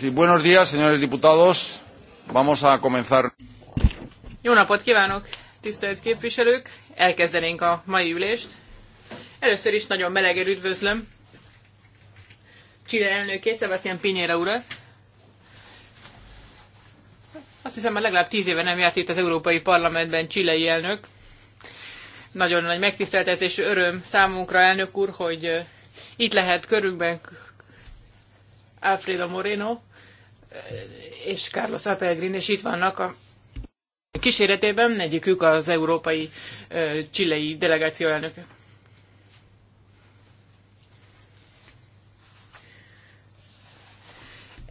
Sí, buenos días, señores diputados. Vamos a comenzar. Jó napot kívánok, tisztelt képviselők! Elkezdenénk a mai ülést. Először is nagyon melegen üdvözlöm Chile elnökét, Sebastián Pinyera urat. Azt hiszem, már legalább tíz éve nem járt itt az Európai Parlamentben csilei elnök. Nagyon nagy megtiszteltetés öröm számunkra, elnök úr, hogy itt lehet körünkben Alfredo Moreno, és Carlos Apelgrin, és itt vannak a kíséretében, egyikük az európai csilei delegáció elnöke.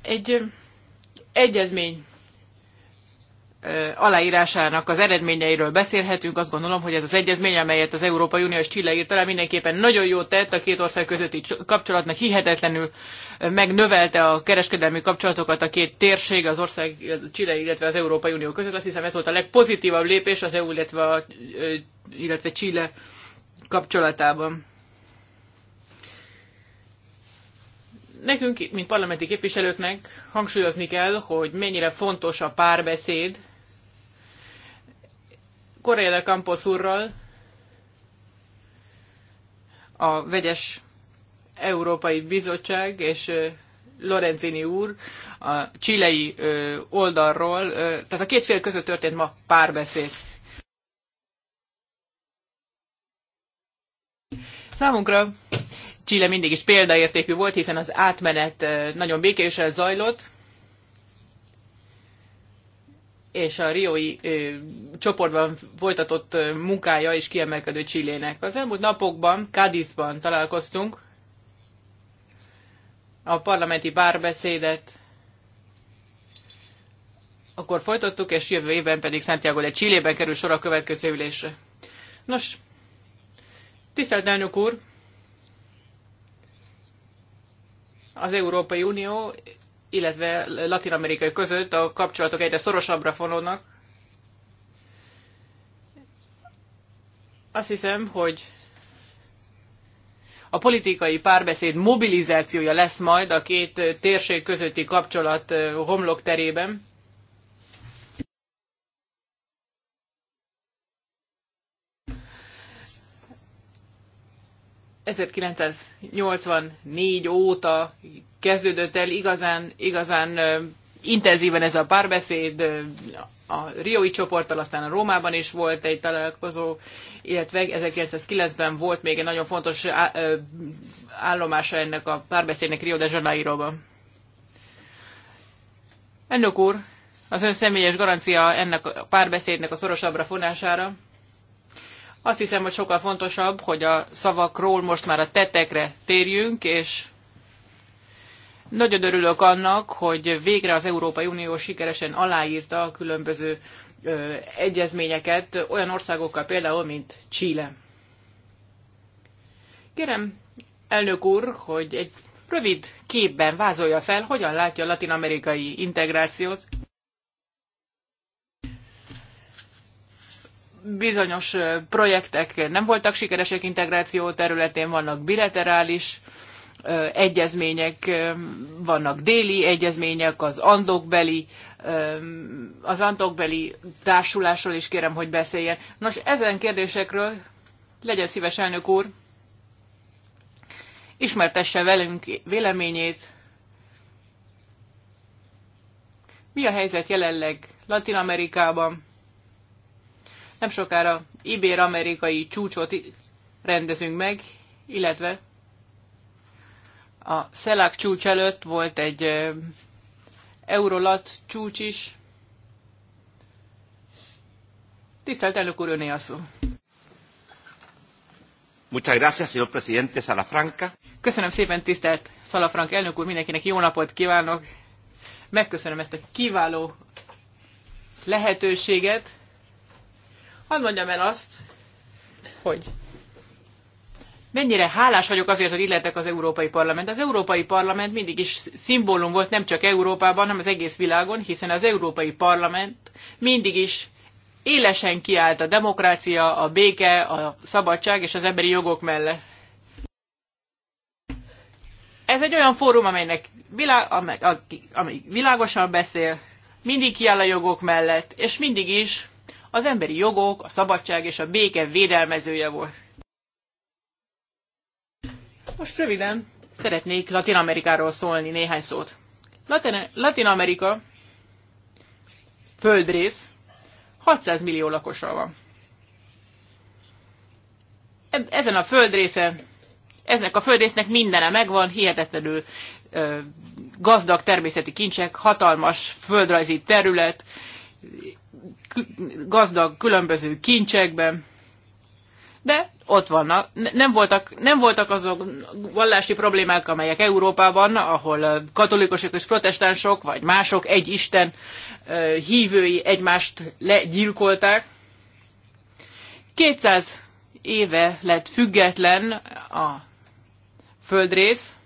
Egy egyezmény aláírásának az eredményeiről beszélhetünk. Azt gondolom, hogy ez az egyezmény, amelyet az Európai Unió és Chile írt alá, mindenképpen nagyon jót tett a két ország közötti kapcsolatnak, hihetetlenül megnövelte a kereskedelmi kapcsolatokat a két térség, az ország Chile, illetve az Európai Unió között. Azt hiszem ez volt a legpozitívabb lépés az EU, illetve, a, illetve Chile kapcsolatában. nekünk, mint parlamenti képviselőknek hangsúlyozni kell, hogy mennyire fontos a párbeszéd Correa de Campos úrral a vegyes Európai Bizottság és Lorenzini úr a csilei oldalról, tehát a két fél között történt ma párbeszéd. Számunkra Chile mindig is példaértékű volt, hiszen az átmenet nagyon békésen zajlott, és a riói ö, csoportban folytatott ö, munkája is kiemelkedő Csillének. Az elmúlt napokban Cadizban találkoztunk, a parlamenti párbeszédet akkor folytattuk, és jövő évben pedig Santiago de Chilében kerül sor a következő ülésre. Nos, tisztelt elnök úr, az Európai Unió illetve Latin Amerikai között a kapcsolatok egyre szorosabbra fonódnak. Azt hiszem, hogy a politikai párbeszéd mobilizációja lesz majd a két térség közötti kapcsolat eh, homlokterében. terében. 1984 óta kezdődött el igazán, igazán intenzíven ez a párbeszéd, a Rioi csoporttal, aztán a Rómában is volt egy találkozó, illetve 1909-ben volt még egy nagyon fontos állomása ennek a párbeszédnek Rio de Janeiroban. Ennök úr, az ön személyes garancia ennek a párbeszédnek a szorosabbra fonására, azt hiszem, hogy sokkal fontosabb, hogy a szavakról most már a tetekre térjünk, és nagyon örülök annak, hogy végre az Európai Unió sikeresen aláírta a különböző ö, egyezményeket olyan országokkal például, mint Chile. Kérem, elnök úr, hogy egy rövid képben vázolja fel, hogyan látja a latin-amerikai integrációt. bizonyos projektek nem voltak sikeresek integráció területén, vannak bilaterális egyezmények, vannak déli egyezmények, az andokbeli, az andokbeli társulásról is kérem, hogy beszéljen. Nos, ezen kérdésekről legyen szíves elnök úr, ismertesse velünk véleményét, mi a helyzet jelenleg Latin Amerikában, nem sokára ibér-amerikai csúcsot rendezünk meg, illetve a Szelák csúcs előtt volt egy Eurolat csúcs is. Tisztelt elnök úr, a szó. Muchas gracias, señor presidente Salafranca. Köszönöm szépen, tisztelt Salafranca elnök úr, mindenkinek jó napot kívánok. Megköszönöm ezt a kiváló lehetőséget. Hadd mondjam el azt, hogy mennyire hálás vagyok azért, hogy illetek az Európai Parlament. Az Európai Parlament mindig is szimbólum volt nem csak Európában, hanem az egész világon, hiszen az Európai Parlament mindig is élesen kiállt a demokrácia, a béke, a szabadság és az emberi jogok mellett. Ez egy olyan fórum, amelynek világ, amely, amely világosan beszél, mindig kiáll a jogok mellett, és mindig is az emberi jogok, a szabadság és a béke védelmezője volt. Most röviden szeretnék Latin Amerikáról szólni néhány szót. Latin, Latin Amerika földrész 600 millió lakosa van. Ezen a földrésze, eznek a földrésznek mindene megvan, hihetetlenül gazdag természeti kincsek, hatalmas földrajzi terület, gazdag különböző kincsekben, de ott vannak. Nem voltak, nem voltak azok vallási problémák, amelyek Európában, ahol katolikusok és protestánsok, vagy mások egy Isten hívői egymást legyilkolták. 200 éve lett független a földrész,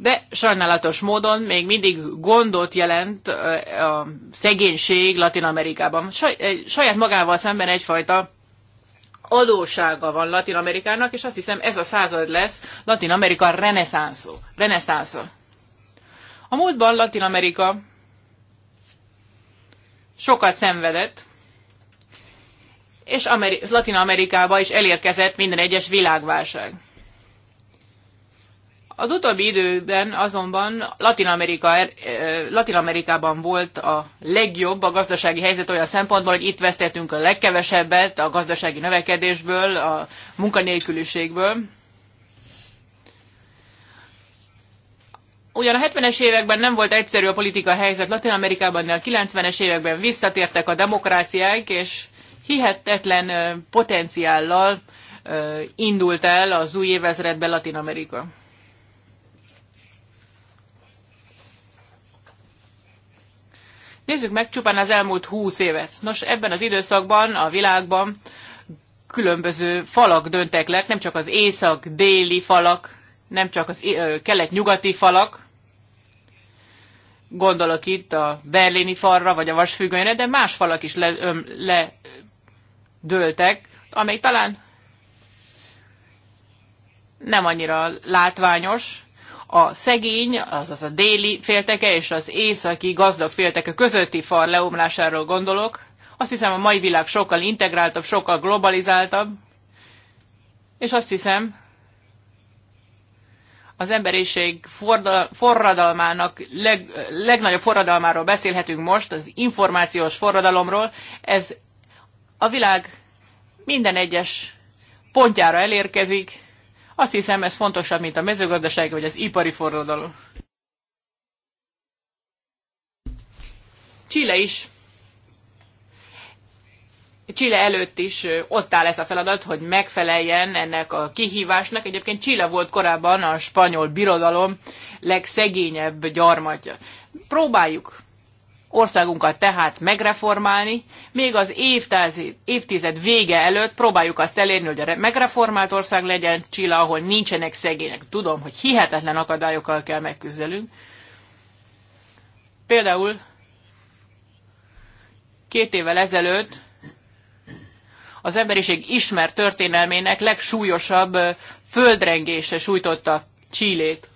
de sajnálatos módon még mindig gondot jelent a szegénység Latin Amerikában. Saját magával szemben egyfajta adósága van Latin Amerikának, és azt hiszem ez a század lesz Latin Amerika reneszánszó. A múltban Latin Amerika sokat szenvedett, és Ameri- Latin Amerikába is elérkezett minden egyes világválság. Az utóbbi időben azonban Latin, Amerika, eh, Latin Amerikában volt a legjobb a gazdasági helyzet olyan szempontból, hogy itt vesztettünk a legkevesebbet a gazdasági növekedésből, a munkanélküliségből. Ugyan a 70-es években nem volt egyszerű a politika helyzet Latin Amerikában, de a 90-es években visszatértek a demokráciák, és hihetetlen eh, potenciállal eh, indult el az új évezredben Latin Amerika. Nézzük meg csupán az elmúlt húsz évet. Nos, ebben az időszakban a világban különböző falak döntek le, nem csak az észak-déli falak, nem csak az kelet-nyugati falak, gondolok itt a berlini falra, vagy a vasfüggönyre, de más falak is ledőltek, amely talán nem annyira látványos, a szegény, azaz a déli félteke és az északi gazdag félteke közötti fal leomlásáról gondolok. Azt hiszem, a mai világ sokkal integráltabb, sokkal globalizáltabb, és azt hiszem, az emberiség forradalmának leg, legnagyobb forradalmáról beszélhetünk most, az információs forradalomról. Ez a világ minden egyes pontjára elérkezik, azt hiszem, ez fontosabb, mint a mezőgazdaság vagy az ipari forradalom. Chile is. Chile előtt is ott áll ez a feladat, hogy megfeleljen ennek a kihívásnak. Egyébként Chile volt korábban a spanyol birodalom legszegényebb gyarmatja. Próbáljuk országunkat tehát megreformálni, még az évtized vége előtt próbáljuk azt elérni, hogy a megreformált ország legyen Csilla, ahol nincsenek szegények. Tudom, hogy hihetetlen akadályokkal kell megküzdelünk. Például két évvel ezelőtt az emberiség ismert történelmének legsúlyosabb földrengése sújtotta Csillét.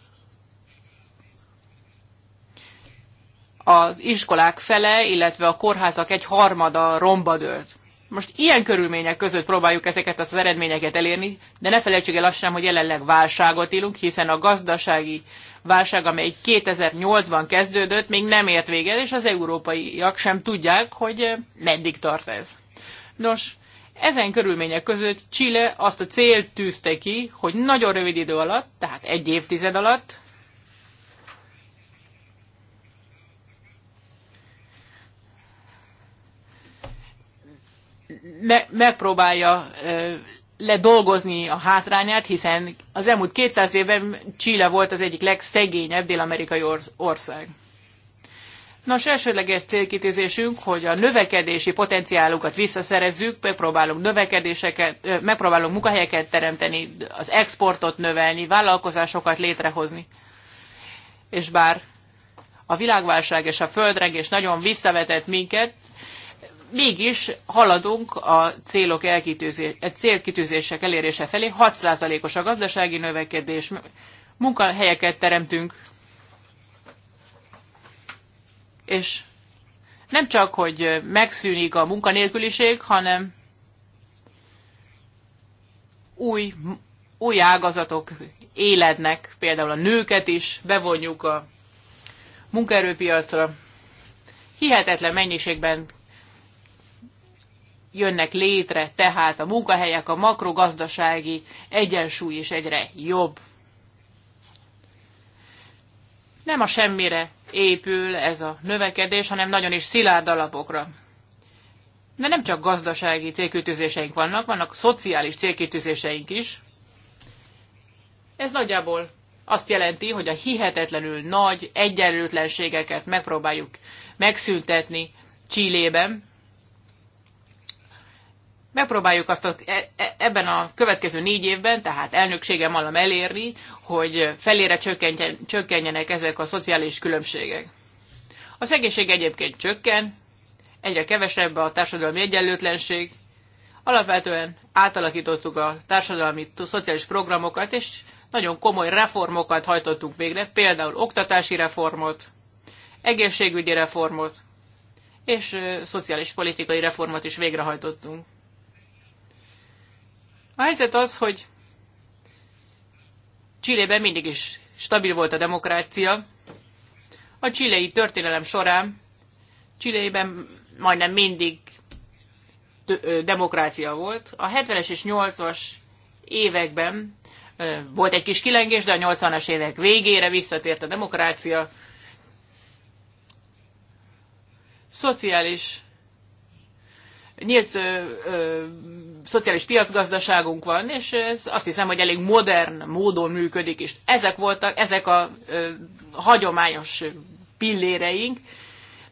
az iskolák fele, illetve a kórházak egy harmada romba dőlt. Most ilyen körülmények között próbáljuk ezeket az eredményeket elérni, de ne felejtsük el azt sem, hogy jelenleg válságot élünk, hiszen a gazdasági válság, amely 2008-ban kezdődött, még nem ért véget, és az európaiak sem tudják, hogy eh, meddig tart ez. Nos, ezen körülmények között Chile azt a célt tűzte ki, hogy nagyon rövid idő alatt, tehát egy évtized alatt me- megpróbálja ledolgozni a hátrányát, hiszen az elmúlt 200 évben Chile volt az egyik legszegényebb dél-amerikai ország. Nos, elsőleges célkitűzésünk, hogy a növekedési potenciálukat visszaszerezzük, megpróbálunk növekedéseket, megpróbálunk munkahelyeket teremteni, az exportot növelni, vállalkozásokat létrehozni. És bár a világválság és a földrengés nagyon visszavetett minket, mégis haladunk a célok elkitűzés, célkitűzések elérése felé. 6%-os a gazdasági növekedés, munkahelyeket teremtünk, és nem csak, hogy megszűnik a munkanélküliség, hanem új, új ágazatok élednek, például a nőket is bevonjuk a munkaerőpiacra. Hihetetlen mennyiségben jönnek létre, tehát a munkahelyek, a makrogazdasági egyensúly is egyre jobb. Nem a semmire épül ez a növekedés, hanem nagyon is szilárd alapokra. De nem csak gazdasági célkütőzéseink vannak, vannak szociális célkütőzéseink is. Ez nagyjából azt jelenti, hogy a hihetetlenül nagy egyenlőtlenségeket megpróbáljuk megszüntetni Csillében, megpróbáljuk azt a, e, e, ebben a következő négy évben, tehát elnökségem alap elérni, hogy felére csökkenjen, csökkenjenek ezek a szociális különbségek. A szegénység egyébként csökken, egyre kevesebb a társadalmi egyenlőtlenség, alapvetően átalakítottuk a társadalmi szociális programokat, és nagyon komoly reformokat hajtottunk végre, például oktatási reformot, egészségügyi reformot, és szociális politikai reformot is végrehajtottunk. A helyzet az, hogy Csillében mindig is stabil volt a demokrácia. A csilei történelem során Csillében majdnem mindig demokrácia volt. A 70-es és 80-as években volt egy kis kilengés, de a 80-as évek végére visszatért a demokrácia. Szociális, nyílt ö, ö, szociális piacgazdaságunk van, és ez azt hiszem, hogy elég modern módon működik és Ezek voltak, ezek a ö, hagyományos pilléreink,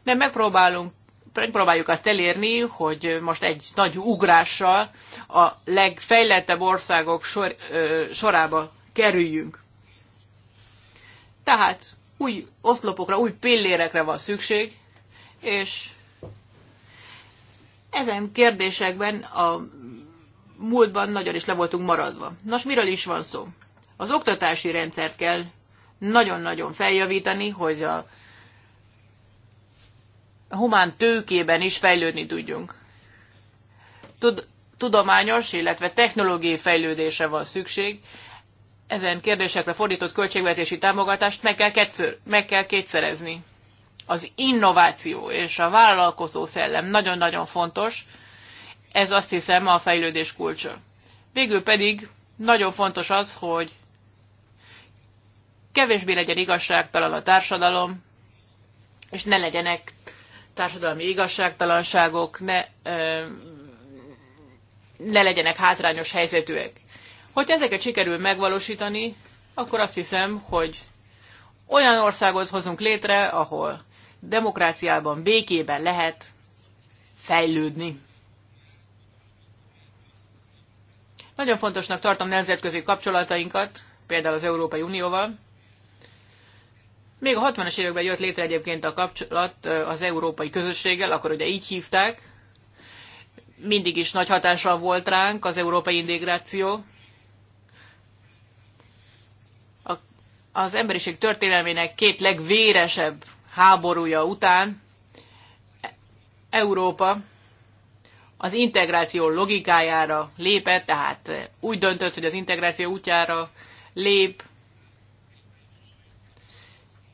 de megpróbálunk megpróbáljuk azt elérni, hogy most egy nagy ugrással a legfejlettebb országok sor, ö, sorába kerüljünk. Tehát új oszlopokra, új pillérekre van szükség, és ezen kérdésekben a múltban nagyon is le voltunk maradva. Nos, miről is van szó? Az oktatási rendszert kell nagyon-nagyon feljavítani, hogy a humán tőkében is fejlődni tudjunk. Tud, tudományos, illetve technológiai fejlődése van szükség. Ezen kérdésekre fordított költségvetési támogatást meg kell, kétszer, meg kell kétszerezni. Az innováció és a vállalkozó szellem nagyon-nagyon fontos, ez azt hiszem a fejlődés kulcsa. Végül pedig nagyon fontos az, hogy kevésbé legyen igazságtalan a társadalom, és ne legyenek társadalmi igazságtalanságok, ne, ö, ne legyenek hátrányos helyzetűek. Hogyha ezeket sikerül megvalósítani, akkor azt hiszem, hogy olyan országot hozunk létre, ahol demokráciában, békében lehet fejlődni. Nagyon fontosnak tartom nemzetközi kapcsolatainkat, például az Európai Unióval. Még a 60-as években jött létre egyébként a kapcsolat az európai közösséggel, akkor ugye így hívták. Mindig is nagy hatással volt ránk az európai integráció. Az emberiség történelmének két legvéresebb háborúja után Európa az integráció logikájára lépett, tehát úgy döntött, hogy az integráció útjára lép,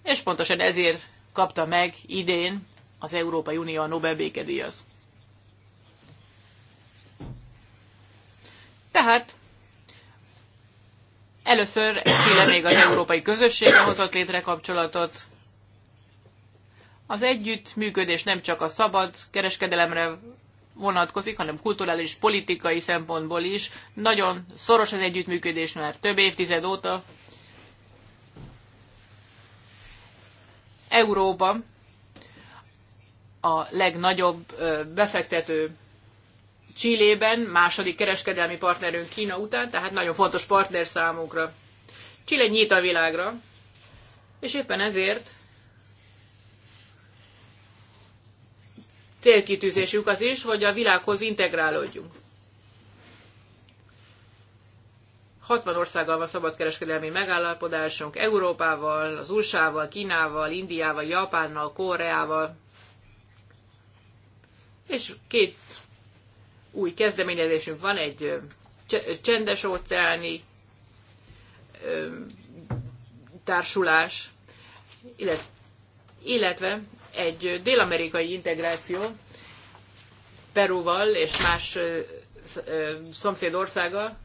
és pontosan ezért kapta meg idén az Európai Unió a Nobel békedíjat. Tehát először Chile még az európai közösségre hozott létre kapcsolatot. Az együttműködés nem csak a szabad kereskedelemre vonatkozik, hanem kulturális, politikai szempontból is. Nagyon szoros az együttműködés már több évtized óta. Euróban a legnagyobb befektető Csillében, második kereskedelmi partnerünk Kína után, tehát nagyon fontos partner számunkra. Chile nyit a világra, és éppen ezért célkitűzésük az is, hogy a világhoz integrálódjunk. 60 országgal van szabadkereskedelmi megállapodásunk, Európával, az USA-val, Kínával, Indiával, Japánnal, Koreával, és két új kezdeményezésünk van, egy csendes óceáni társulás, illetve egy dél-amerikai integráció Peruval és más szomszéd országa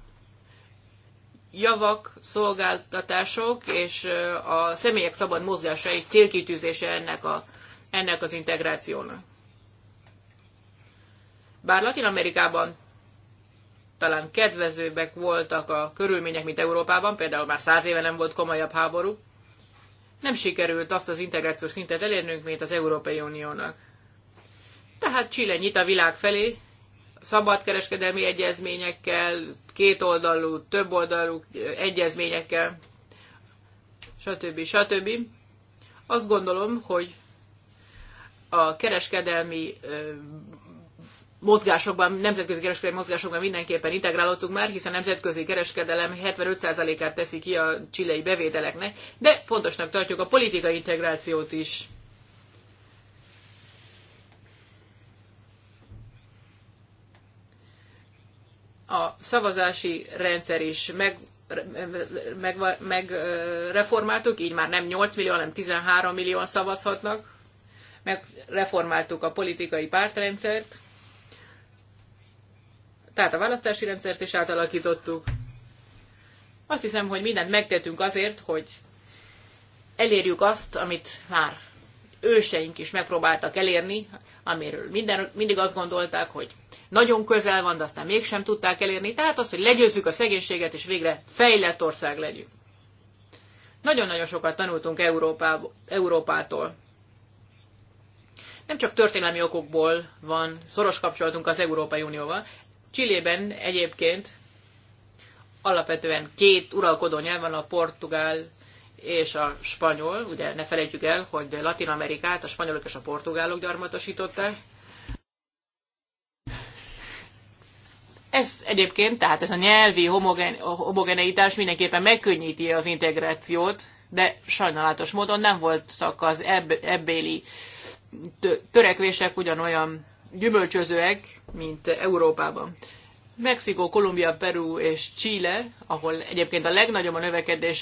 javak, szolgáltatások és a személyek szabad mozgása egy célkitűzése ennek, a, ennek az integrációnak. Bár Latin Amerikában talán kedvezőbbek voltak a körülmények, mint Európában, például már száz éve nem volt komolyabb háború, nem sikerült azt az integrációs szintet elérnünk, mint az Európai Uniónak. Tehát Chile nyit a világ felé, szabadkereskedelmi egyezményekkel, kétoldalú, többoldalú egyezményekkel, stb. stb. Azt gondolom, hogy a kereskedelmi mozgásokban, nemzetközi kereskedelmi mozgásokban mindenképpen integrálódtunk már, hiszen a nemzetközi kereskedelem 75%-át teszi ki a csilei bevételeknek, de fontosnak tartjuk a politikai integrációt is. a szavazási rendszer is meg, meg, meg reformáltuk, így már nem 8 millió, hanem 13 millióan szavazhatnak. Megreformáltuk a politikai pártrendszert tehát a választási rendszert is átalakítottuk. Azt hiszem, hogy mindent megtettünk azért, hogy elérjük azt, amit már őseink is megpróbáltak elérni, amiről minden, mindig azt gondolták, hogy nagyon közel van, de aztán mégsem tudták elérni. Tehát az, hogy legyőzzük a szegénységet, és végre fejlett ország legyünk. Nagyon-nagyon sokat tanultunk Európába, Európától. Nem csak történelmi okokból van szoros kapcsolatunk az Európai Unióval, Csillében egyébként alapvetően két uralkodó nyelv van, a portugál és a spanyol. Ugye ne felejtjük el, hogy Latin Amerikát a spanyolok és a portugálok gyarmatosították. Ez egyébként, tehát ez a nyelvi homogen, homogeneitás mindenképpen megkönnyíti az integrációt, de sajnálatos módon nem voltak az ebb, ebbéli törekvések ugyanolyan gyümölcsözőek, mint Európában. Mexikó, Kolumbia, Peru és Chile, ahol egyébként a legnagyobb a növekedés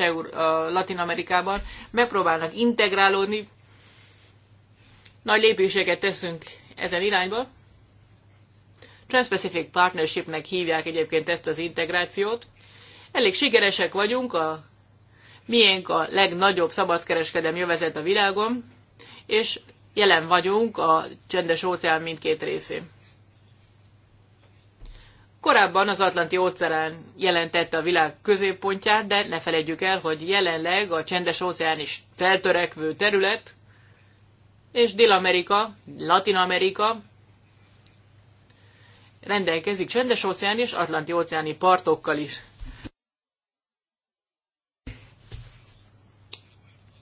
Latin Amerikában, megpróbálnak integrálódni. Nagy lépéseket teszünk ezen irányba. Transpacific Partnershipnek hívják egyébként ezt az integrációt. Elég sikeresek vagyunk, a miénk a legnagyobb szabadkereskedelmi jövezet a világon, és jelen vagyunk a csendes óceán mindkét részén. Korábban az Atlanti óceán jelentette a világ középpontját, de ne felejtjük el, hogy jelenleg a csendes óceán is feltörekvő terület, és Dél-Amerika, Latin-Amerika rendelkezik csendes óceán és Atlanti óceáni partokkal is.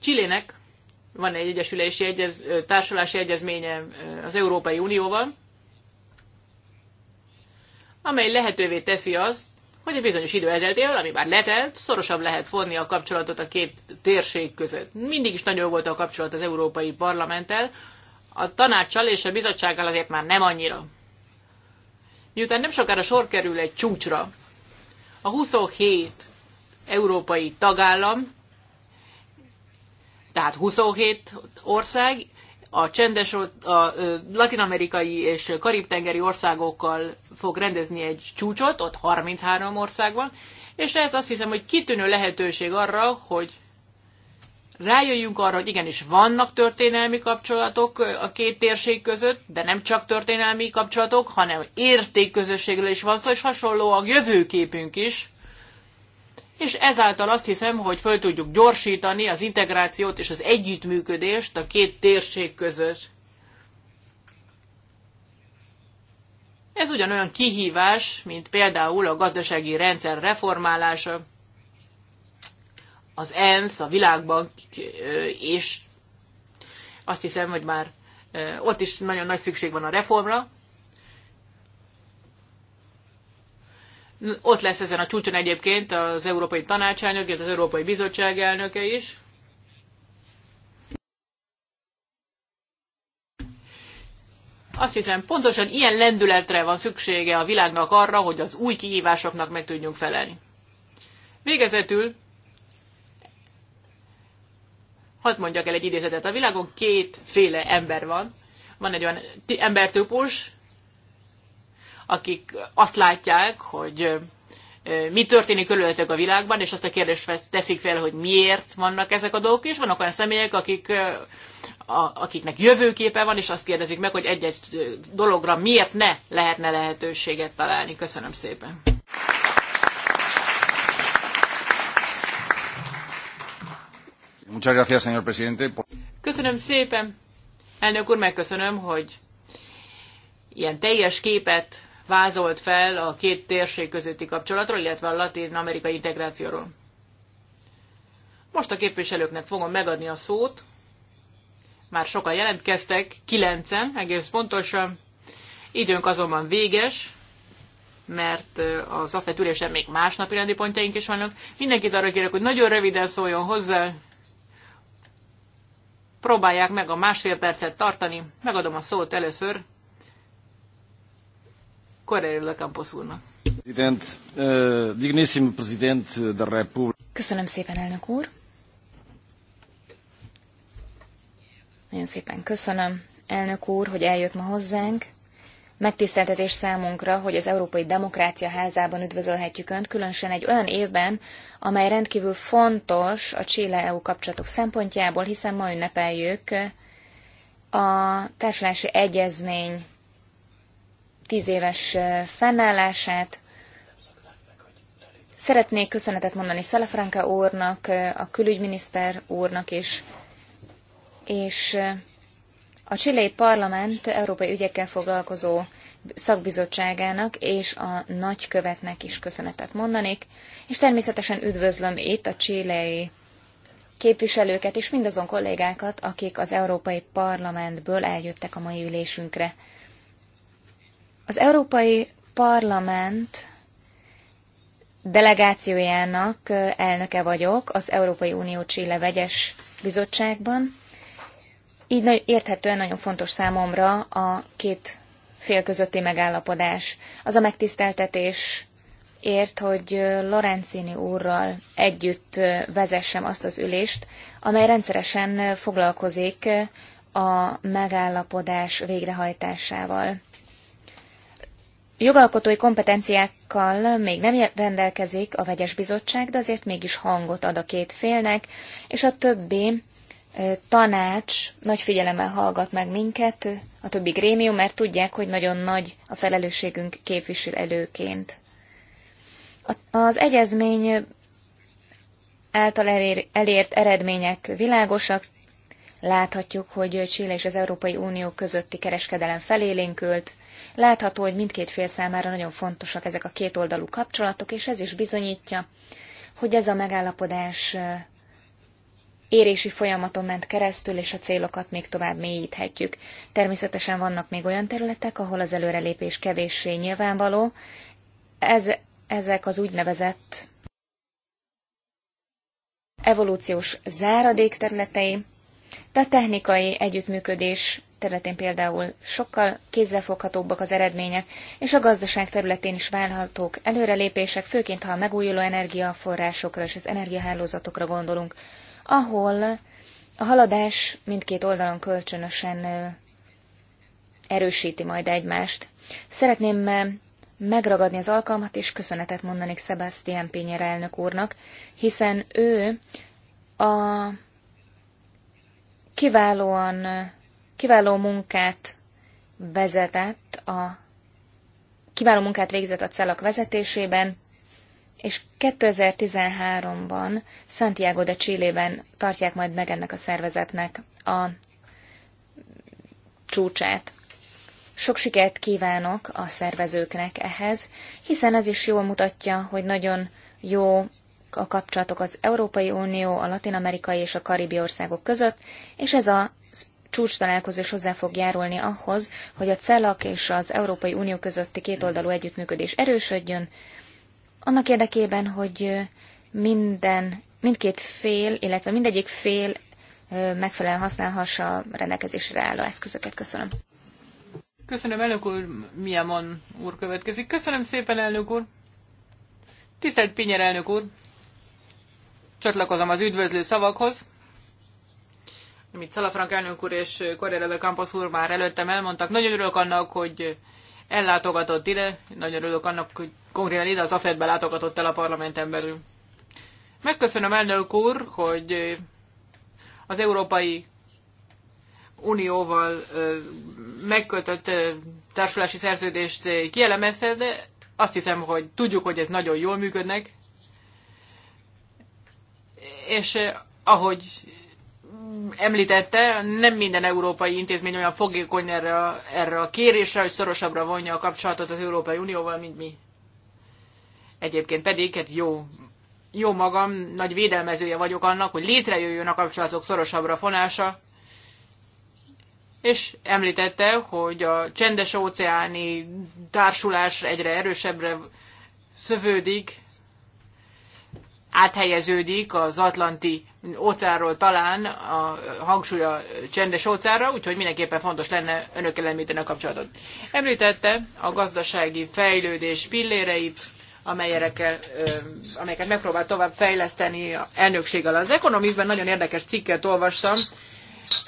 Csillének van egy egyesülési egyez, társulási egyezménye az Európai Unióval, amely lehetővé teszi azt, hogy egy bizonyos idő elteltével, ami már letelt, szorosabb lehet fonni a kapcsolatot a két térség között. Mindig is nagyon volt a kapcsolat az Európai Parlamenttel, a tanácssal és a bizottsággal azért már nem annyira. Miután nem sokára sor kerül egy csúcsra, a 27 európai tagállam tehát 27 ország, a csendes, a latinamerikai és karib-tengeri országokkal fog rendezni egy csúcsot, ott 33 ország van, és ez azt hiszem, hogy kitűnő lehetőség arra, hogy rájöjjünk arra, hogy igenis vannak történelmi kapcsolatok a két térség között, de nem csak történelmi kapcsolatok, hanem értékközösségről is van szó, és hasonló a jövőképünk is és ezáltal azt hiszem, hogy föl tudjuk gyorsítani az integrációt és az együttműködést a két térség között. Ez ugyanolyan kihívás, mint például a gazdasági rendszer reformálása, az ENSZ, a világbank, és azt hiszem, hogy már ott is nagyon nagy szükség van a reformra. Ott lesz ezen a csúcson egyébként az Európai Tanácselnök, illetve az Európai Bizottság elnöke is. Azt hiszem, pontosan ilyen lendületre van szüksége a világnak arra, hogy az új kihívásoknak meg tudjunk felelni. Végezetül, hadd mondjak el egy idézetet. A világon kétféle ember van. Van egy olyan embertípus, akik azt látják, hogy mi történik körülöttük a világban, és azt a kérdést teszik fel, hogy miért vannak ezek a dolgok, és vannak olyan személyek, akik, a, akiknek jövőképe van, és azt kérdezik meg, hogy egy-egy dologra miért ne lehetne lehetőséget találni. Köszönöm szépen! Köszönöm szépen! Elnök úr, megköszönöm, hogy ilyen teljes képet vázolt fel a két térség közötti kapcsolatról, illetve a latin-amerikai integrációról. Most a képviselőknek fogom megadni a szót. Már sokan jelentkeztek, kilencen egész pontosan. Időnk azonban véges, mert az AFET ülésen még másnapi rendi pontjaink is vannak. Mindenkit arra kérek, hogy nagyon röviden szóljon hozzá. Próbálják meg a másfél percet tartani. Megadom a szót először Campos eh, eh, Köszönöm szépen, elnök úr. Nagyon szépen köszönöm, elnök úr, hogy eljött ma hozzánk. Megtiszteltetés számunkra, hogy az Európai Demokrácia házában üdvözölhetjük Önt, különösen egy olyan évben, amely rendkívül fontos a Chile-EU kapcsolatok szempontjából, hiszen ma ünnepeljük a társulási egyezmény tíz éves fennállását. Szeretnék köszönetet mondani Salafranca úrnak, a külügyminiszter úrnak is, és a csilei parlament európai ügyekkel foglalkozó szakbizottságának és a nagykövetnek is köszönetet mondanék, és természetesen üdvözlöm itt a csilei képviselőket és mindazon kollégákat, akik az Európai Parlamentből eljöttek a mai ülésünkre. Az Európai Parlament delegációjának elnöke vagyok az Európai Unió Csille vegyes bizottságban. Így érthetően nagyon fontos számomra a két fél közötti megállapodás. Az a megtiszteltetés ért, hogy Lorenzini úrral együtt vezessem azt az ülést, amely rendszeresen foglalkozik a megállapodás végrehajtásával jogalkotói kompetenciákkal még nem rendelkezik a vegyes bizottság, de azért mégis hangot ad a két félnek, és a többi tanács nagy figyelemmel hallgat meg minket, a többi grémium, mert tudják, hogy nagyon nagy a felelősségünk képvisel előként. Az egyezmény által elért eredmények világosak, láthatjuk, hogy Chile és az Európai Unió közötti kereskedelem felélénkült, Látható, hogy mindkét fél számára nagyon fontosak ezek a kétoldalú kapcsolatok, és ez is bizonyítja, hogy ez a megállapodás érési folyamaton ment keresztül, és a célokat még tovább mélyíthetjük. Természetesen vannak még olyan területek, ahol az előrelépés kevéssé nyilvánvaló. Ez, ezek az úgynevezett evolúciós záradék területei, de technikai együttműködés területén például sokkal kézzelfoghatóbbak az eredmények, és a gazdaság területén is válhatók előrelépések, főként ha a megújuló energiaforrásokra és az energiahálózatokra gondolunk, ahol a haladás mindkét oldalon kölcsönösen erősíti majd egymást. Szeretném megragadni az alkalmat, és köszönetet mondanék Sebastian Pényer elnök úrnak, hiszen ő a kiválóan Kiváló munkát vezetett a kiváló munkát végzett a CELAK vezetésében, és 2013-ban Santiago de Chile-ben tartják majd meg ennek a szervezetnek a csúcsát. Sok sikert kívánok a szervezőknek ehhez, hiszen ez is jól mutatja, hogy nagyon jó a kapcsolatok az Európai Unió, a latin-amerikai és a karibi országok között, és ez a csúcs találkozó is hozzá fog járulni ahhoz, hogy a CELAC és az Európai Unió közötti kétoldalú együttműködés erősödjön, annak érdekében, hogy minden, mindkét fél, illetve mindegyik fél megfelelően használhassa a rendelkezésre álló eszközöket. Köszönöm. Köszönöm, elnök úr. Miamon úr következik. Köszönöm szépen, elnök úr. Tisztelt Pinyer elnök úr. Csatlakozom az üdvözlő szavakhoz amit Szalafrank elnök úr és Correa de Campos úr már előttem elmondtak. Nagyon örülök annak, hogy ellátogatott ide, nagyon örülök annak, hogy konkrétan ide az afed látogatott el a parlamenten belül. Megköszönöm elnök úr, hogy az Európai Unióval megkötött társulási szerződést kielemezte, de azt hiszem, hogy tudjuk, hogy ez nagyon jól működnek. És ahogy említette, nem minden európai intézmény olyan fogékony erre a, erre a kérésre, hogy szorosabbra vonja a kapcsolatot az Európai Unióval, mint mi. Egyébként pedig, hát jó, jó magam, nagy védelmezője vagyok annak, hogy létrejöjjön a kapcsolatok szorosabbra fonása, és említette, hogy a csendes óceáni társulás egyre erősebbre szövődik, áthelyeződik az atlanti óceánról talán a hangsúly a csendes óceánra, úgyhogy mindenképpen fontos lenne önökkel említeni a kapcsolatot. Említette a gazdasági fejlődés pilléreit, amelyekkel, amelyeket megpróbál tovább fejleszteni alatt. Az Economistben nagyon érdekes cikket olvastam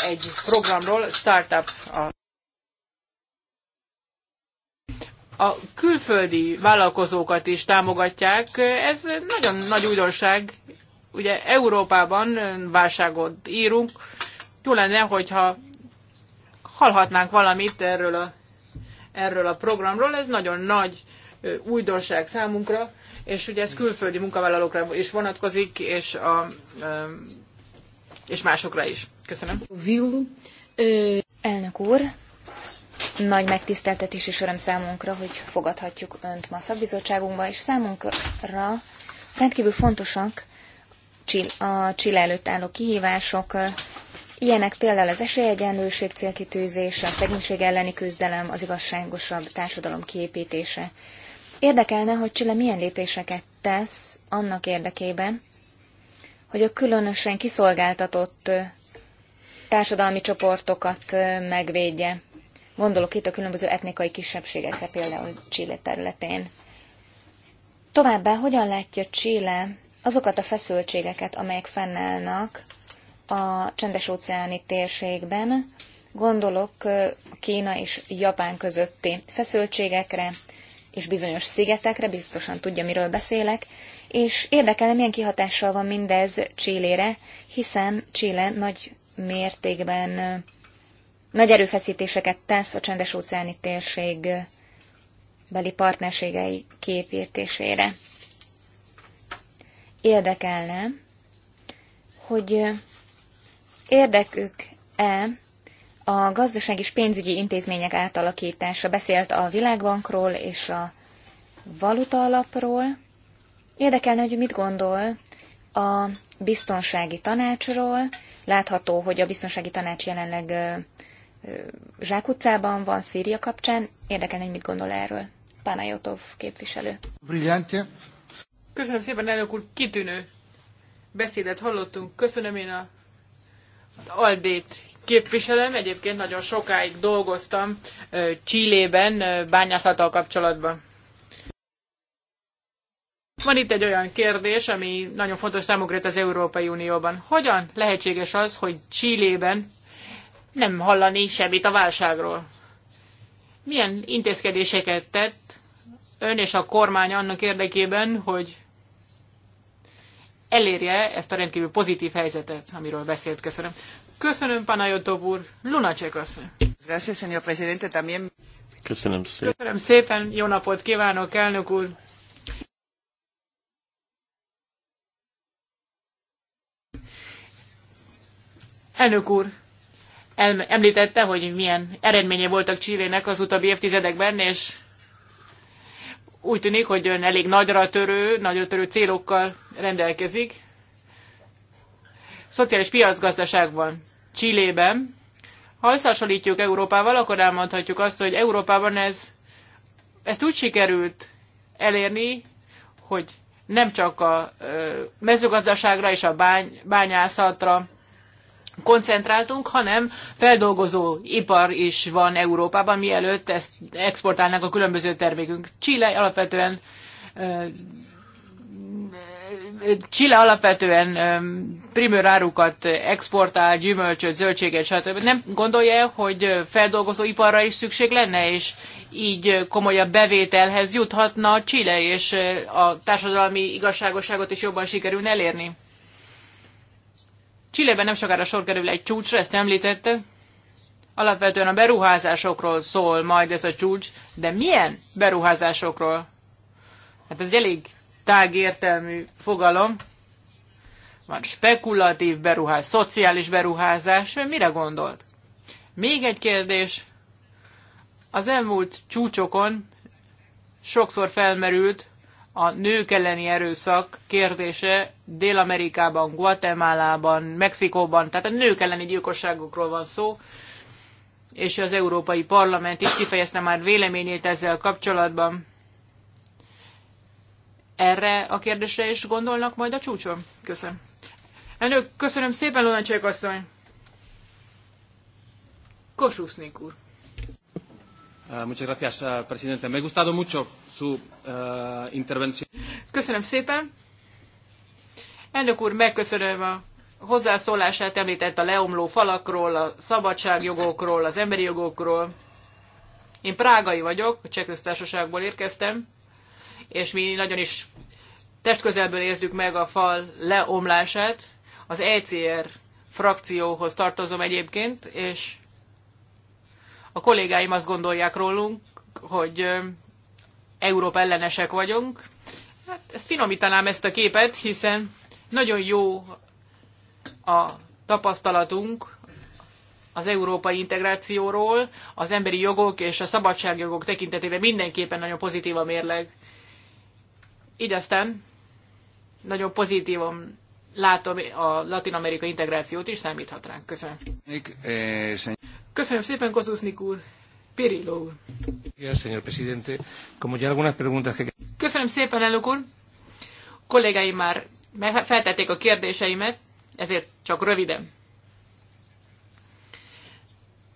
egy programról, Startup a a külföldi vállalkozókat is támogatják. Ez nagyon nagy újdonság ugye Európában válságot írunk, jó lenne, hogyha hallhatnánk valamit erről a, erről a programról, ez nagyon nagy újdonság számunkra, és ugye ez külföldi munkavállalókra is vonatkozik, és, a, és másokra is. Köszönöm. Elnök úr, nagy megtiszteltetés és öröm számunkra, hogy fogadhatjuk Önt ma a szakbizottságunkba, és számunkra rendkívül fontosak a Csile előtt álló kihívások, ilyenek például az esélyegyenlőség célkitűzése, a szegénység elleni küzdelem, az igazságosabb társadalom kiépítése. Érdekelne, hogy Csile milyen lépéseket tesz annak érdekében, hogy a különösen kiszolgáltatott társadalmi csoportokat megvédje. Gondolok itt a különböző etnikai kisebbségekre, például Csile területén. Továbbá hogyan látja Csile azokat a feszültségeket, amelyek fennállnak a csendes-óceáni térségben, gondolok Kína és Japán közötti feszültségekre és bizonyos szigetekre, biztosan tudja, miről beszélek, és érdekelne, milyen kihatással van mindez Csillére, hiszen Chile nagy mértékben nagy erőfeszítéseket tesz a csendes-óceáni térség beli partnerségei képértésére érdekelne, hogy érdekük-e a gazdaság és pénzügyi intézmények átalakítása. Beszélt a Világbankról és a valuta alapról. Érdekelne, hogy mit gondol a biztonsági tanácsról. Látható, hogy a biztonsági tanács jelenleg zsákutcában van Szíria kapcsán. Érdekelne, hogy mit gondol erről. Panajotov képviselő. Brillante. Köszönöm szépen, elnök úr, kitűnő beszédet hallottunk. Köszönöm én a, az Aldét képviselem. Egyébként nagyon sokáig dolgoztam Csillében bányászattal kapcsolatban. Van itt egy olyan kérdés, ami nagyon fontos számukra itt az Európai Unióban. Hogyan lehetséges az, hogy Csillében nem hallani semmit a válságról? Milyen intézkedéseket tett ön és a kormány annak érdekében, hogy elérje ezt a rendkívül pozitív helyzetet, amiről beszélt. Köszönöm. Köszönöm, Panajotov úr. Lunacek asszony. Köszönöm szépen. Köszönöm szépen. Jó napot kívánok, elnök úr. Elnök úr, említette, hogy milyen eredménye voltak Csillének az utóbbi évtizedekben, és úgy tűnik, hogy ön elég nagyra törő, nagyra törő célokkal rendelkezik. Szociális piacgazdaságban, Csillében, ha összehasonlítjuk Európával, akkor elmondhatjuk azt, hogy Európában ez, ezt úgy sikerült elérni, hogy nem csak a mezőgazdaságra és a bány, bányászatra koncentráltunk, hanem feldolgozó ipar is van Európában, mielőtt ezt exportálnak a különböző termékünk. Chile alapvetően Chile alapvetően primőr árukat exportál, gyümölcsöt, zöldséget, stb. Nem gondolja, hogy feldolgozó iparra is szükség lenne, és így komolyabb bevételhez juthatna Chile, és a társadalmi igazságosságot is jobban sikerülne elérni? Csillében nem sokára sor kerül egy csúcsra, ezt említette. Alapvetően a beruházásokról szól majd ez a csúcs, de milyen beruházásokról? Hát ez egy elég tágértelmű fogalom. Van spekulatív beruházás, szociális beruházás, mire gondolt? Még egy kérdés. Az elmúlt csúcsokon sokszor felmerült a nők elleni erőszak kérdése Dél-Amerikában, Guatemalában, Mexikóban, tehát a nők elleni gyilkosságokról van szó, és az Európai Parlament is kifejezte már véleményét ezzel kapcsolatban. Erre a kérdésre is gondolnak majd a csúcson? Köszönöm. Elnök, köszönöm szépen, Lonacsek asszony! Kossuth úr. Uh, muchas gracias, uh, presidente. Me ha gustado mucho su uh, intervención. Köszönöm szépen. Elnök úr, megköszönöm a hozzászólását, említett a leomló falakról, a szabadságjogokról, az emberi jogokról. Én prágai vagyok, a Csehköztársaságból érkeztem, és mi nagyon is testközelből értük meg a fal leomlását. Az ECR frakcióhoz tartozom egyébként, és a kollégáim azt gondolják rólunk, hogy Európa ellenesek vagyunk. Hát ezt finomítanám ezt a képet, hiszen nagyon jó a tapasztalatunk az európai integrációról, az emberi jogok és a szabadságjogok tekintetében mindenképpen nagyon pozitív a mérleg. Így aztán nagyon pozitívan látom a latin-amerikai integrációt is számíthat ránk. Köszönöm. Eh, Köszönöm szépen, Kozusznik úr. Pirillo úr. Köszönöm szépen, elnök úr. Kollégáim már feltették a kérdéseimet, ezért csak röviden.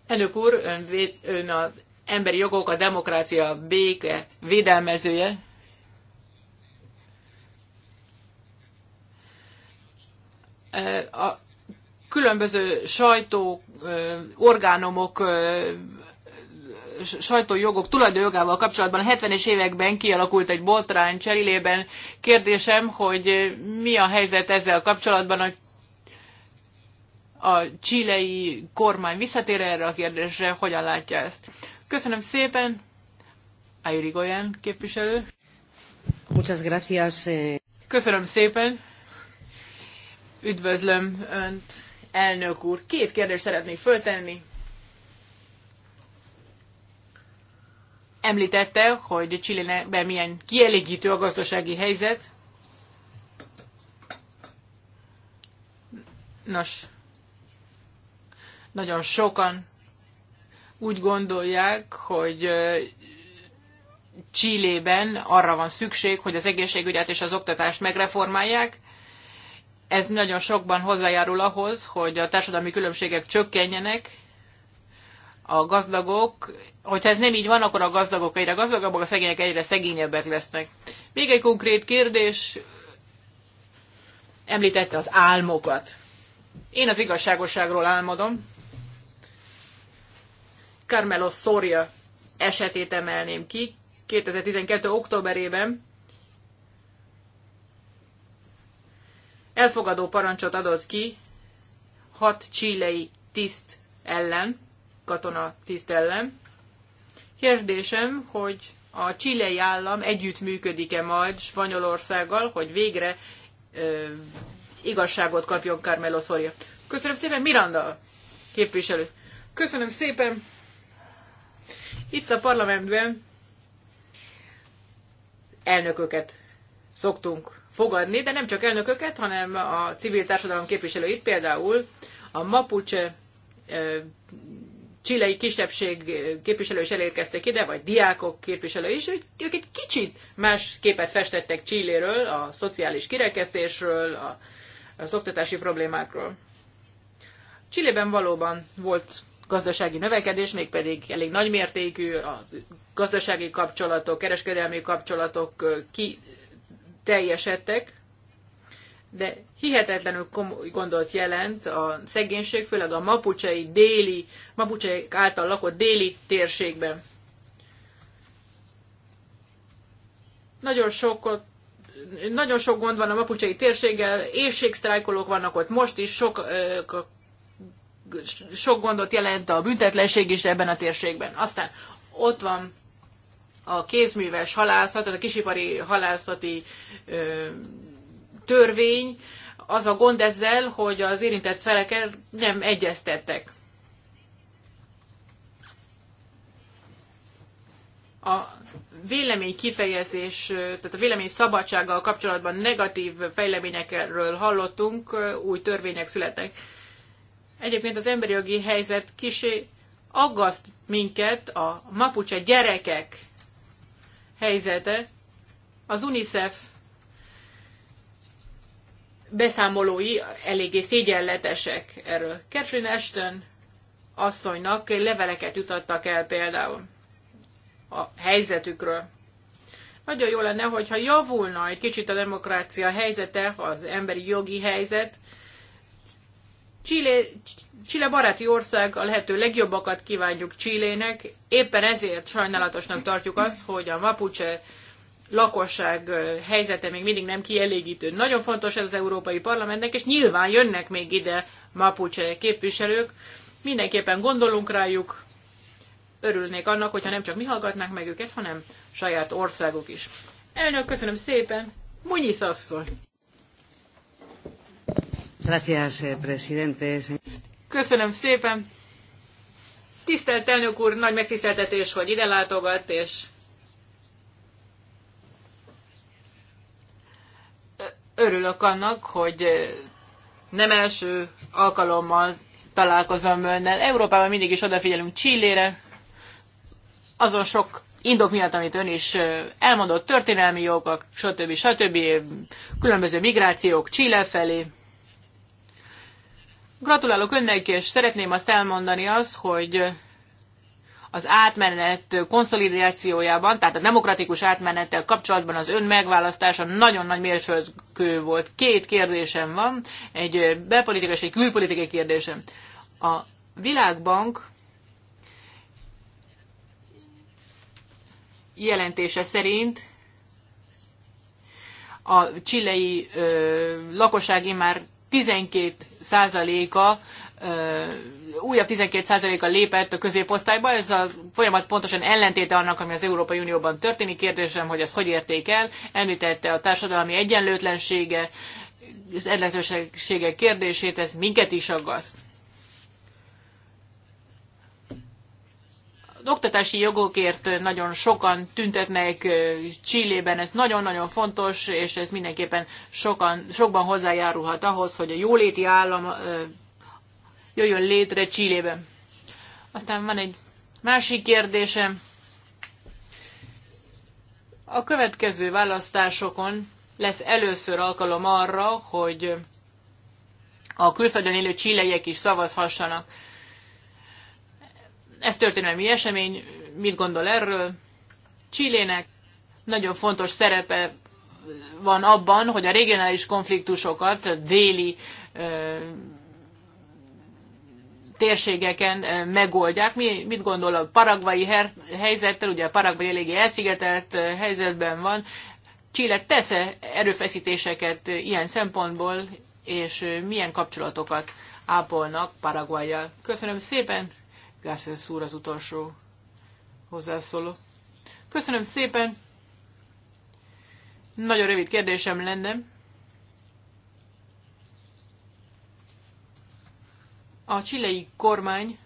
Elnök úr, ön, ön az emberi jogok, a demokrácia, a béke védelmezője, a különböző sajtó orgánumok sajtójogok tulajdonjogával kapcsolatban a 70-es években kialakult egy botrány cserélében. Kérdésem, hogy mi a helyzet ezzel kapcsolatban, a, a csilei kormány visszatér erre a kérdésre, hogyan látja ezt. Köszönöm szépen, Ayuri Goyen képviselő. Muchas gracias. Eh. Köszönöm szépen. Üdvözlöm Önt, elnök úr. Két kérdést szeretnék föltenni. Említette, hogy Csillében milyen kielégítő a gazdasági helyzet. Nos, nagyon sokan úgy gondolják, hogy Csillében arra van szükség, hogy az egészségügyet és az oktatást megreformálják, ez nagyon sokban hozzájárul ahhoz, hogy a társadalmi különbségek csökkenjenek, a gazdagok, hogyha ez nem így van, akkor a gazdagok egyre gazdagabbak, a szegények egyre szegényebbek lesznek. Még egy konkrét kérdés, említette az álmokat. Én az igazságosságról álmodom. Carmelo Soria esetét emelném ki. 2012. októberében elfogadó parancsot adott ki hat csílei tiszt ellen, katona tiszt ellen. Kérdésem, hogy a csílei állam együttműködik-e majd Spanyolországgal, hogy végre ö, igazságot kapjon Carmelo Soria. Köszönöm szépen, Miranda képviselő. Köszönöm szépen. Itt a parlamentben elnököket szoktunk fogadni, de nem csak elnököket, hanem a civil társadalom képviselőit, például a Mapuche csilei kisebbség képviselő is elérkeztek ide, vagy diákok képviselő is, hogy ők egy kicsit más képet festettek Csilléről, a szociális kirekesztésről, a, az oktatási problémákról. Csillében valóban volt gazdasági növekedés, mégpedig elég nagymértékű a gazdasági kapcsolatok, kereskedelmi kapcsolatok ki, teljesedtek, de hihetetlenül komoly gondot jelent a szegénység, főleg a mapucsei déli, mapucseik által lakott déli térségben. Nagyon sok, nagyon sok gond van a mapucsei térséggel, éjségsztrájkolók vannak ott most is, sok, sok gondot jelent a büntetlenség is ebben a térségben. Aztán ott van a kézműves halászat, tehát a kisipari halászati ö, törvény, az a gond ezzel, hogy az érintett feleket nem egyeztettek. A vélemény kifejezés, tehát a vélemény szabadsággal kapcsolatban negatív fejleményekről hallottunk, új törvények születnek. Egyébként az emberi jogi helyzet kisé aggaszt minket a mapucse gyerekek helyzete. Az UNICEF beszámolói eléggé szégyenletesek erről. Catherine Ashton asszonynak leveleket jutottak el például a helyzetükről. Nagyon jó lenne, hogyha javulna egy kicsit a demokrácia helyzete, az emberi jogi helyzet, Chile, Chile baráti ország, a lehető legjobbakat kívánjuk Chilének, éppen ezért sajnálatosnak tartjuk azt, hogy a Mapuche lakosság helyzete még mindig nem kielégítő. Nagyon fontos ez az Európai Parlamentnek, és nyilván jönnek még ide Mapuche képviselők. Mindenképpen gondolunk rájuk, örülnék annak, hogyha nem csak mi hallgatnánk meg őket, hanem saját országuk is. Elnök, köszönöm szépen! Munyi asszony! Gracias, eh, presidente. Köszönöm szépen. Tisztelt elnök úr, nagy megtiszteltetés, hogy ide látogat, és örülök annak, hogy nem első alkalommal találkozom önnel. Európában mindig is odafigyelünk Csillére, azon sok indok miatt, amit ön is elmondott, történelmi jogok, stb. stb. stb. különböző migrációk Chile felé. Gratulálok önnek, és szeretném azt elmondani azt, hogy az átmenet konszolidációjában, tehát a demokratikus átmenettel kapcsolatban az ön megválasztása nagyon nagy mérföldkő volt. Két kérdésem van, egy belpolitikai és egy külpolitikai kérdésem. A Világbank jelentése szerint a csilei ö, lakosság immár 12 százaléka újabb 12%-a lépett a középosztályba. Ez a folyamat pontosan ellentéte annak, ami az Európai Unióban történik. Kérdésem, hogy ez hogy érték el. Említette a társadalmi egyenlőtlensége, az egyenlőtlensége kérdését, ez minket is aggaszt. oktatási jogokért nagyon sokan tüntetnek Csillében, ez nagyon-nagyon fontos, és ez mindenképpen sokan, sokban hozzájárulhat ahhoz, hogy a jóléti állam jöjjön létre Csillében. Aztán van egy másik kérdésem. A következő választásokon lesz először alkalom arra, hogy a külföldön élő csilleiek is szavazhassanak. Ez történelmi esemény, mit gondol erről? Csillének nagyon fontos szerepe van abban, hogy a regionális konfliktusokat déli ö, térségeken megoldják. Mi, mit gondol a paragvai helyzettel? Ugye a paragvai eléggé elszigetelt helyzetben van. Chile tesz-e erőfeszítéseket ilyen szempontból, és milyen kapcsolatokat ápolnak Paraguayjal? Köszönöm szépen! Gászler úr az utolsó hozzászóló. Köszönöm szépen! Nagyon rövid kérdésem lenne. A csilei kormánynak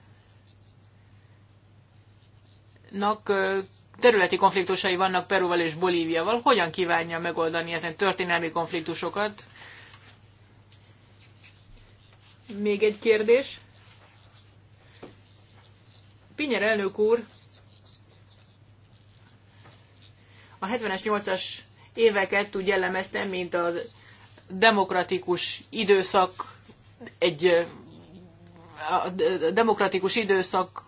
területi konfliktusai vannak Perúval és Bolíviával. Hogyan kívánja megoldani ezen történelmi konfliktusokat? Még egy kérdés. Pinyer elnök úr a 70-es, 80-as éveket úgy jellemezte, mint a demokratikus időszak egy a demokratikus időszak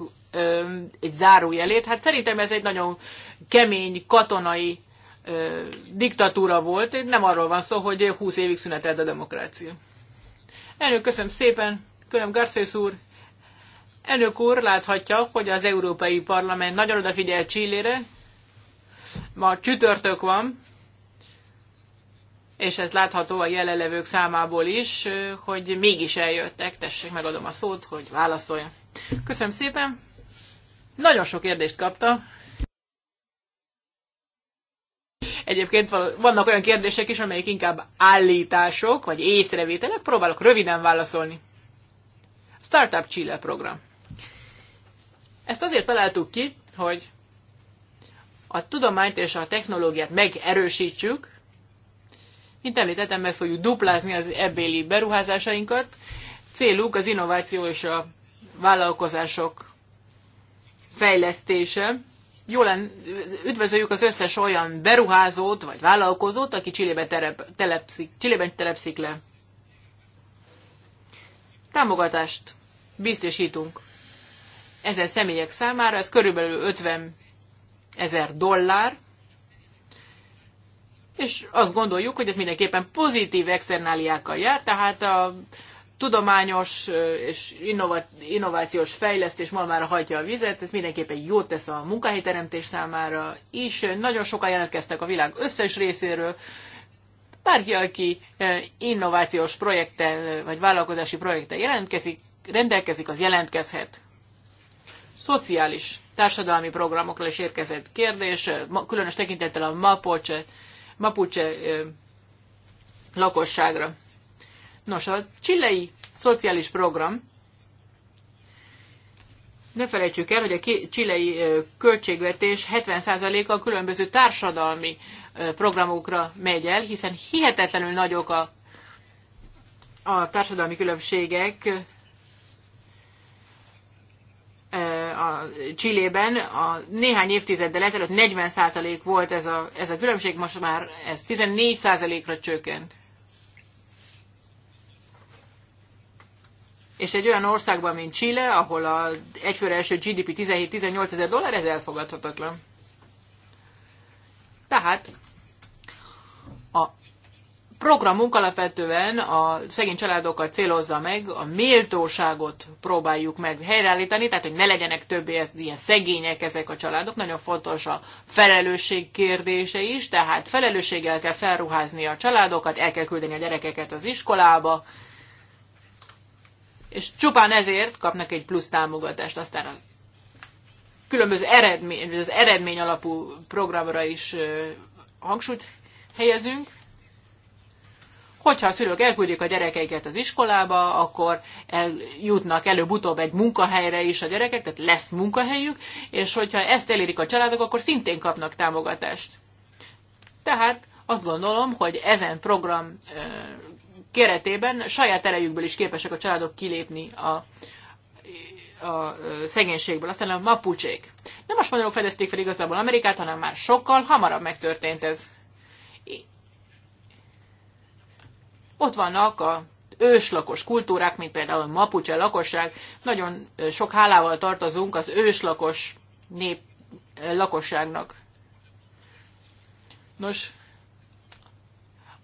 egy zárójelét. Hát szerintem ez egy nagyon kemény katonai diktatúra volt. Nem arról van szó, hogy 20 évig szünetelt a demokrácia. Elnök, köszönöm szépen. Köszönöm, Garcés úr. Elnök úr láthatja, hogy az Európai Parlament nagyon odafigyel Csillére. Ma csütörtök van, és ez látható a jelenlevők számából is, hogy mégis eljöttek. Tessék, megadom a szót, hogy válaszolja. Köszönöm szépen. Nagyon sok kérdést kaptam. Egyébként vannak olyan kérdések is, amelyek inkább állítások, vagy észrevételek. Próbálok röviden válaszolni. Startup Chile program. Ezt azért találtuk ki, hogy a tudományt és a technológiát megerősítsük, mint említettem, meg fogjuk duplázni az ebbéli beruházásainkat. Célunk az innováció és a vállalkozások fejlesztése. Jól üdvözöljük az összes olyan beruházót vagy vállalkozót, aki Csillében, telepszik, Csillében telepszik le. Támogatást biztosítunk ezen személyek számára, ez körülbelül 50 ezer dollár, és azt gondoljuk, hogy ez mindenképpen pozitív externáliákkal jár, tehát a tudományos és innovációs fejlesztés ma már hagyja a vizet, ez mindenképpen jót tesz a munkahelyteremtés számára is. Nagyon sokan jelentkeztek a világ összes részéről, bárki, aki innovációs projekten vagy vállalkozási projekten jelentkezik, rendelkezik, az jelentkezhet szociális társadalmi programokról is érkezett kérdés, különös tekintettel a Mapoche, Mapuche lakosságra. Nos, a csilei szociális program, ne felejtsük el, hogy a csilei költségvetés 70%-a különböző társadalmi programokra megy el, hiszen hihetetlenül nagyok a, a társadalmi különbségek a Csillében a néhány évtizeddel ezelőtt 40% volt ez a, ez a különbség, most már ez 14%-ra csökkent. És egy olyan országban, mint Chile, ahol a egyfőre első GDP 17-18 ezer dollár, ez elfogadhatatlan. Tehát programunk alapvetően a szegény családokat célozza meg, a méltóságot próbáljuk meg helyreállítani, tehát hogy ne legyenek többé ilyen szegények ezek a családok. Nagyon fontos a felelősség kérdése is, tehát felelősséggel kell felruházni a családokat, el kell küldeni a gyerekeket az iskolába, és csupán ezért kapnak egy plusz támogatást. Aztán a különböző eredmény, az eredmény alapú programra is hangsúlyt helyezünk, Hogyha a szülők elküldik a gyerekeiket az iskolába, akkor jutnak előbb-utóbb egy munkahelyre is a gyerekek, tehát lesz munkahelyük, és hogyha ezt elérik a családok, akkor szintén kapnak támogatást. Tehát azt gondolom, hogy ezen program keretében saját erejükből is képesek a családok kilépni a, a szegénységből, aztán a mapucsék. Nem a spanyolok fedezték fel igazából Amerikát, hanem már sokkal hamarabb megtörtént ez. Ott vannak a őslakos kultúrák, mint például a mapuche lakosság. Nagyon sok hálával tartozunk az őslakos nép lakosságnak. Nos,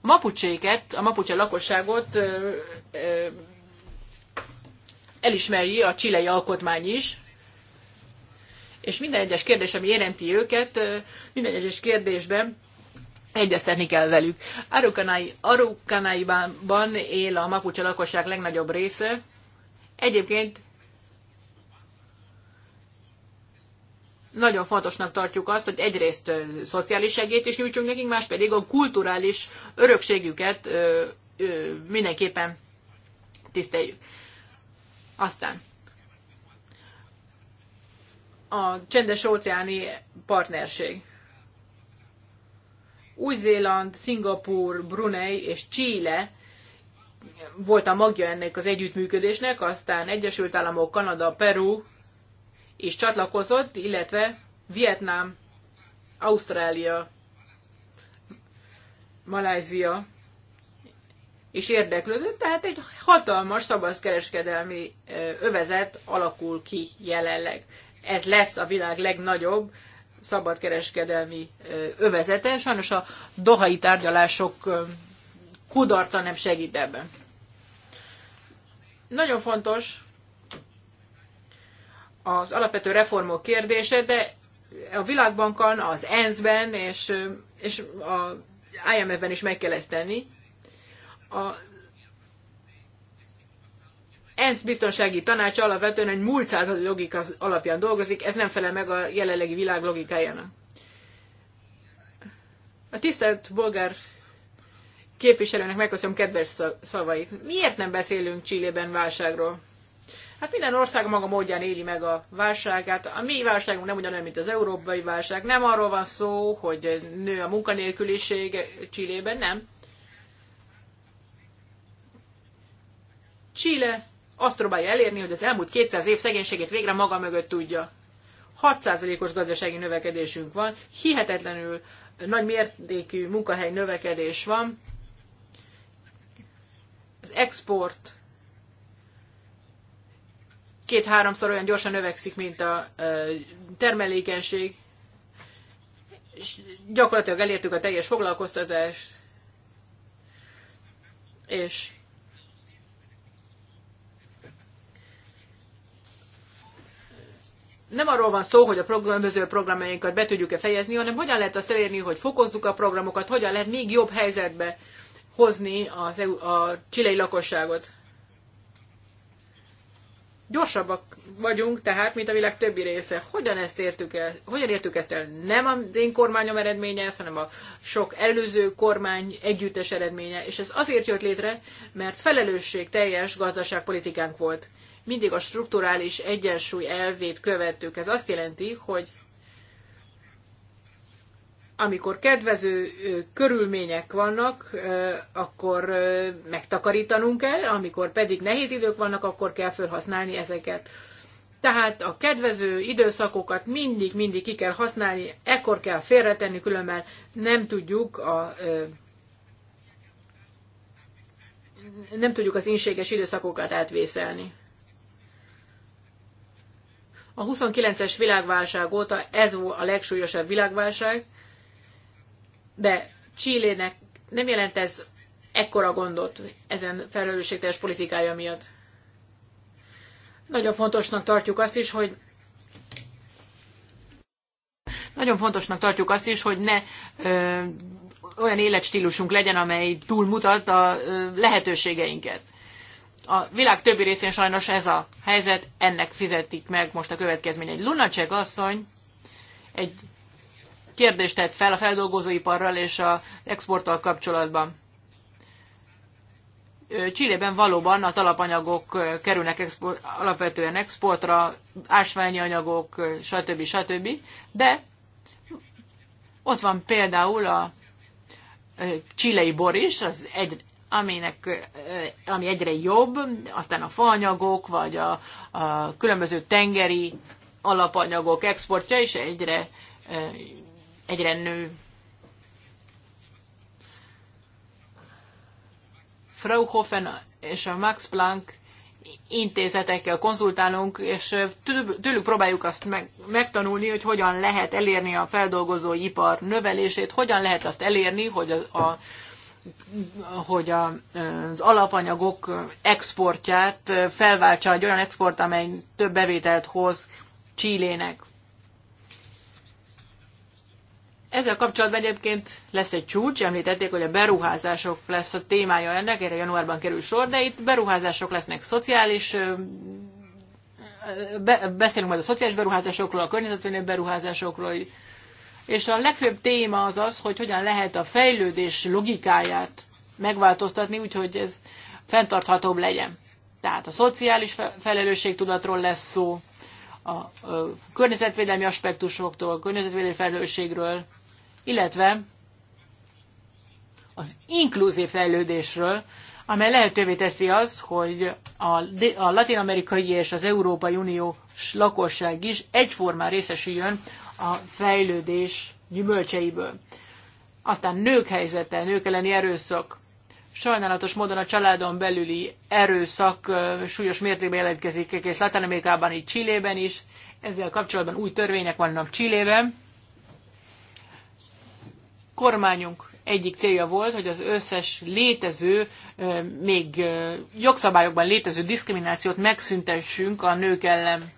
a mapucséket, a mapuche lakosságot elismeri a csilei alkotmány is, és minden egyes kérdés, ami érinti őket, minden egyes kérdésben egyeztetni kell velük. Arukanaiban él a mapucsa lakosság legnagyobb része. Egyébként nagyon fontosnak tartjuk azt, hogy egyrészt szociális segélyt is nyújtsunk nekik, más pedig a kulturális örökségüket ö, ö, mindenképpen tiszteljük. Aztán a csendes óceáni partnerség. Új-Zéland, Szingapur, Brunei és Chile volt a magja ennek az együttműködésnek, aztán Egyesült Államok, Kanada, Peru is csatlakozott, illetve Vietnám, Ausztrália, Malázia és érdeklődött, tehát egy hatalmas szabadkereskedelmi övezet alakul ki jelenleg. Ez lesz a világ legnagyobb szabadkereskedelmi övezete. Sajnos a dohai tárgyalások kudarca nem segít ebben. Nagyon fontos az alapvető reformok kérdése, de a Világbankon, az ENSZ-ben és, és a IMF-ben is meg kell ezt tenni. A ENSZ biztonsági tanács alapvetően egy múlt századi logika alapján dolgozik, ez nem felel meg a jelenlegi világ logikájának. A tisztelt bolgár képviselőnek megköszönöm kedves szavait. Miért nem beszélünk Csillében válságról? Hát minden ország maga módján éli meg a válságát. A mi válságunk nem ugyanolyan, mint az európai válság. Nem arról van szó, hogy nő a munkanélküliség Csillében, nem. Chile azt próbálja elérni, hogy az elmúlt 200 év szegénységét végre maga mögött tudja. 6%-os gazdasági növekedésünk van, hihetetlenül nagy mértékű munkahely növekedés van, az export két-háromszor olyan gyorsan növekszik, mint a termelékenység, és gyakorlatilag elértük a teljes foglalkoztatást, és nem arról van szó, hogy a különböző programjainkat be tudjuk-e fejezni, hanem hogyan lehet azt elérni, hogy fokozzuk a programokat, hogyan lehet még jobb helyzetbe hozni az EU, a csilei lakosságot. Gyorsabbak vagyunk tehát, mint a világ többi része. Hogyan ezt értük el? Hogyan értük ezt el? Nem az én kormányom eredménye hanem a sok előző kormány együttes eredménye. És ez azért jött létre, mert felelősség teljes gazdaságpolitikánk volt mindig a strukturális egyensúly elvét követtük. Ez azt jelenti, hogy amikor kedvező körülmények vannak, akkor megtakarítanunk kell, amikor pedig nehéz idők vannak, akkor kell felhasználni ezeket. Tehát a kedvező időszakokat mindig-mindig ki kell használni, ekkor kell félretenni, különben nem tudjuk a nem tudjuk az inséges időszakokat átvészelni. A 29-es világválság óta ez volt a legsúlyosabb világválság, de Csillének nem jelent ez ekkora gondot ezen felelősségteljes politikája miatt. Nagyon fontosnak tartjuk azt is, hogy nagyon fontosnak tartjuk azt is, hogy ne ö, olyan életstílusunk legyen, amely túlmutat a ö, lehetőségeinket. A világ többi részén sajnos ez a helyzet, ennek fizetik meg most a következmény. Egy Lunacek asszony egy kérdést tett fel a feldolgozóiparral és az exporttal kapcsolatban. Csillében valóban az alapanyagok kerülnek expo- alapvetően exportra, ásványi anyagok, stb. stb. De ott van például a csilei bor is, az egy, aminek, ami egyre jobb, aztán a faanyagok, vagy a, a különböző tengeri alapanyagok exportja is egyre, egyre nő. Fraunhofen és a Max Planck intézetekkel konzultálunk, és tőlük próbáljuk azt meg, megtanulni, hogy hogyan lehet elérni a feldolgozó ipar növelését, hogyan lehet azt elérni, hogy a, a hogy az alapanyagok exportját felváltsa egy olyan export, amely több bevételt hoz Csillének. Ezzel kapcsolatban egyébként lesz egy csúcs, említették, hogy a beruházások lesz a témája ennek, erre januárban kerül sor, de itt beruházások lesznek szociális, be, beszélünk majd a szociális beruházásokról, a környezetvédelmi beruházásokról, és a legfőbb téma az az, hogy hogyan lehet a fejlődés logikáját megváltoztatni, úgyhogy ez fenntarthatóbb legyen. Tehát a szociális felelősségtudatról lesz szó, a, környezetvédelmi aspektusoktól, a környezetvédelmi felelősségről, illetve az inkluzív fejlődésről, amely lehetővé teszi azt, hogy a, a latin-amerikai és az Európai Uniós lakosság is egyformán részesüljön a fejlődés gyümölcseiből. Aztán nők helyzete, nők elleni erőszak. Sajnálatos módon a családon belüli erőszak súlyos mértékben jelentkezik egész Latin Amerikában, így Csillében is. Ezzel kapcsolatban új törvények vannak Csillében. Kormányunk egyik célja volt, hogy az összes létező, még jogszabályokban létező diszkriminációt megszüntessünk a nők ellen.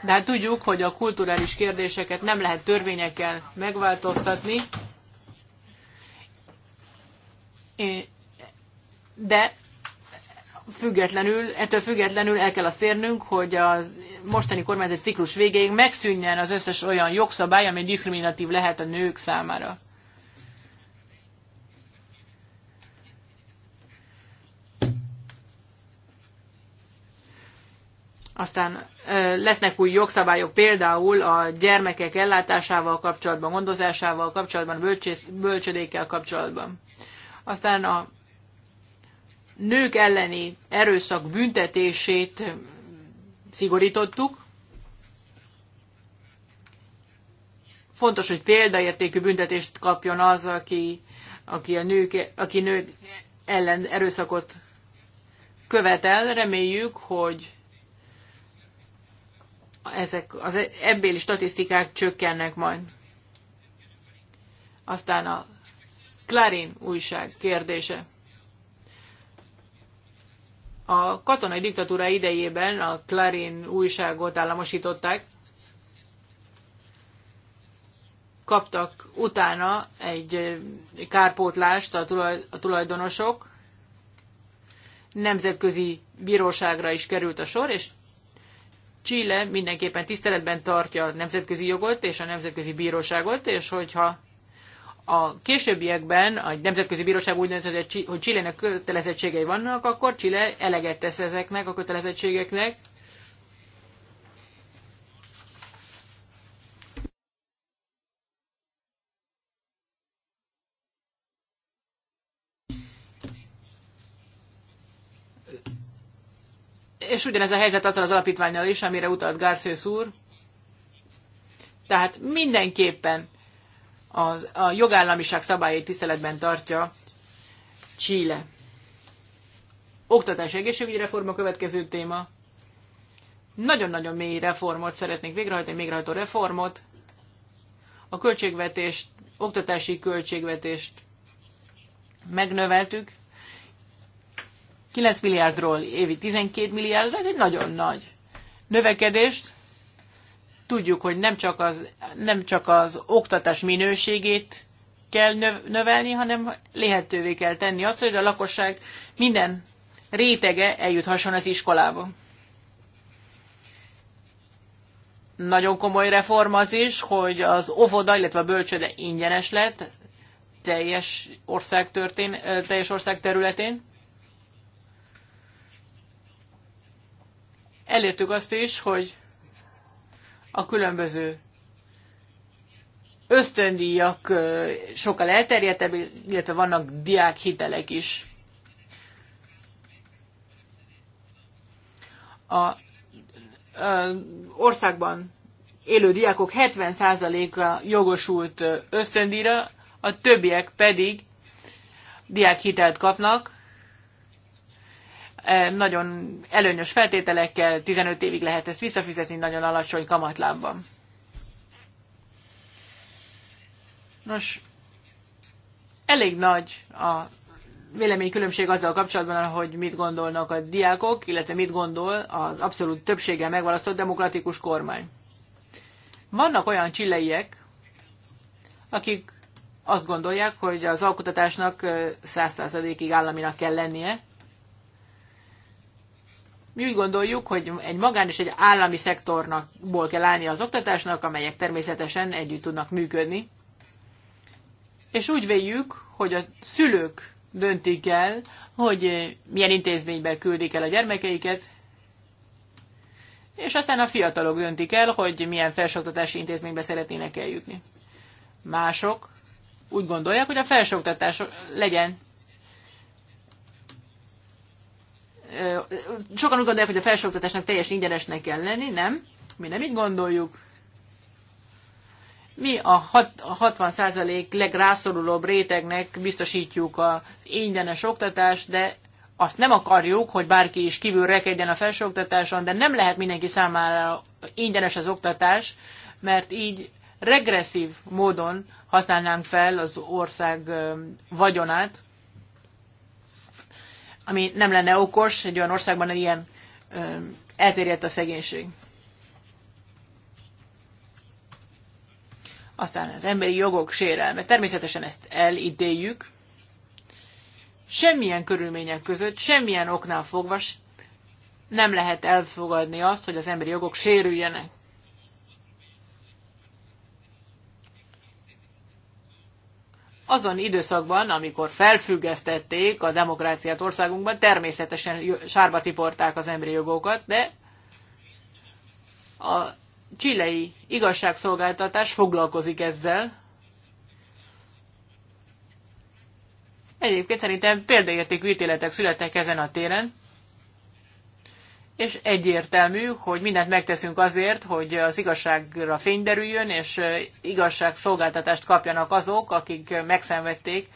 De hát tudjuk, hogy a kulturális kérdéseket nem lehet törvényekkel megváltoztatni, de függetlenül, ettől függetlenül el kell azt érnünk, hogy a mostani kormányzati ciklus végéig megszűnjen az összes olyan jogszabály, ami diszkriminatív lehet a nők számára. Aztán lesznek új jogszabályok például a gyermekek ellátásával kapcsolatban, gondozásával kapcsolatban, bölcsödékkel kapcsolatban. Aztán a nők elleni erőszak büntetését szigorítottuk. Fontos, hogy példaértékű büntetést kapjon az, aki, aki, a nők, aki nők ellen erőszakot követel. Reméljük, hogy ezek, az ebbéli statisztikák csökkennek majd. Aztán a Clarin újság kérdése. A katonai diktatúra idejében a Clarin újságot államosították, kaptak utána egy kárpótlást a tulajdonosok, nemzetközi bíróságra is került a sor, és Chile mindenképpen tiszteletben tartja a nemzetközi jogot és a nemzetközi bíróságot, és hogyha a későbbiekben a nemzetközi bíróság úgy döntött, hogy Chilenek kötelezettségei vannak, akkor Chile eleget tesz ezeknek a kötelezettségeknek, és ugyanez a helyzet azzal az alapítványal is, amire utalt Garcés úr. Tehát mindenképpen az, a jogállamiság szabályait tiszteletben tartja Chile. Oktatás egészségügyi reforma következő téma. Nagyon-nagyon mély reformot szeretnék végrehajtani, végrehajtó reformot. A költségvetést, oktatási költségvetést megnöveltük, 9 milliárdról évi 12 milliárd, ez egy nagyon nagy növekedést. Tudjuk, hogy nem csak az, nem csak az oktatás minőségét kell növelni, hanem lehetővé kell tenni azt, hogy a lakosság minden rétege eljuthasson az iskolába. Nagyon komoly reform az is, hogy az óvoda, illetve a bölcsőde ingyenes lett teljes ország, történ, teljes ország területén. elértük azt is, hogy a különböző ösztöndíjak sokkal elterjedtebb, illetve vannak diákhitelek is. A, országban élő diákok 70%-a jogosult ösztöndíjra, a többiek pedig diákhitelt kapnak, E, nagyon előnyös feltételekkel, 15 évig lehet ezt visszafizetni nagyon alacsony kamatlábban. Nos, elég nagy a véleménykülönbség azzal kapcsolatban, hogy mit gondolnak a diákok, illetve mit gondol az abszolút többséggel megválasztott demokratikus kormány. Vannak olyan csilleiek, akik azt gondolják, hogy az alkotásnak 100%-ig államinak kell lennie, mi úgy gondoljuk, hogy egy magán és egy állami szektornakból kell állni az oktatásnak, amelyek természetesen együtt tudnak működni. És úgy véljük, hogy a szülők döntik el, hogy milyen intézménybe küldik el a gyermekeiket, és aztán a fiatalok döntik el, hogy milyen felsőoktatási intézménybe szeretnének eljutni. Mások úgy gondolják, hogy a felsőoktatás legyen sokan úgy gondolják, hogy a felsőoktatásnak teljes ingyenesnek kell lenni, nem? Mi nem így gondoljuk. Mi a, hat, a 60% legrászorulóbb rétegnek biztosítjuk az ingyenes oktatást, de azt nem akarjuk, hogy bárki is kívül rekedjen a felsőoktatáson, de nem lehet mindenki számára ingyenes az oktatás, mert így regresszív módon használnánk fel az ország vagyonát, ami nem lenne okos egy olyan országban, hogy ilyen ö, elterjedt a szegénység. Aztán az emberi jogok sérelme. Természetesen ezt elidéljük. Semmilyen körülmények között, semmilyen oknál fogva nem lehet elfogadni azt, hogy az emberi jogok sérüljenek. azon időszakban, amikor felfüggesztették a demokráciát országunkban, természetesen sárba tiporták az emberi jogokat, de a csilei igazságszolgáltatás foglalkozik ezzel. Egyébként szerintem példaértékű ítéletek születtek ezen a téren és egyértelmű, hogy mindent megteszünk azért, hogy az igazságra fény derüljön, és igazságszolgáltatást kapjanak azok, akik megszenvedték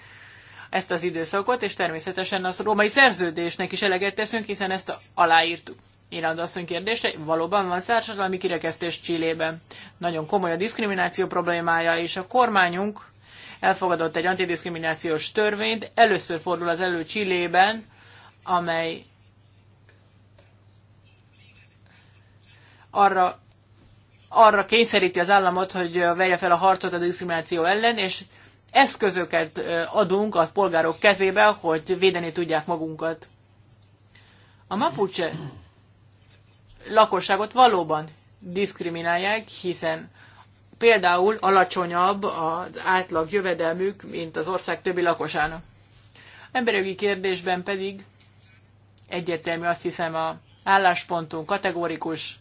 ezt az időszakot, és természetesen az római szerződésnek is eleget teszünk, hiszen ezt aláírtuk. Irland asszony kérdése, valóban van szársadalmi kirekesztés Csillében. Nagyon komoly a diszkrimináció problémája, és a kormányunk elfogadott egy antidiszkriminációs törvényt. Először fordul az elő Csillében, amely arra, arra kényszeríti az államot, hogy vegye fel a harcot a diszkrimináció ellen, és eszközöket adunk a polgárok kezébe, hogy védeni tudják magunkat. A mapuche lakosságot valóban diszkriminálják, hiszen például alacsonyabb az átlag jövedelmük, mint az ország többi lakosának. Emberjogi kérdésben pedig egyértelmű azt hiszem a álláspontunk kategórikus,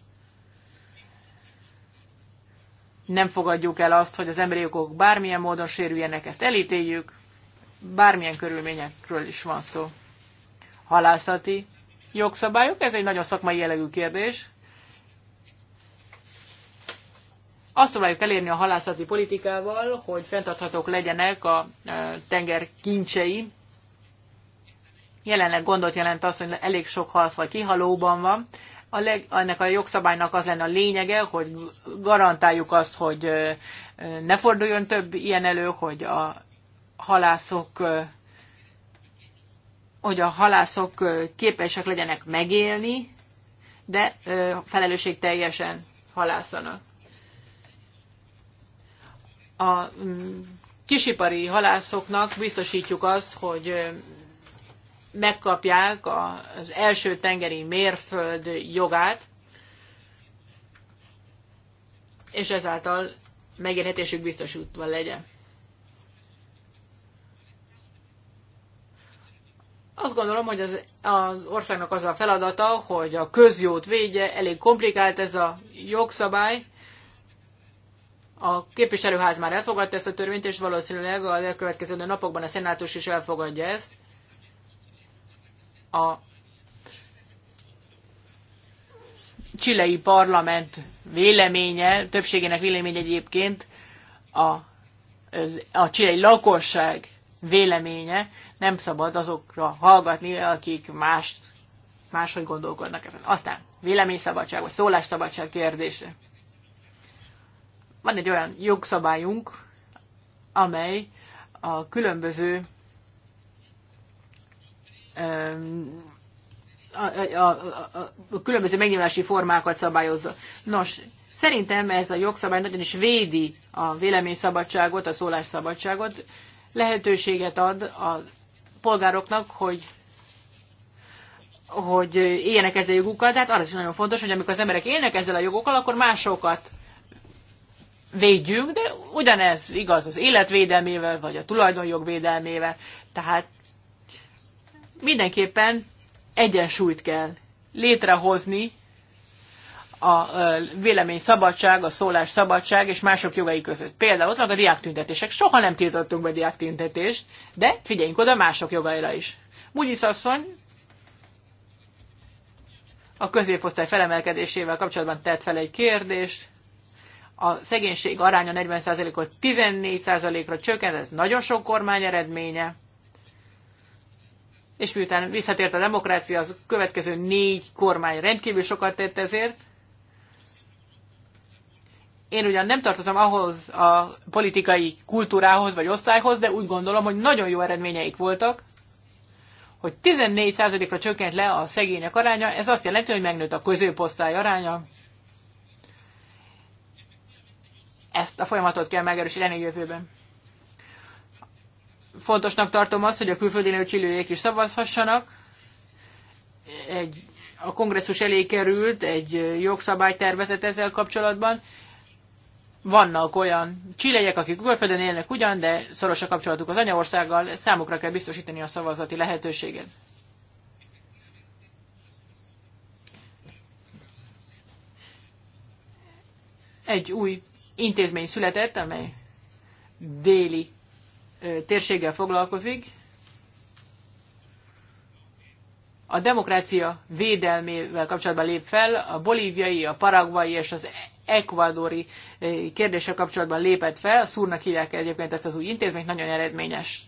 nem fogadjuk el azt, hogy az emberi jogok bármilyen módon sérüljenek, ezt elítéljük, bármilyen körülményekről is van szó. Halászati jogszabályok, ez egy nagyon szakmai jellegű kérdés. Azt próbáljuk elérni a halászati politikával, hogy fenntarthatók legyenek a e, tenger kincsei. Jelenleg gondot jelent az, hogy elég sok halfaj kihalóban van, a leg, ennek a jogszabálynak az lenne a lényege, hogy garantáljuk azt, hogy ne forduljon több ilyen elő, hogy a halászok hogy a halászok képesek legyenek megélni, de felelősség teljesen halászanak. A mm, kisipari halászoknak biztosítjuk azt, hogy megkapják az első tengeri mérföld jogát, és ezáltal megérhetésük biztosítva legyen. Azt gondolom, hogy az, az országnak az a feladata, hogy a közjót védje, elég komplikált ez a jogszabály. A képviselőház már elfogadta ezt a törvényt, és valószínűleg a következő napokban a szenátus is elfogadja ezt a csilei parlament véleménye, többségének véleménye egyébként a, a csilei lakosság véleménye, nem szabad azokra hallgatni, akik más máshogy gondolkodnak ezen. Aztán véleményszabadság vagy szólásszabadság kérdése. Van egy olyan jogszabályunk, amely a különböző a, a, a, a különböző megnyilvánulási formákat szabályozza. Nos, szerintem ez a jogszabály nagyon is védi a véleményszabadságot, a szólásszabadságot, lehetőséget ad a polgároknak, hogy hogy éljenek ezzel a jogukkal, tehát arra is nagyon fontos, hogy amikor az emberek élnek ezzel a jogokkal, akkor másokat védjünk, de ugyanez igaz az életvédelmével, vagy a tulajdonjog védelmével. Tehát mindenképpen egyensúlyt kell létrehozni a vélemény szabadság, a szólás szabadság és mások jogai között. Például ott vannak a diáktüntetések. Soha nem tiltottunk be diáktüntetést, de figyeljünk oda mások jogaira is. Mugyisz asszony a középosztály felemelkedésével kapcsolatban tett fel egy kérdést. A szegénység aránya 40%-ot 14%-ra csökkent, ez nagyon sok kormány eredménye és miután visszatért a demokrácia, az következő négy kormány rendkívül sokat tett ezért. Én ugyan nem tartozom ahhoz a politikai kultúrához vagy osztályhoz, de úgy gondolom, hogy nagyon jó eredményeik voltak, hogy 14%-ra csökkent le a szegények aránya, ez azt jelenti, hogy megnőtt a középosztály aránya. Ezt a folyamatot kell megerősíteni a jövőben fontosnak tartom azt, hogy a külföldi élő csillőjék is szavazhassanak. Egy, a kongresszus elé került egy jogszabálytervezet ezzel kapcsolatban. Vannak olyan csilejek, akik külföldön élnek ugyan, de szoros a kapcsolatuk az anyaországgal, számukra kell biztosítani a szavazati lehetőséget. Egy új intézmény született, amely déli térséggel foglalkozik, a demokrácia védelmével kapcsolatban lép fel, a bolíviai, a paraguai és az ekvadori kérdéssel kapcsolatban lépett fel, a szúrnak hívják egyébként ezt az új intézményt, nagyon eredményes.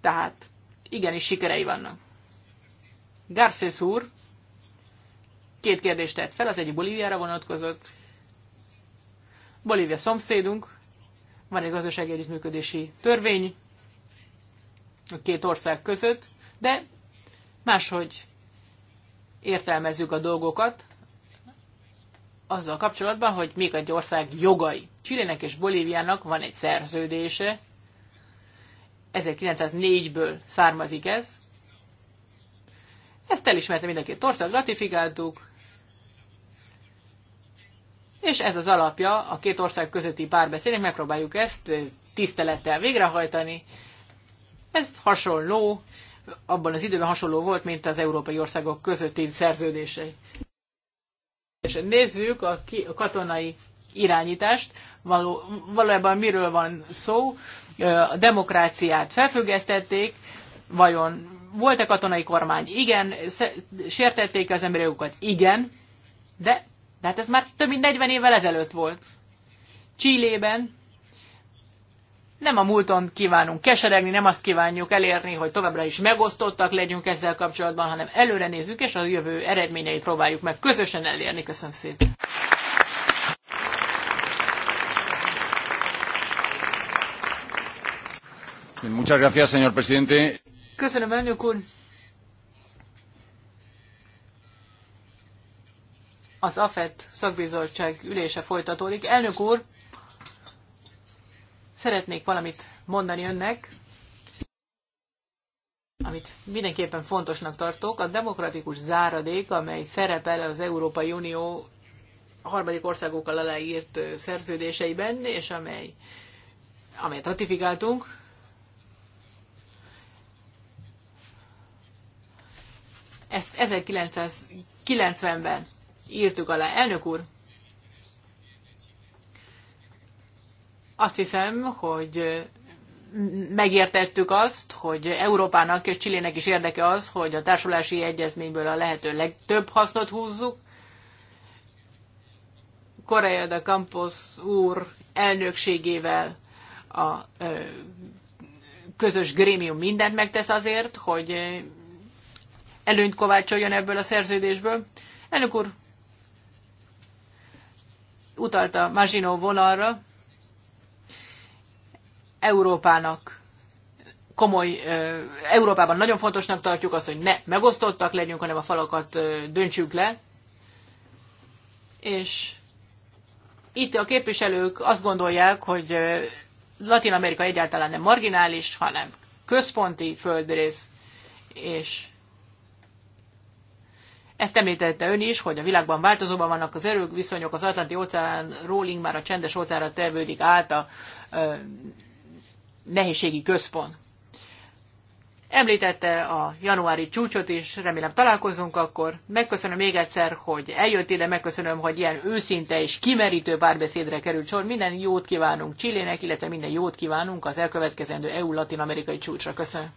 Tehát igenis sikerei vannak. Garces úr két kérdést tett fel, az egyik Bolíviára vonatkozott. Bolívia szomszédunk, van egy gazdasági együttműködési törvény a két ország között, de máshogy értelmezzük a dolgokat azzal kapcsolatban, hogy még egy ország jogai. Csillének és Bolíviának van egy szerződése, 1904-ből származik ez. Ezt elismerte mind a két ország, ratifikáltuk, és ez az alapja a két ország közötti párbeszédnek, megpróbáljuk ezt tisztelettel végrehajtani. Ez hasonló, abban az időben hasonló volt, mint az európai országok közötti szerződései. És nézzük a, ki, a katonai irányítást, való, valójában miről van szó. A demokráciát felfüggesztették, vajon volt-e katonai kormány? Igen. Sértették az emberi jogokat? Igen. De de hát ez már több mint 40 évvel ezelőtt volt. Csillében nem a múlton kívánunk keseregni, nem azt kívánjuk elérni, hogy továbbra is megosztottak legyünk ezzel kapcsolatban, hanem előre nézzük, és a jövő eredményeit próbáljuk meg közösen elérni. Köszönöm szépen! Muchas gracias, señor presidente. Köszönöm, elnök úr! az AFET szakbizottság ülése folytatódik. Elnök úr, szeretnék valamit mondani önnek, amit mindenképpen fontosnak tartok, a demokratikus záradék, amely szerepel az Európai Unió harmadik országokkal aláírt szerződéseiben, és amely, amelyet ratifikáltunk, ezt 1990-ben írtuk alá. Elnök úr, azt hiszem, hogy megértettük azt, hogy Európának és Csillének is érdeke az, hogy a társulási egyezményből a lehető legtöbb hasznot húzzuk. Korea de Campos úr elnökségével a közös grémium mindent megtesz azért, hogy előnyt kovácsoljon ebből a szerződésből. Elnök úr, a Maginó vonalra, Európának komoly, Európában nagyon fontosnak tartjuk azt, hogy ne megosztottak legyünk, hanem a falakat döntsük le. És itt a képviselők azt gondolják, hogy Latin Amerika egyáltalán nem marginális, hanem központi földrész, és ezt említette ön is, hogy a világban változóban vannak az erők, viszonyok az Atlanti óceán rolling már a csendes óceánra tervődik át a ö, nehézségi központ. Említette a januári csúcsot is, remélem találkozunk akkor. Megköszönöm még egyszer, hogy eljött ide, megköszönöm, hogy ilyen őszinte és kimerítő párbeszédre került sor. Minden jót kívánunk Csillének, illetve minden jót kívánunk az elkövetkezendő EU-Latin-amerikai csúcsra. Köszönöm.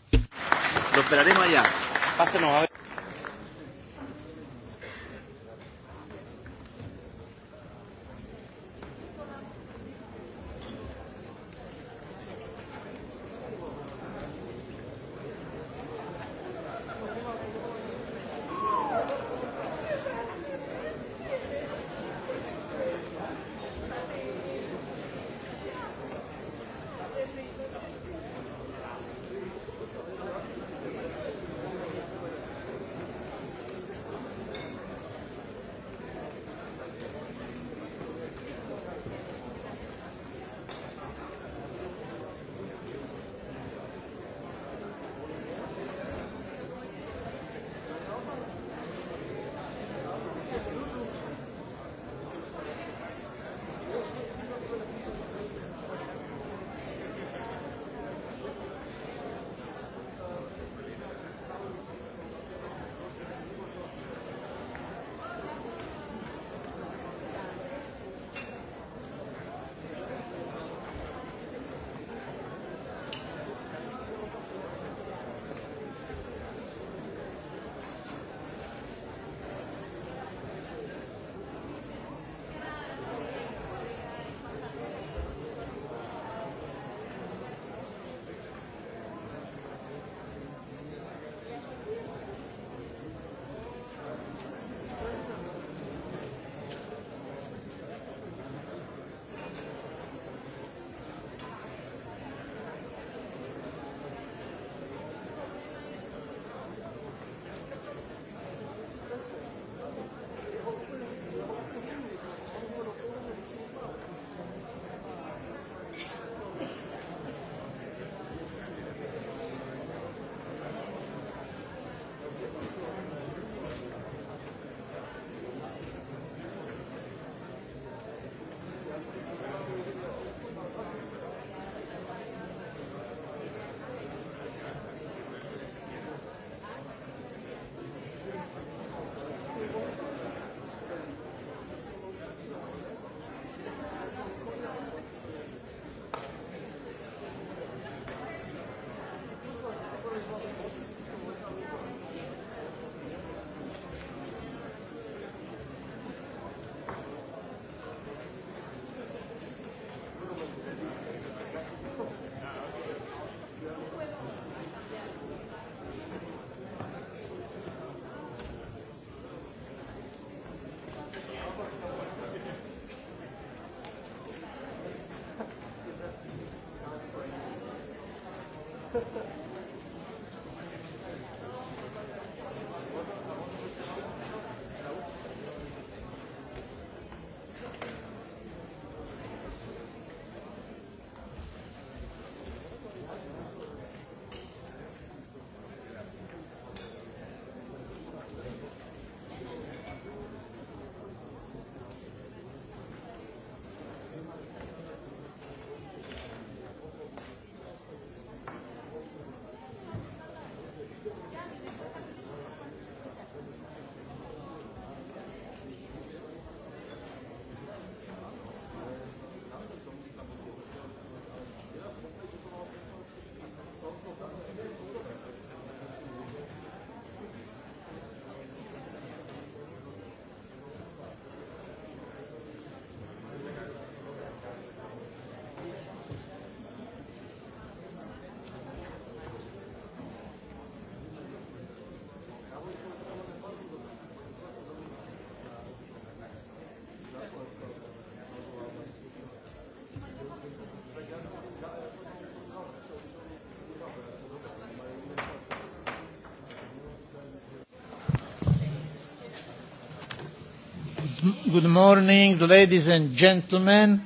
Good morning, ladies and gentlemen.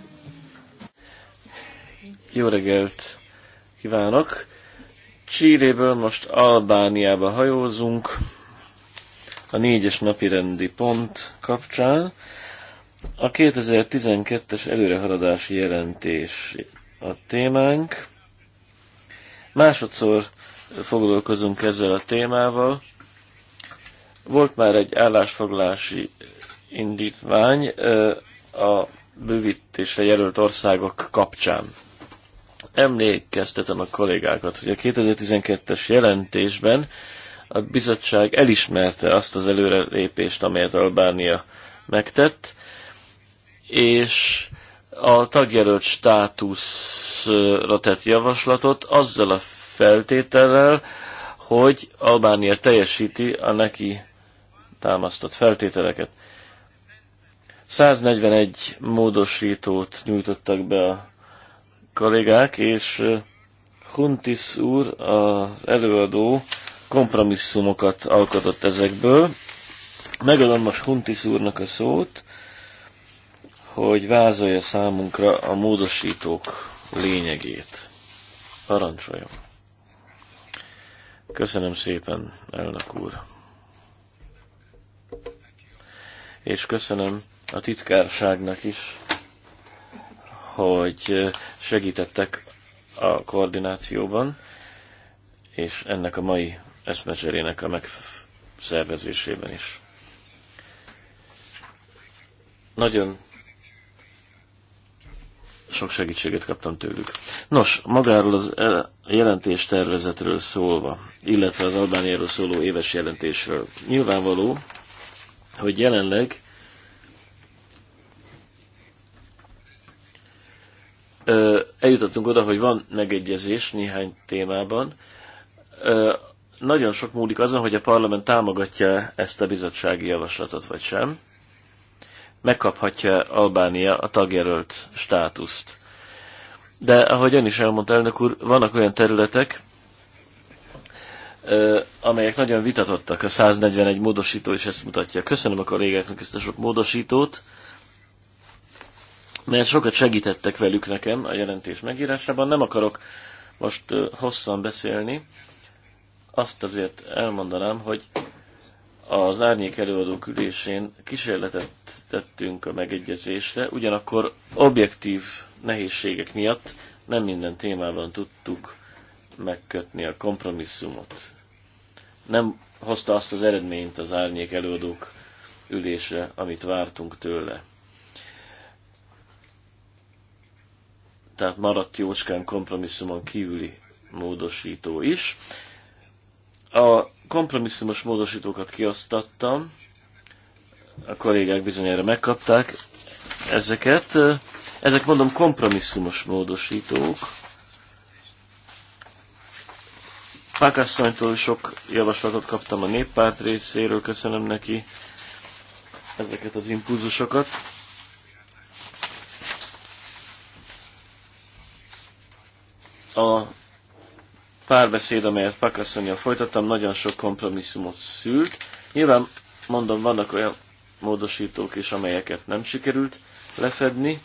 Jó reggelt kívánok! Csíréből most Albániába hajózunk a négyes napi rendi pont kapcsán. A 2012-es előrehaladási jelentés a témánk. Másodszor foglalkozunk ezzel a témával. Volt már egy állásfoglási indítvány a bővítésre jelölt országok kapcsán. Emlékeztetem a kollégákat, hogy a 2012-es jelentésben a bizottság elismerte azt az előrelépést, amelyet Albánia megtett, és a tagjelölt státuszra tett javaslatot azzal a feltétellel, hogy Albánia teljesíti a neki támasztott feltételeket. 141 módosítót nyújtottak be a kollégák, és Huntis úr, az előadó kompromisszumokat alkotott ezekből. Megadom most Huntis úrnak a szót, hogy vázolja számunkra a módosítók lényegét. Parancsoljon! Köszönöm szépen, elnök úr! És köszönöm a titkárságnak is, hogy segítettek a koordinációban, és ennek a mai eszmecserének a megszervezésében is. Nagyon sok segítséget kaptam tőlük. Nos, magáról az jelentés tervezetről szólva, illetve az Albániáról szóló éves jelentésről. Nyilvánvaló, hogy jelenleg eljutottunk oda, hogy van megegyezés néhány témában. Nagyon sok múlik azon, hogy a parlament támogatja ezt a bizottsági javaslatot, vagy sem. Megkaphatja Albánia a tagjelölt státuszt. De ahogy ön is elmondta, elnök úr, vannak olyan területek, amelyek nagyon vitatottak. A 141 módosító is ezt mutatja. Köszönöm a kollégáknak ezt a sok módosítót mert sokat segítettek velük nekem a jelentés megírásában. Nem akarok most hosszan beszélni, azt azért elmondanám, hogy az árnyék előadók ülésén kísérletet tettünk a megegyezésre, ugyanakkor objektív nehézségek miatt nem minden témában tudtuk megkötni a kompromisszumot. Nem hozta azt az eredményt az árnyék előadók ülésre, amit vártunk tőle. tehát maradt jócskán kompromisszumon kívüli módosító is. A kompromisszumos módosítókat kiasztattam, a kollégák bizonyára megkapták ezeket. Ezek mondom kompromisszumos módosítók. Pákasszonytól sok javaslatot kaptam a néppárt részéről, köszönöm neki ezeket az impulzusokat A párbeszéd, amelyet Pakaszonya folytattam, nagyon sok kompromisszumot szült. Nyilván, mondom, vannak olyan módosítók is, amelyeket nem sikerült lefedni.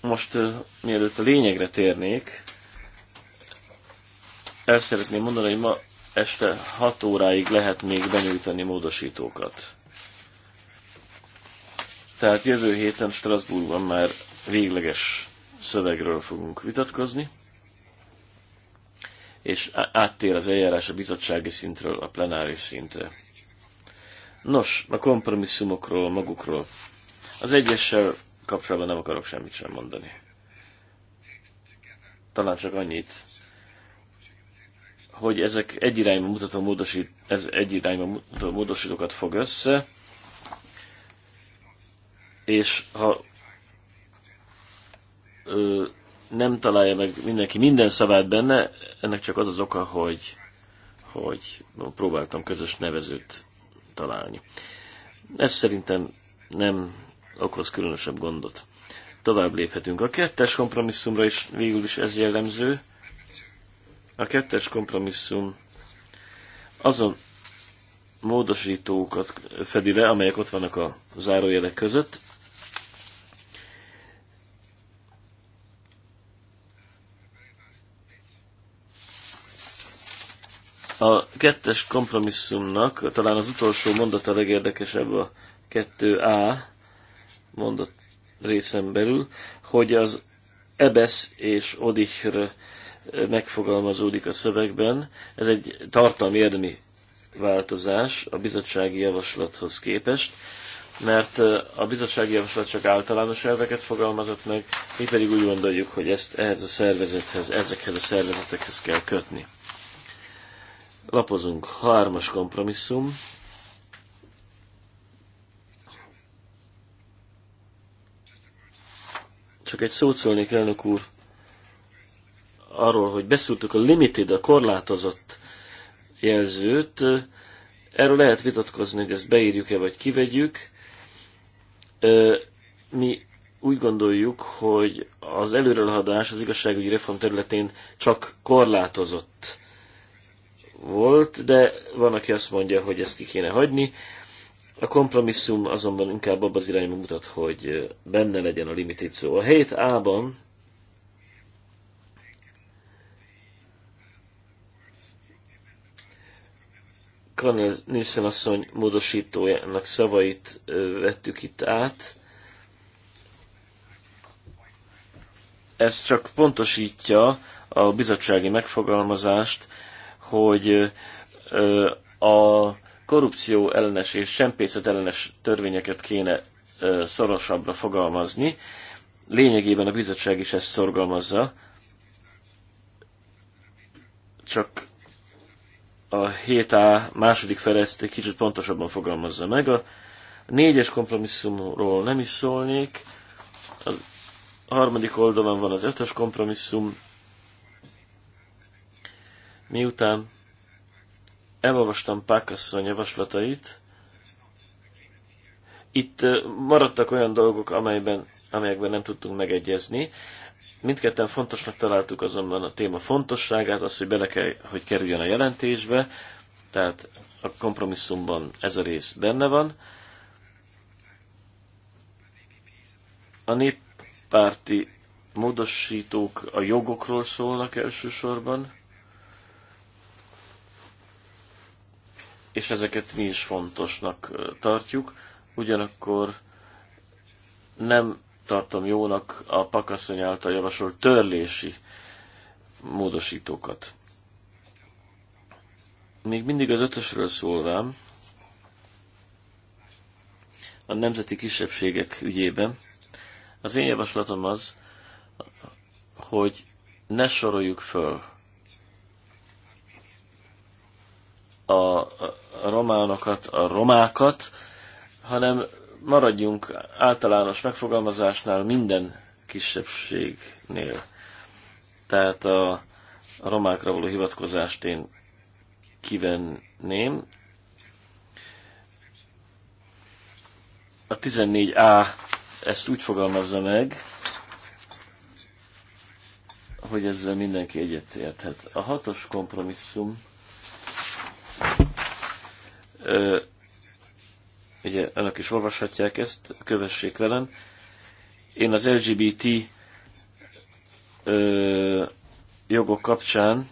Most mielőtt a lényegre térnék, el szeretném mondani, hogy ma este 6 óráig lehet még benyújtani módosítókat. Tehát jövő héten Strasbourgban már végleges szövegről fogunk vitatkozni, és áttér az eljárás a bizottsági szintről a plenáris szintre. Nos, a kompromisszumokról, magukról. Az egyessel kapcsolatban nem akarok semmit sem mondani. Talán csak annyit, hogy ezek egy irányba mutató módosít, ez egy irányba mutató módosítókat fog össze, és ha ö, nem találja meg mindenki minden szavát benne, ennek csak az az oka, hogy, hogy próbáltam közös nevezőt találni. Ez szerintem nem okoz különösebb gondot. Tovább léphetünk. A kettes kompromisszumra is végül is ez jellemző. A kettes kompromisszum azon módosítókat fedi le, amelyek ott vannak a zárójelek között, A kettes kompromisszumnak talán az utolsó mondata legérdekesebb a 2A mondat részen belül, hogy az Ebesz és Odihr megfogalmazódik a szövegben. Ez egy tartalmi érdemi változás a bizottsági javaslathoz képest, mert a bizottsági javaslat csak általános elveket fogalmazott meg, mi pedig úgy gondoljuk, hogy ezt ehhez a szervezethez, ezekhez a szervezetekhez kell kötni. Lapozunk. Hármas kompromisszum. Csak egy szót szólnék, elnök úr, arról, hogy beszúrtuk a limited, a korlátozott jelzőt. Erről lehet vitatkozni, hogy ezt beírjuk-e, vagy kivegyük. Mi úgy gondoljuk, hogy az előrelhadás az igazságügyi reform területén csak korlátozott volt, de van, aki azt mondja, hogy ezt ki kéne hagyni. A kompromisszum azonban inkább abban az irányban mutat, hogy benne legyen a limited szó. A 7A-ban Kanel Nielsen asszony módosítójának szavait vettük itt át. Ez csak pontosítja a bizottsági megfogalmazást, hogy a korrupció ellenes és sempészet ellenes törvényeket kéne szorosabbra fogalmazni. Lényegében a bizottság is ezt szorgalmazza, csak a 7A második fele egy kicsit pontosabban fogalmazza meg. A négyes kompromisszumról nem is szólnék, a harmadik oldalon van az ötös kompromisszum, Miután elolvastam Pákasszony javaslatait, itt maradtak olyan dolgok, amelyben, amelyekben nem tudtunk megegyezni. Mindketten fontosnak találtuk azonban a téma fontosságát, az, hogy bele kell, hogy kerüljön a jelentésbe, tehát a kompromisszumban ez a rész benne van. A néppárti módosítók a jogokról szólnak elsősorban, és ezeket mi is fontosnak tartjuk. Ugyanakkor nem tartom jónak a pakasszony által javasolt törlési módosítókat. Még mindig az ötösről szólvám, a nemzeti kisebbségek ügyében. Az én javaslatom az, hogy ne soroljuk föl a románokat, a romákat, hanem maradjunk általános megfogalmazásnál minden kisebbségnél. Tehát a, romákra való hivatkozást én kivenném. A 14a ezt úgy fogalmazza meg, hogy ezzel mindenki egyetérthet. A hatos kompromisszum ugye önök is olvashatják ezt, kövessék velem. Én az LGBT ö, jogok kapcsán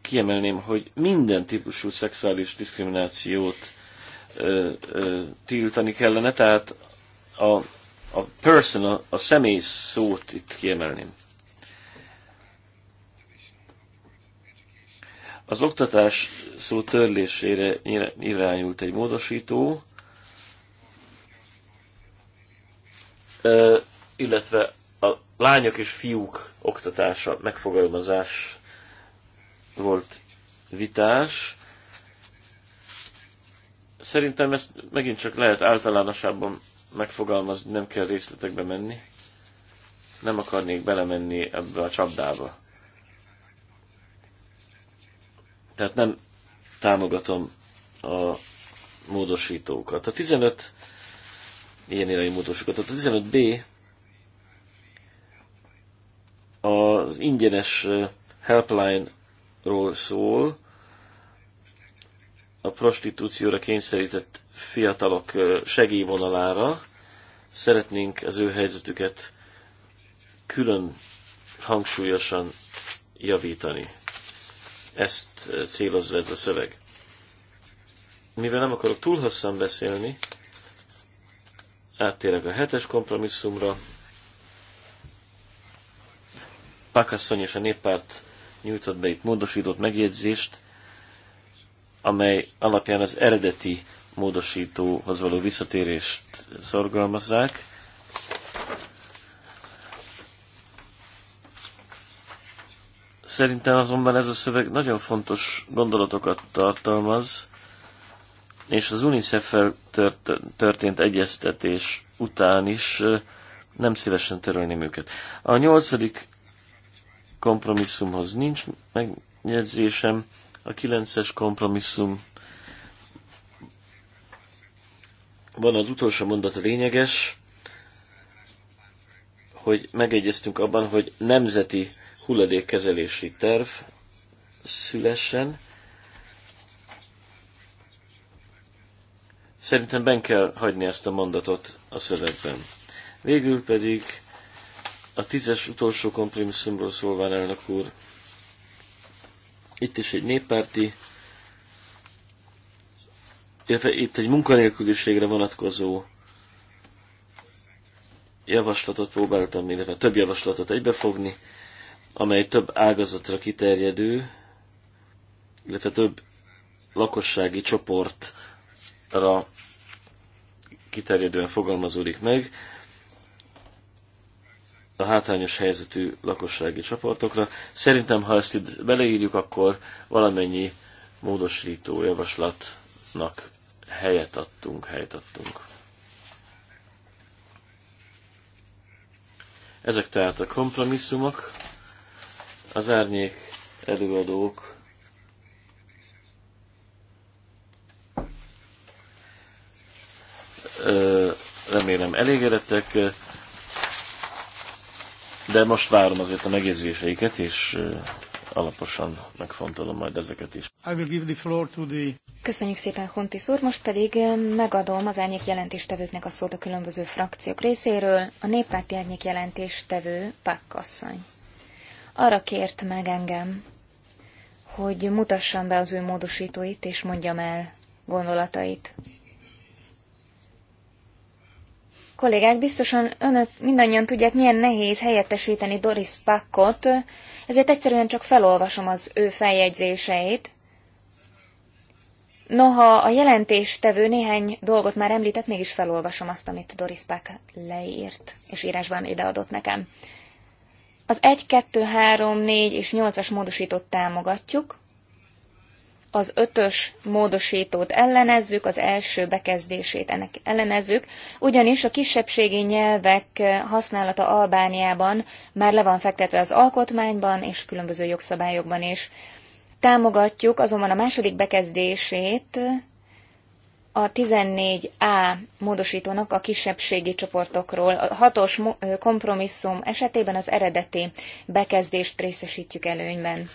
kiemelném, hogy minden típusú szexuális diszkriminációt ö, ö, tiltani kellene, tehát a, a person, a, a személy szót itt kiemelném. Az oktatás szó törlésére irányult egy módosító, illetve a lányok és fiúk oktatása megfogalmazás volt vitás. Szerintem ezt megint csak lehet általánosabban megfogalmazni, nem kell részletekbe menni. Nem akarnék belemenni ebbe a csapdába. Tehát nem támogatom a módosítókat. A 15 ilyen irányú módosítókat. A 15B az ingyenes helpline-ról szól, a prostitúcióra kényszerített fiatalok segélyvonalára. Szeretnénk az ő helyzetüket külön hangsúlyosan javítani. Ezt e, célozza ez a szöveg. Mivel nem akarok túl hosszan beszélni, áttérek a hetes kompromisszumra. Pakasszony és a néppárt nyújtott be itt módosított megjegyzést, amely alapján az eredeti módosítóhoz való visszatérést szorgalmazzák. Szerintem azonban ez a szöveg nagyon fontos gondolatokat tartalmaz, és az UNICEF-fel tört, történt egyeztetés után is nem szívesen törölném őket. A nyolcadik kompromisszumhoz nincs megjegyzésem, a kilences kompromisszum van az utolsó mondat lényeges, hogy megegyeztünk abban, hogy nemzeti hulladékkezelési terv szülessen. Szerintem ben kell hagyni ezt a mondatot a szövegben. Végül pedig a tízes utolsó kompromisszumról szólván elnök úr, itt is egy néppárti, illetve itt egy munkanélküliségre vonatkozó javaslatot próbáltam, illetve több javaslatot egybefogni, amely több ágazatra kiterjedő, illetve több lakossági csoportra kiterjedően fogalmazódik meg, a hátrányos helyzetű lakossági csoportokra. Szerintem, ha ezt itt beleírjuk, akkor valamennyi módosító javaslatnak helyet adtunk, helyet adtunk. Ezek tehát a kompromisszumok. Az árnyék előadók remélem elégedettek, de most várom azért a megjegyzéseiket, és alaposan megfontolom majd ezeket is. Köszönjük szépen, Hontis úr. Most pedig megadom az árnyék jelentéstevőknek a szót a különböző frakciók részéről. A néppárti árnyék jelentéstevő Pakkasszony arra kért meg engem, hogy mutassam be az ő módosítóit, és mondjam el gondolatait. Kollégák, biztosan önök mindannyian tudják, milyen nehéz helyettesíteni Doris Packot, ezért egyszerűen csak felolvasom az ő feljegyzéseit. Noha a jelentéstevő néhány dolgot már említett, mégis felolvasom azt, amit Doris Pack leírt, és írásban ideadott nekem. Az 1, 2, 3, 4 és 8-as módosítót támogatjuk, az 5-ös módosítót ellenezzük, az első bekezdését ennek ellenezzük, ugyanis a kisebbségi nyelvek használata Albániában már le van fektetve az alkotmányban és különböző jogszabályokban is. Támogatjuk azonban a második bekezdését a 14A módosítónak a kisebbségi csoportokról. A hatos kompromisszum esetében az eredeti bekezdést részesítjük előnyben.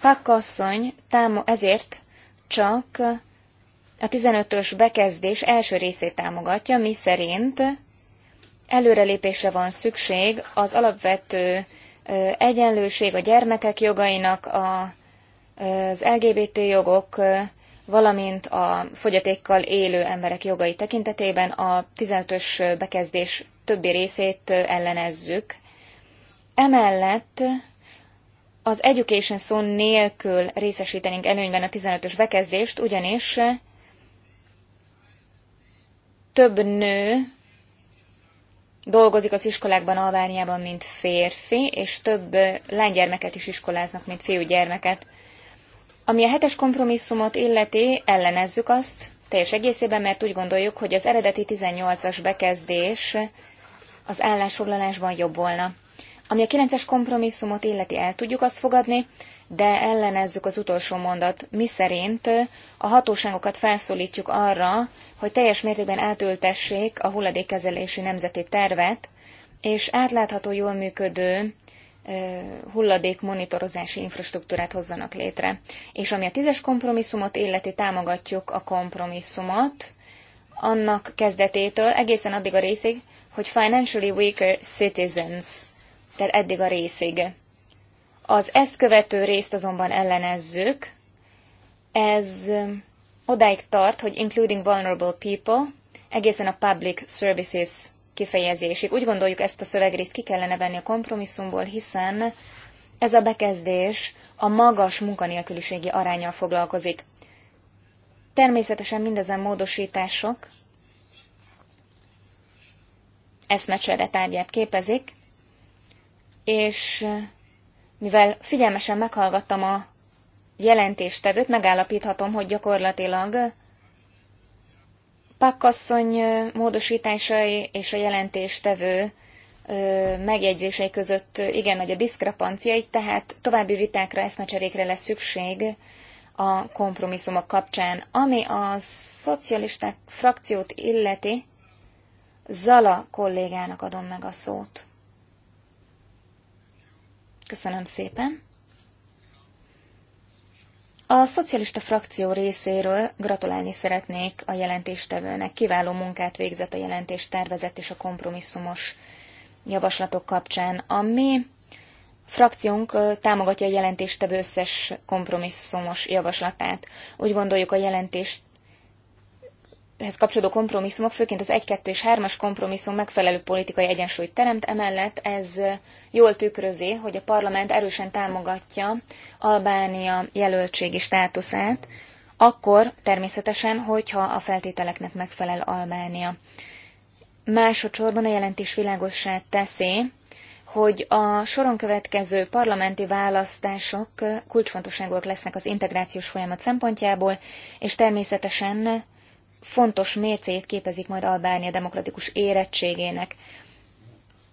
Pakkasszony támo- ezért csak a 15-ös bekezdés első részét támogatja, mi szerint előrelépésre van szükség az alapvető egyenlőség a gyermekek jogainak, a, az LGBT jogok, valamint a fogyatékkal élő emberek jogai tekintetében a 15-ös bekezdés többi részét ellenezzük. Emellett az education szó nélkül részesítenénk előnyben a 15-ös bekezdést, ugyanis több nő dolgozik az iskolákban Albániában, mint férfi, és több lánygyermeket is iskoláznak, mint fiúgyermeket. Ami a hetes kompromisszumot illeti, ellenezzük azt teljes egészében, mert úgy gondoljuk, hogy az eredeti 18-as bekezdés az állásfoglalásban jobb volna. Ami a 9-es kompromisszumot illeti, el tudjuk azt fogadni, de ellenezzük az utolsó mondat, miszerint a hatóságokat felszólítjuk arra, hogy teljes mértékben átültessék a hulladékkezelési nemzeti tervet, és átlátható, jól működő hulladékmonitorozási infrastruktúrát hozzanak létre. És ami a tízes kompromisszumot illeti, támogatjuk a kompromisszumot annak kezdetétől egészen addig a részig, hogy financially weaker citizens, tehát eddig a részig. Az ezt követő részt azonban ellenezzük. Ez odáig tart, hogy including vulnerable people, egészen a public services kifejezésig. Úgy gondoljuk, ezt a szövegrészt ki kellene venni a kompromisszumból, hiszen ez a bekezdés a magas munkanélküliségi arányjal foglalkozik. Természetesen mindezen módosítások eszmecsere tárgyát képezik, és mivel figyelmesen meghallgattam a jelentéstevőt, megállapíthatom, hogy gyakorlatilag Pakkasszony módosításai és a jelentéstevő megjegyzései között igen nagy a diszkrepancia, így tehát további vitákra, eszmecserékre lesz szükség a kompromisszumok kapcsán. Ami a szocialisták frakciót illeti, Zala kollégának adom meg a szót. Köszönöm szépen. A szocialista frakció részéről gratulálni szeretnék a jelentéstevőnek. Kiváló munkát végzett a jelentés tervezett és a kompromisszumos javaslatok kapcsán. A mi frakciónk támogatja a jelentéstevő összes kompromisszumos javaslatát. Úgy gondoljuk a jelentést hez kapcsolódó kompromisszumok, főként az 1, 2 és 3-as kompromisszum megfelelő politikai egyensúlyt teremt, emellett ez jól tükrözi, hogy a parlament erősen támogatja Albánia jelöltségi státuszát, akkor természetesen, hogyha a feltételeknek megfelel Albánia. Másodszorban a jelentés világossá teszi, hogy a soron következő parlamenti választások kulcsfontosságúak lesznek az integrációs folyamat szempontjából, és természetesen fontos mércéjét képezik majd Albánia demokratikus érettségének.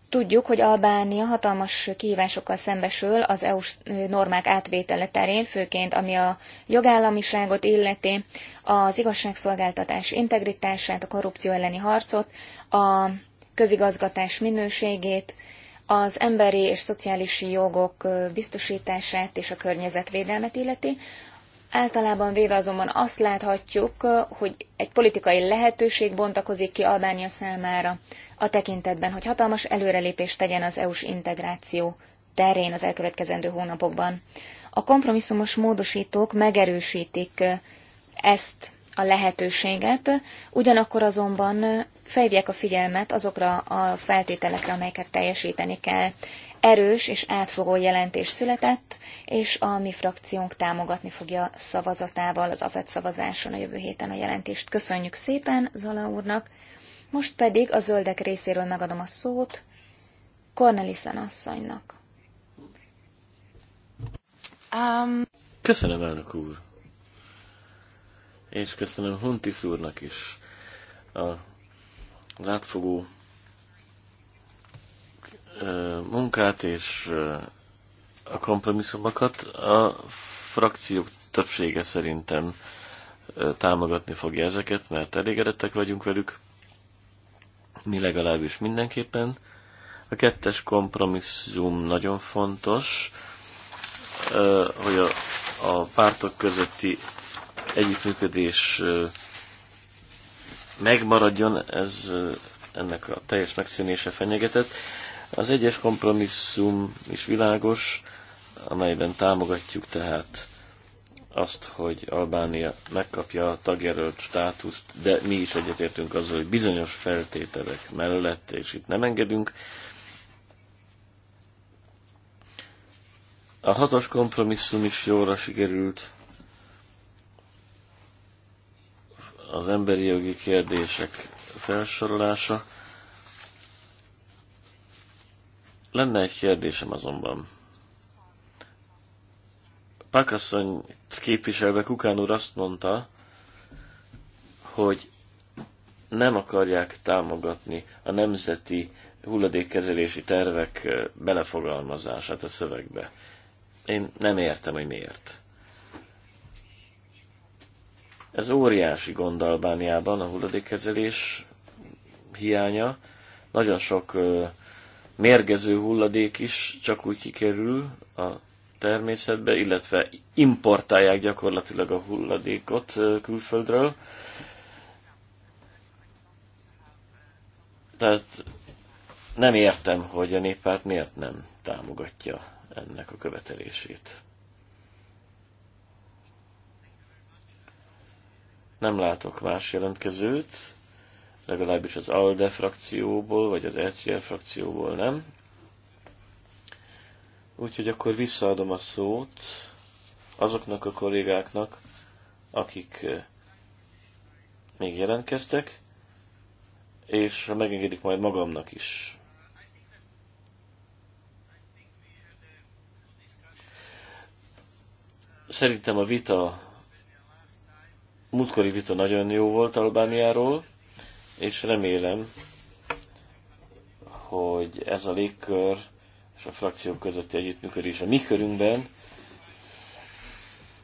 Tudjuk, hogy Albánia hatalmas kihívásokkal szembesül az eu normák átvétele terén, főként ami a jogállamiságot illeti, az igazságszolgáltatás integritását, a korrupció elleni harcot, a közigazgatás minőségét, az emberi és szociális jogok biztosítását és a környezetvédelmet illeti. Általában véve azonban azt láthatjuk, hogy egy politikai lehetőség bontakozik ki Albánia számára a tekintetben, hogy hatalmas előrelépést tegyen az EU-s integráció terén az elkövetkezendő hónapokban. A kompromisszumos módosítók megerősítik ezt a lehetőséget, ugyanakkor azonban fejvják a figyelmet azokra a feltételekre, amelyeket teljesíteni kell erős és átfogó jelentés született, és a mi frakciónk támogatni fogja szavazatával az AFET szavazáson a jövő héten a jelentést. Köszönjük szépen Zala úrnak, most pedig a zöldek részéről megadom a szót Cornelissen asszonynak. Um... Köszönöm, elnök úr! És köszönöm Huntis úrnak is a, az átfogó munkát és a kompromisszumokat a frakciók többsége szerintem támogatni fogja ezeket, mert elégedettek vagyunk velük. Mi legalábbis mindenképpen. A kettes kompromisszum nagyon fontos, hogy a, a pártok közötti együttműködés megmaradjon, ez ennek a teljes megszűnése fenyegetett. Az egyes kompromisszum is világos, amelyben támogatjuk tehát azt, hogy Albánia megkapja a tagjelölt státuszt, de mi is egyetértünk azzal, hogy bizonyos feltételek mellett, és itt nem engedünk. A hatos kompromisszum is jóra sikerült. Az emberi jogi kérdések felsorolása. Lenne egy kérdésem azonban. Pakasszony képviselve Kukán úr azt mondta, hogy nem akarják támogatni a nemzeti hulladékkezelési tervek belefogalmazását a szövegbe. Én nem értem, hogy miért. Ez óriási gond Albániában a hulladékkezelés hiánya. Nagyon sok mérgező hulladék is csak úgy kikerül a természetbe, illetve importálják gyakorlatilag a hulladékot külföldről. Tehát nem értem, hogy a néppárt miért nem támogatja ennek a követelését. Nem látok más jelentkezőt legalábbis az ALDE frakcióból, vagy az ECR frakcióból nem. Úgyhogy akkor visszaadom a szót azoknak a kollégáknak, akik eh, még jelentkeztek, és ha megengedik majd magamnak is. Szerintem a vita, múltkori vita nagyon jó volt Albániáról, és remélem, hogy ez a légkör és a frakciók közötti együttműködés a mi körünkben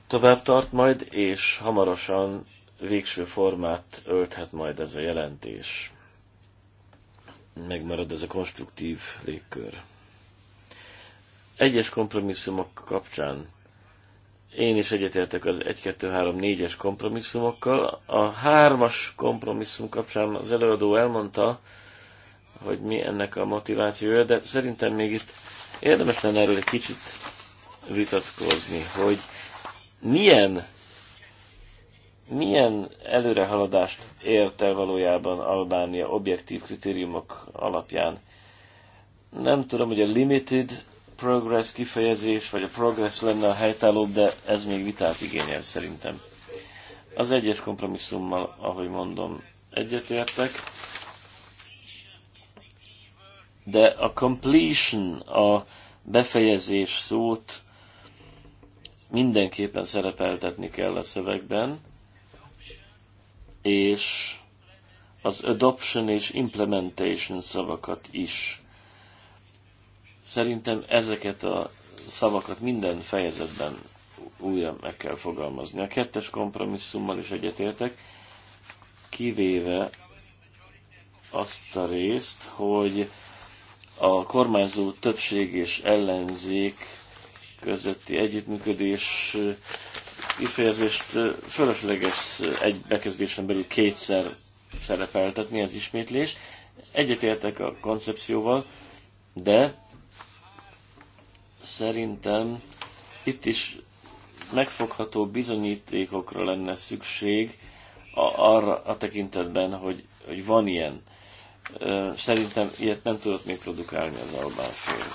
tovább tart majd, és hamarosan végső formát ölthet majd ez a jelentés. Megmarad ez a konstruktív légkör. Egyes kompromisszumok kapcsán én is egyetértek az 1, 2, 3, 4-es kompromisszumokkal. A 3-as kompromisszum kapcsán az előadó elmondta, hogy mi ennek a motivációja, de szerintem még itt érdemes lenne erről egy kicsit vitatkozni, hogy milyen milyen előrehaladást ért el valójában Albánia objektív kritériumok alapján? Nem tudom, hogy a limited progress kifejezés, vagy a progress lenne a helytállóbb, de ez még vitát igényel szerintem. Az egyes kompromisszummal, ahogy mondom, egyetértek, de a completion, a befejezés szót mindenképpen szerepeltetni kell a szövegben, és az adoption és implementation szavakat is Szerintem ezeket a szavakat minden fejezetben újra meg kell fogalmazni. A kettes kompromisszummal is egyetértek, kivéve azt a részt, hogy a kormányzó többség és ellenzék közötti együttműködés kifejezést fölösleges egy bekezdésen belül kétszer szerepeltetni, ez ismétlés. Egyetértek a koncepcióval, de szerintem itt is megfogható bizonyítékokra lenne szükség a arra a tekintetben, hogy, hogy van ilyen. Szerintem ilyet nem tudott még produkálni az Albán fél.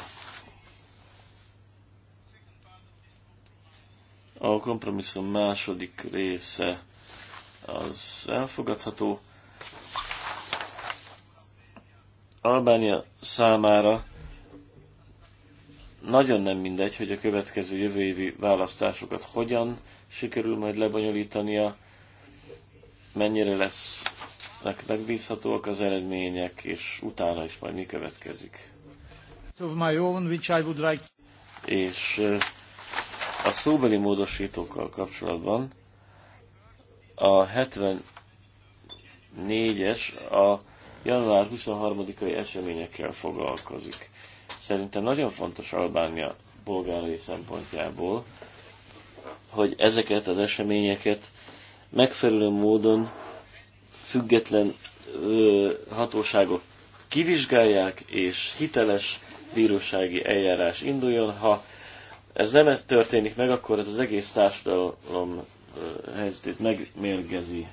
A kompromisszum második része az elfogadható. Albánia számára nagyon nem mindegy, hogy a következő jövő évi választásokat hogyan sikerül majd lebonyolítania, mennyire lesznek megbízhatóak az eredmények, és utána is majd mi következik. Of my own, which I would like... És a szóbeli módosítókkal kapcsolatban a 74-es a január 23-ai eseményekkel foglalkozik szerintem nagyon fontos Albánia polgárai szempontjából, hogy ezeket az eseményeket megfelelő módon független ö, hatóságok kivizsgálják, és hiteles bírósági eljárás induljon. Ha ez nem történik meg, akkor ez az egész társadalom helyzetét megmérgezi.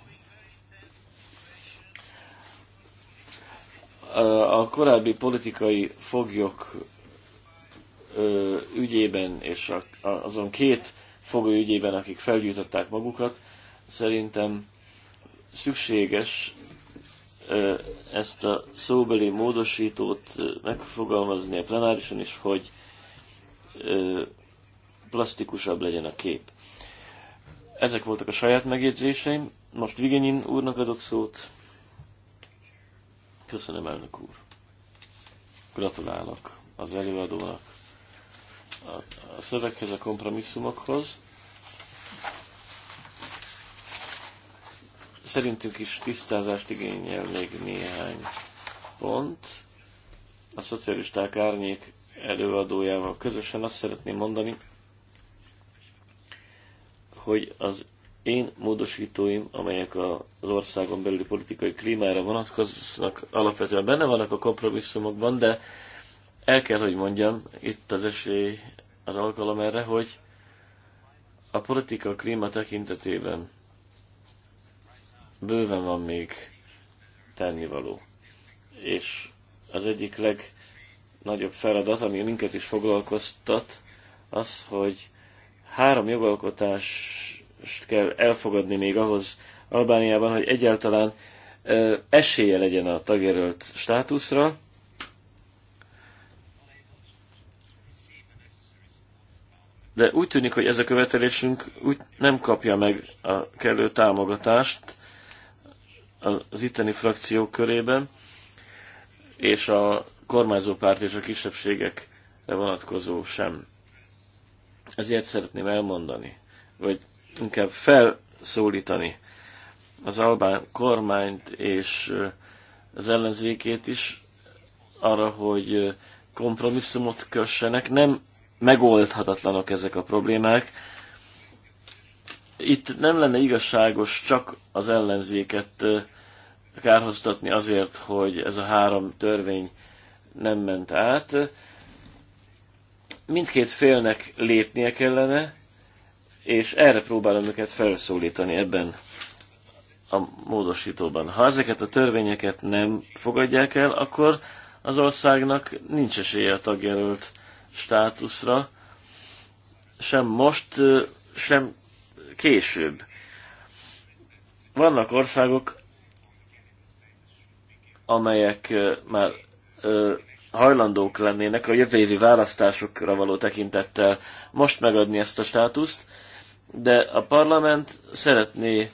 a korábbi politikai foglyok ügyében és azon két fogó ügyében, akik felgyújtották magukat, szerintem szükséges ezt a szóbeli módosítót megfogalmazni a plenárison is, hogy plastikusabb legyen a kép. Ezek voltak a saját megjegyzéseim. Most Vigenyin úrnak adok szót. Köszönöm, elnök úr. Gratulálok az előadónak a szöveghez, a kompromisszumokhoz. Szerintünk is tisztázást igényel még néhány pont. A szocialisták árnyék előadójával közösen azt szeretném mondani, hogy az én módosítóim, amelyek az országon belüli politikai klímára vonatkoznak, alapvetően benne vannak a kompromisszumokban, de el kell, hogy mondjam, itt az esély, az alkalom erre, hogy a politika klíma tekintetében bőven van még tennivaló. És az egyik legnagyobb feladat, ami minket is foglalkoztat, az, hogy három jogalkotás kell elfogadni még ahhoz Albániában, hogy egyáltalán esélye legyen a tagjelölt státuszra. De úgy tűnik, hogy ez a követelésünk úgy nem kapja meg a kellő támogatást az itteni frakciók körében, és a kormányzópárt és a kisebbségekre vonatkozó sem. Ezért szeretném elmondani, vagy inkább felszólítani az albán kormányt és az ellenzékét is arra, hogy kompromisszumot kössenek. Nem megoldhatatlanok ezek a problémák. Itt nem lenne igazságos csak az ellenzéket kárhoztatni azért, hogy ez a három törvény nem ment át. Mindkét félnek lépnie kellene, és erre próbálom őket felszólítani ebben a módosítóban. Ha ezeket a törvényeket nem fogadják el, akkor az országnak nincs esélye a tagjelölt státuszra, sem most, sem később. Vannak országok, amelyek már hajlandók lennének a jövő évi választásokra való tekintettel most megadni ezt a státuszt, de a parlament szeretné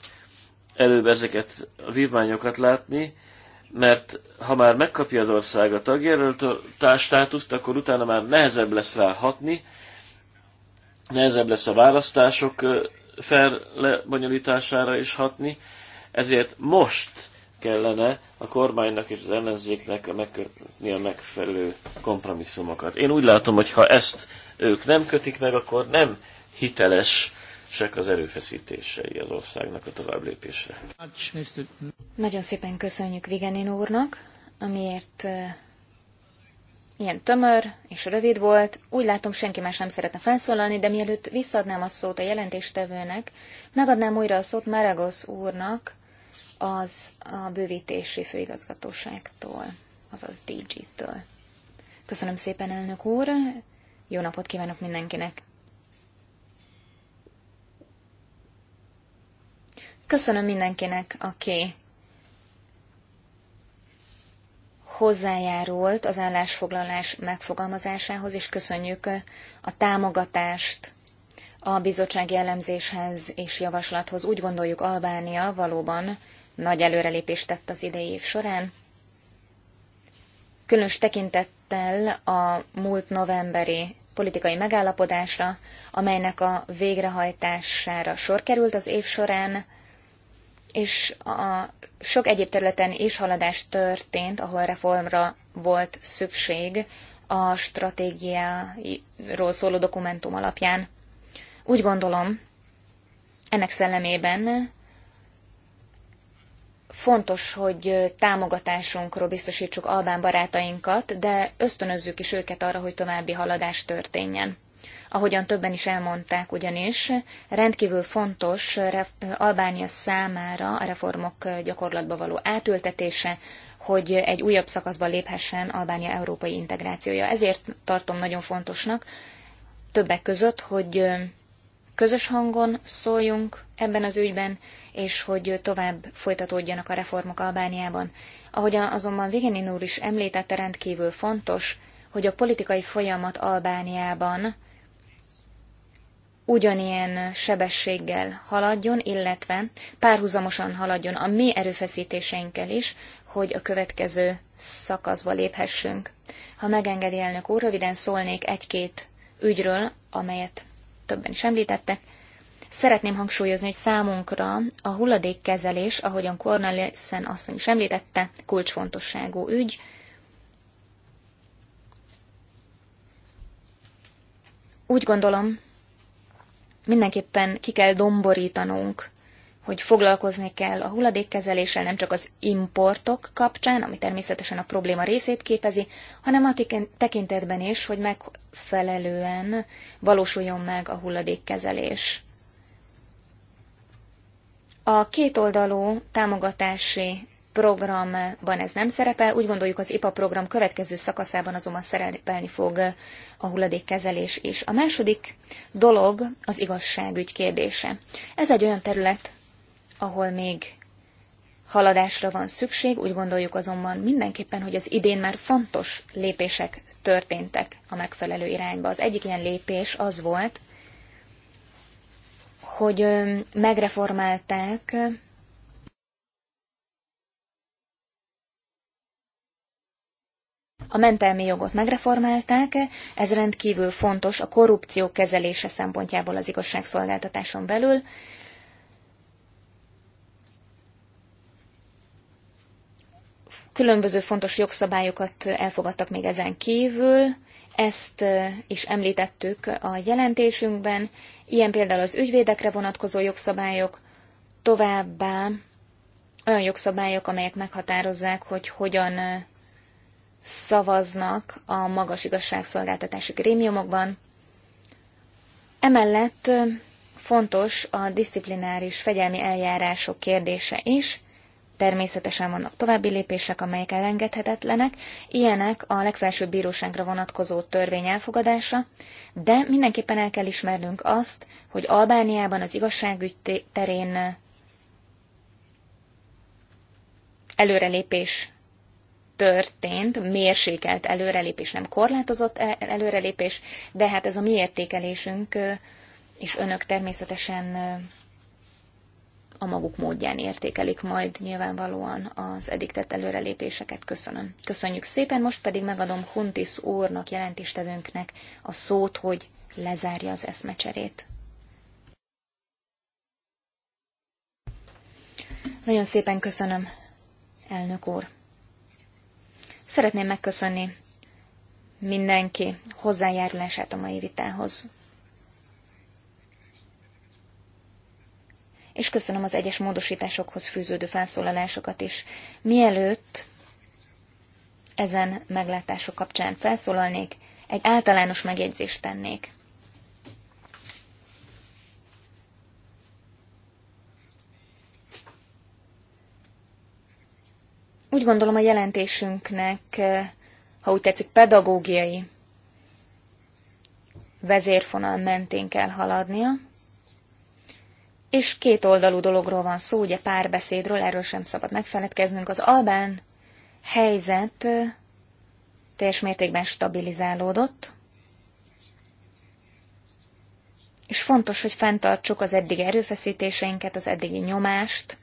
előbb ezeket a vívmányokat látni, mert ha már megkapja az ország a tagjelölt státuszt, akkor utána már nehezebb lesz rá hatni, nehezebb lesz a választások felbonyolítására is hatni, ezért most kellene a kormánynak és az ellenzéknek megkötni a megfelelő kompromisszumokat. Én úgy látom, hogy ha ezt ők nem kötik meg, akkor nem hiteles sek az erőfeszítései az országnak a tovább lépésre. Nagyon szépen köszönjük Vigenin úrnak, amiért ilyen tömör és rövid volt. Úgy látom, senki más nem szeretne felszólalni, de mielőtt visszaadnám a szót a jelentéstevőnek, megadnám újra a szót Maragos úrnak, az a bővítési főigazgatóságtól, azaz DG-től. Köszönöm szépen, elnök úr! Jó napot kívánok mindenkinek! Köszönöm mindenkinek, aki hozzájárult az állásfoglalás megfogalmazásához, és köszönjük a támogatást a bizottsági elemzéshez és javaslathoz. Úgy gondoljuk, Albánia valóban nagy előrelépést tett az idei év során. Különös tekintettel a múlt novemberi politikai megállapodásra, amelynek a végrehajtására sor került az év során, és a sok egyéb területen is haladás történt, ahol reformra volt szükség a stratégiáról szóló dokumentum alapján. Úgy gondolom, ennek szellemében fontos, hogy támogatásunkról biztosítsuk Albán barátainkat, de ösztönözzük is őket arra, hogy további haladás történjen ahogyan többen is elmondták ugyanis, rendkívül fontos Albánia számára a reformok gyakorlatba való átültetése, hogy egy újabb szakaszba léphessen Albánia európai integrációja. Ezért tartom nagyon fontosnak többek között, hogy közös hangon szóljunk ebben az ügyben, és hogy tovább folytatódjanak a reformok Albániában. Ahogy azonban Vigenin úr is említette, rendkívül fontos, hogy a politikai folyamat Albániában ugyanilyen sebességgel haladjon, illetve párhuzamosan haladjon a mi erőfeszítéseinkkel is, hogy a következő szakaszba léphessünk. Ha megengedi elnök úr, röviden szólnék egy-két ügyről, amelyet többen is említettek. Szeretném hangsúlyozni, hogy számunkra a hulladékkezelés, ahogyan Cornelissen asszony is említette, kulcsfontosságú ügy, úgy gondolom, mindenképpen ki kell domborítanunk, hogy foglalkozni kell a hulladékkezeléssel nem csak az importok kapcsán, ami természetesen a probléma részét képezi, hanem a tekintetben is, hogy megfelelően valósuljon meg a hulladékkezelés. A kétoldalú támogatási programban ez nem szerepel, úgy gondoljuk az IPA program következő szakaszában azonban szerepelni fog a hulladékkezelés is. A második dolog az igazságügy kérdése. Ez egy olyan terület, ahol még haladásra van szükség, úgy gondoljuk azonban mindenképpen, hogy az idén már fontos lépések történtek a megfelelő irányba. Az egyik ilyen lépés az volt, hogy megreformálták A mentelmi jogot megreformálták, ez rendkívül fontos a korrupció kezelése szempontjából az igazságszolgáltatáson belül. Különböző fontos jogszabályokat elfogadtak még ezen kívül, ezt is említettük a jelentésünkben, ilyen például az ügyvédekre vonatkozó jogszabályok, továbbá olyan jogszabályok, amelyek meghatározzák, hogy hogyan szavaznak a magas igazságszolgáltatási grémiumokban. Emellett fontos a disziplináris fegyelmi eljárások kérdése is, Természetesen vannak további lépések, amelyek elengedhetetlenek, ilyenek a legfelsőbb bíróságra vonatkozó törvény elfogadása, de mindenképpen el kell ismernünk azt, hogy Albániában az igazságügy terén előrelépés történt, mérsékelt előrelépés, nem korlátozott e- előrelépés, de hát ez a mi értékelésünk, és önök természetesen a maguk módján értékelik majd nyilvánvalóan az eddig tett előrelépéseket. Köszönöm. Köszönjük szépen, most pedig megadom Huntis úrnak, jelentéstevőnknek a szót, hogy lezárja az eszmecserét. Nagyon szépen köszönöm, elnök úr. Szeretném megköszönni mindenki hozzájárulását a mai vitához. És köszönöm az egyes módosításokhoz fűződő felszólalásokat is. Mielőtt ezen meglátások kapcsán felszólalnék, egy általános megjegyzést tennék. Úgy gondolom a jelentésünknek, eh, ha úgy tetszik, pedagógiai vezérfonal mentén kell haladnia, és két oldalú dologról van szó, ugye párbeszédről, erről sem szabad megfeledkeznünk. Az albán helyzet eh, teljes mértékben stabilizálódott, és fontos, hogy fenntartsuk az eddigi erőfeszítéseinket, az eddigi nyomást,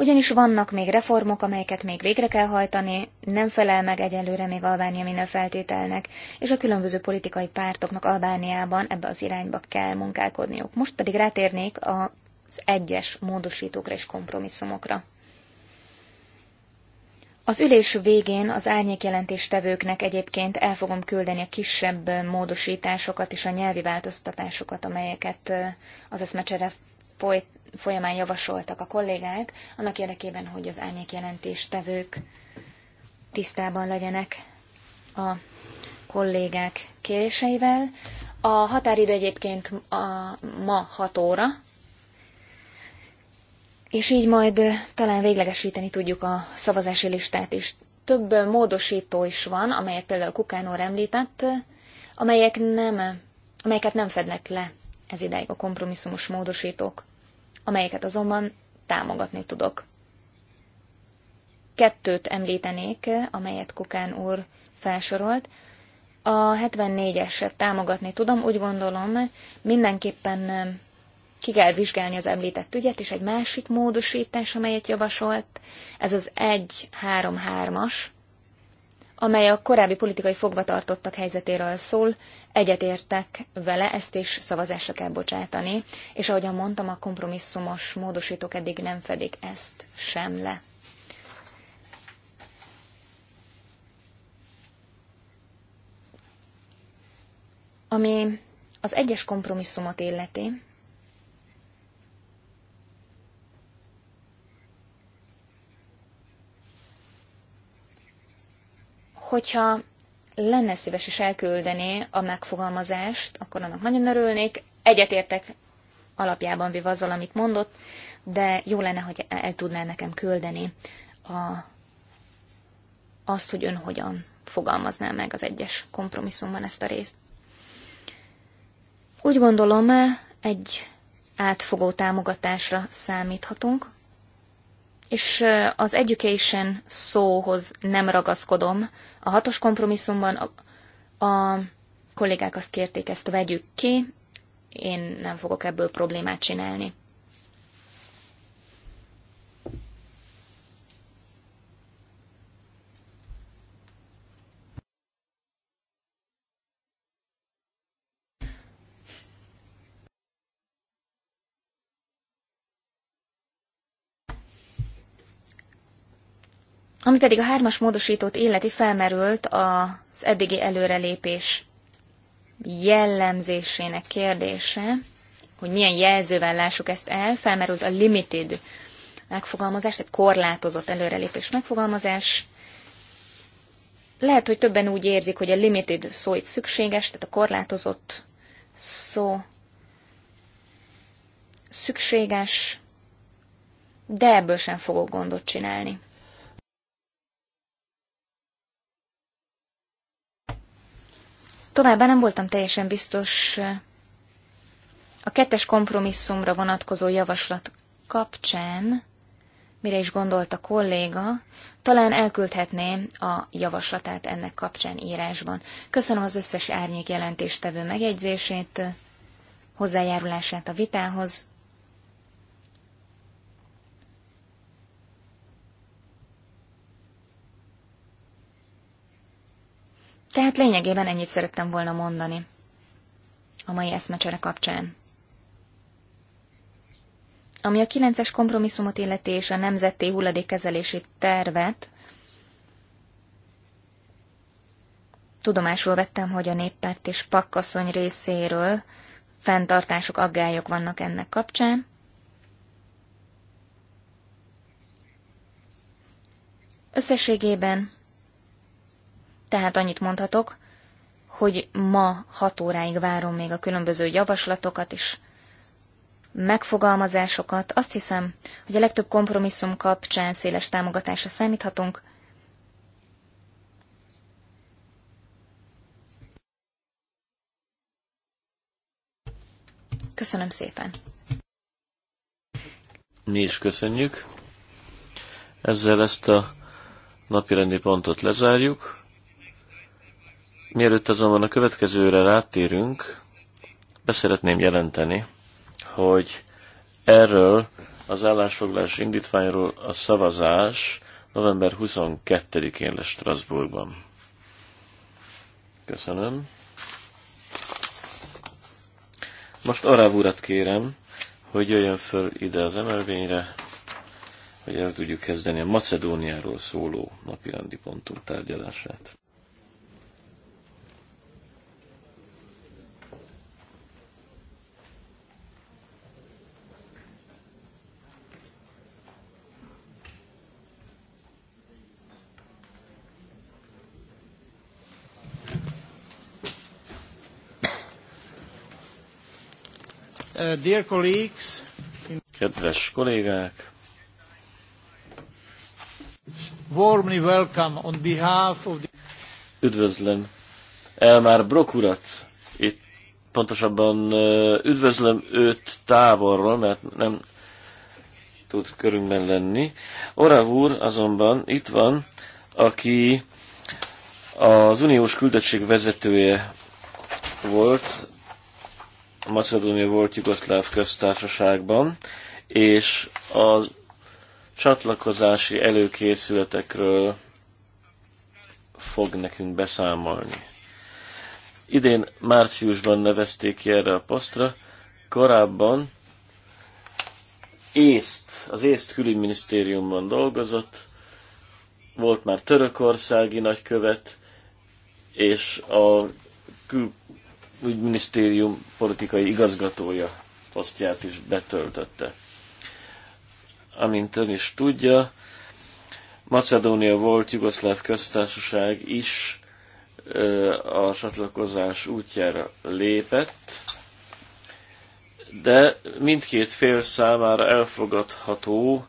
ugyanis vannak még reformok, amelyeket még végre kell hajtani, nem felel meg egyelőre még Albánia minden feltételnek, és a különböző politikai pártoknak Albániában ebbe az irányba kell munkálkodniuk. Most pedig rátérnék az egyes módosítókra és kompromisszumokra. Az ülés végén az tevőknek egyébként el fogom küldeni a kisebb módosításokat és a nyelvi változtatásokat, amelyeket az eszmecsere folyamán javasoltak a kollégák, annak érdekében, hogy az árnyék jelentéstevők tisztában legyenek a kollégák kéréseivel. A határidő egyébként a, ma 6 óra, és így majd talán véglegesíteni tudjuk a szavazási listát is. Több módosító is van, amelyet például Kukánó említett, amelyek nem, amelyeket nem fednek le ez ideig a kompromisszumos módosítók amelyeket azonban támogatni tudok. Kettőt említenék, amelyet Kukán úr felsorolt. A 74-eset támogatni tudom, úgy gondolom, mindenképpen ki kell vizsgálni az említett ügyet, és egy másik módosítás, amelyet javasolt, ez az 1-3-3-as, amely a korábbi politikai fogvatartottak helyzetéről szól, Egyetértek vele, ezt is szavazásra kell bocsátani, és ahogyan mondtam, a kompromisszumos módosítók eddig nem fedik ezt sem le. Ami az egyes kompromisszumot illeti, hogyha lenne szíves is elküldeni a megfogalmazást, akkor annak nagyon örülnék. Egyetértek alapjában véve azzal, amit mondott, de jó lenne, hogy el tudná nekem küldeni a, azt, hogy ön hogyan fogalmazná meg az egyes kompromisszumban ezt a részt. Úgy gondolom, egy átfogó támogatásra számíthatunk, és az education szóhoz nem ragaszkodom. A hatos kompromisszumban a, a kollégák azt kérték, ezt vegyük ki, én nem fogok ebből problémát csinálni. Ami pedig a hármas módosított életi felmerült az eddigi előrelépés jellemzésének kérdése, hogy milyen jelzővel lássuk ezt el, felmerült a limited megfogalmazás, tehát korlátozott előrelépés megfogalmazás. Lehet, hogy többen úgy érzik, hogy a limited szó itt szükséges, tehát a korlátozott szó szükséges, de ebből sem fogok gondot csinálni. Továbbá nem voltam teljesen biztos a kettes kompromisszumra vonatkozó javaslat kapcsán, mire is gondolt a kolléga, talán elküldhetné a javaslatát ennek kapcsán írásban. Köszönöm az összes árnyék jelentéstevő megjegyzését, hozzájárulását a vitához. Tehát lényegében ennyit szerettem volna mondani a mai eszmecsere kapcsán. Ami a kilences kompromisszumot illeti és a nemzeti hulladékkezelési tervet, tudomásul vettem, hogy a néppárt és pakkaszony részéről fenntartások, aggályok vannak ennek kapcsán. Összességében tehát annyit mondhatok, hogy ma hat óráig várom még a különböző javaslatokat is, megfogalmazásokat. Azt hiszem, hogy a legtöbb kompromisszum kapcsán széles támogatásra számíthatunk. Köszönöm szépen! Mi is köszönjük. Ezzel ezt a napirendi pontot lezárjuk. Mielőtt azonban a következőre rátérünk, beszeretném jelenteni, hogy erről az állásfoglalás indítványról a szavazás november 22-én lesz Strasbourgban. Köszönöm. Most Aráv urat kérem, hogy jöjjön föl ide az emelvényre, hogy el tudjuk kezdeni a Macedóniáról szóló napirendi pontunk tárgyalását. Uh, dear colleagues, Kedves kollégák! Warmly welcome on behalf of the... Üdvözlöm Elmar Brok urat. Itt pontosabban uh, üdvözlöm őt távolról, mert nem tud körünkben lenni. Orav úr azonban itt van, aki az uniós küldöttség vezetője volt Macedónia volt Jugoszláv köztársaságban, és a csatlakozási előkészületekről fog nekünk beszámolni. Idén márciusban nevezték ki erre a posztra, korábban észt, az észt külügyminisztériumban dolgozott, volt már törökországi nagykövet, és a kül- külügyminisztérium politikai igazgatója posztját is betöltötte. Amint ön is tudja, Macedónia volt Jugoszláv köztársaság is a csatlakozás útjára lépett, de mindkét fél számára elfogadható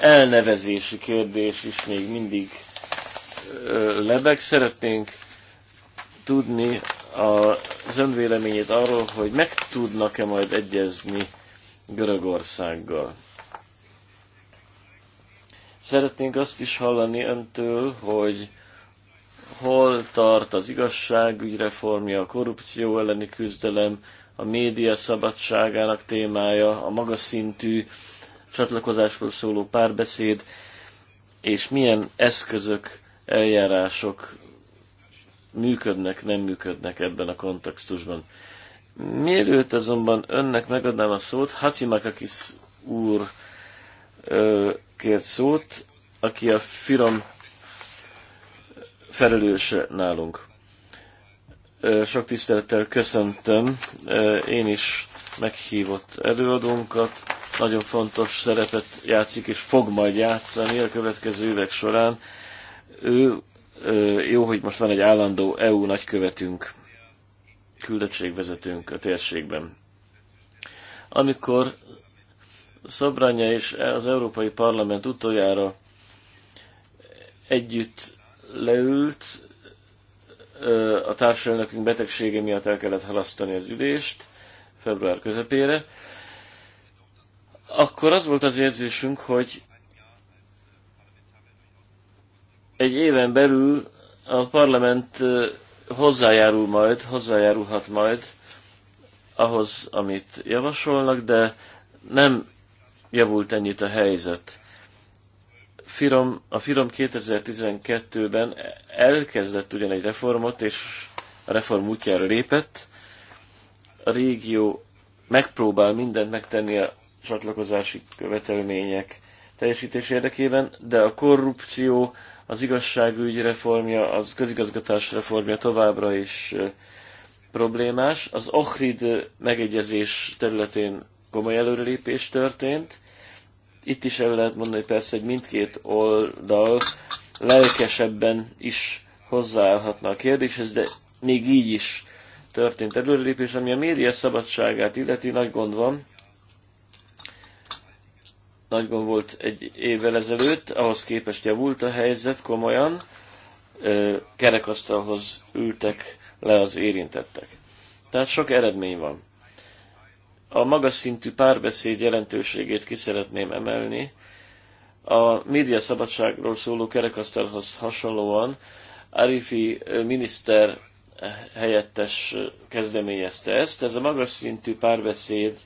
elnevezési kérdés is még mindig lebeg. Szeretnénk tudni az önvéleményét arról, hogy meg tudnak-e majd egyezni Görögországgal. Szeretnénk azt is hallani öntől, hogy hol tart az igazságügy reformja, a korrupció elleni küzdelem, a média szabadságának témája, a magas szintű csatlakozásról szóló párbeszéd, és milyen eszközök, eljárások működnek, nem működnek ebben a kontextusban. Mielőtt azonban önnek megadnám a szót, Hacimakakis úr ö, kért szót, aki a firom felelőse nálunk. Ö, sok tisztelettel köszöntöm ö, én is meghívott előadónkat. Nagyon fontos szerepet játszik és fog majd játszani a következő évek során. Ő jó, hogy most van egy állandó EU nagykövetünk, küldöttségvezetőnk a térségben. Amikor Szobranya és az Európai Parlament utoljára együtt leült, a társelnökünk betegsége miatt el kellett halasztani az ülést február közepére, akkor az volt az érzésünk, hogy egy éven belül a parlament hozzájárul majd, hozzájárulhat majd ahhoz, amit javasolnak, de nem javult ennyit a helyzet. Firom, a Firom 2012-ben elkezdett ugyan egy reformot, és a reform útjára lépett. A régió megpróbál mindent megtenni a csatlakozási követelmények teljesítés érdekében, de a korrupció, az igazságügyi reformja, az közigazgatás reformja továbbra is problémás. Az Ohrid megegyezés területén komoly előrelépés történt. Itt is el lehet mondani persze, hogy mindkét oldal lelkesebben is hozzáállhatna a kérdéshez, de még így is történt előrelépés, ami a média szabadságát illeti nagy gond van, nagyban volt egy évvel ezelőtt, ahhoz képest javult a helyzet komolyan, kerekasztalhoz ültek le az érintettek. Tehát sok eredmény van. A magas szintű párbeszéd jelentőségét ki szeretném emelni. A média szabadságról szóló kerekasztalhoz hasonlóan Arifi miniszter helyettes kezdeményezte ezt. Ez a magas szintű párbeszéd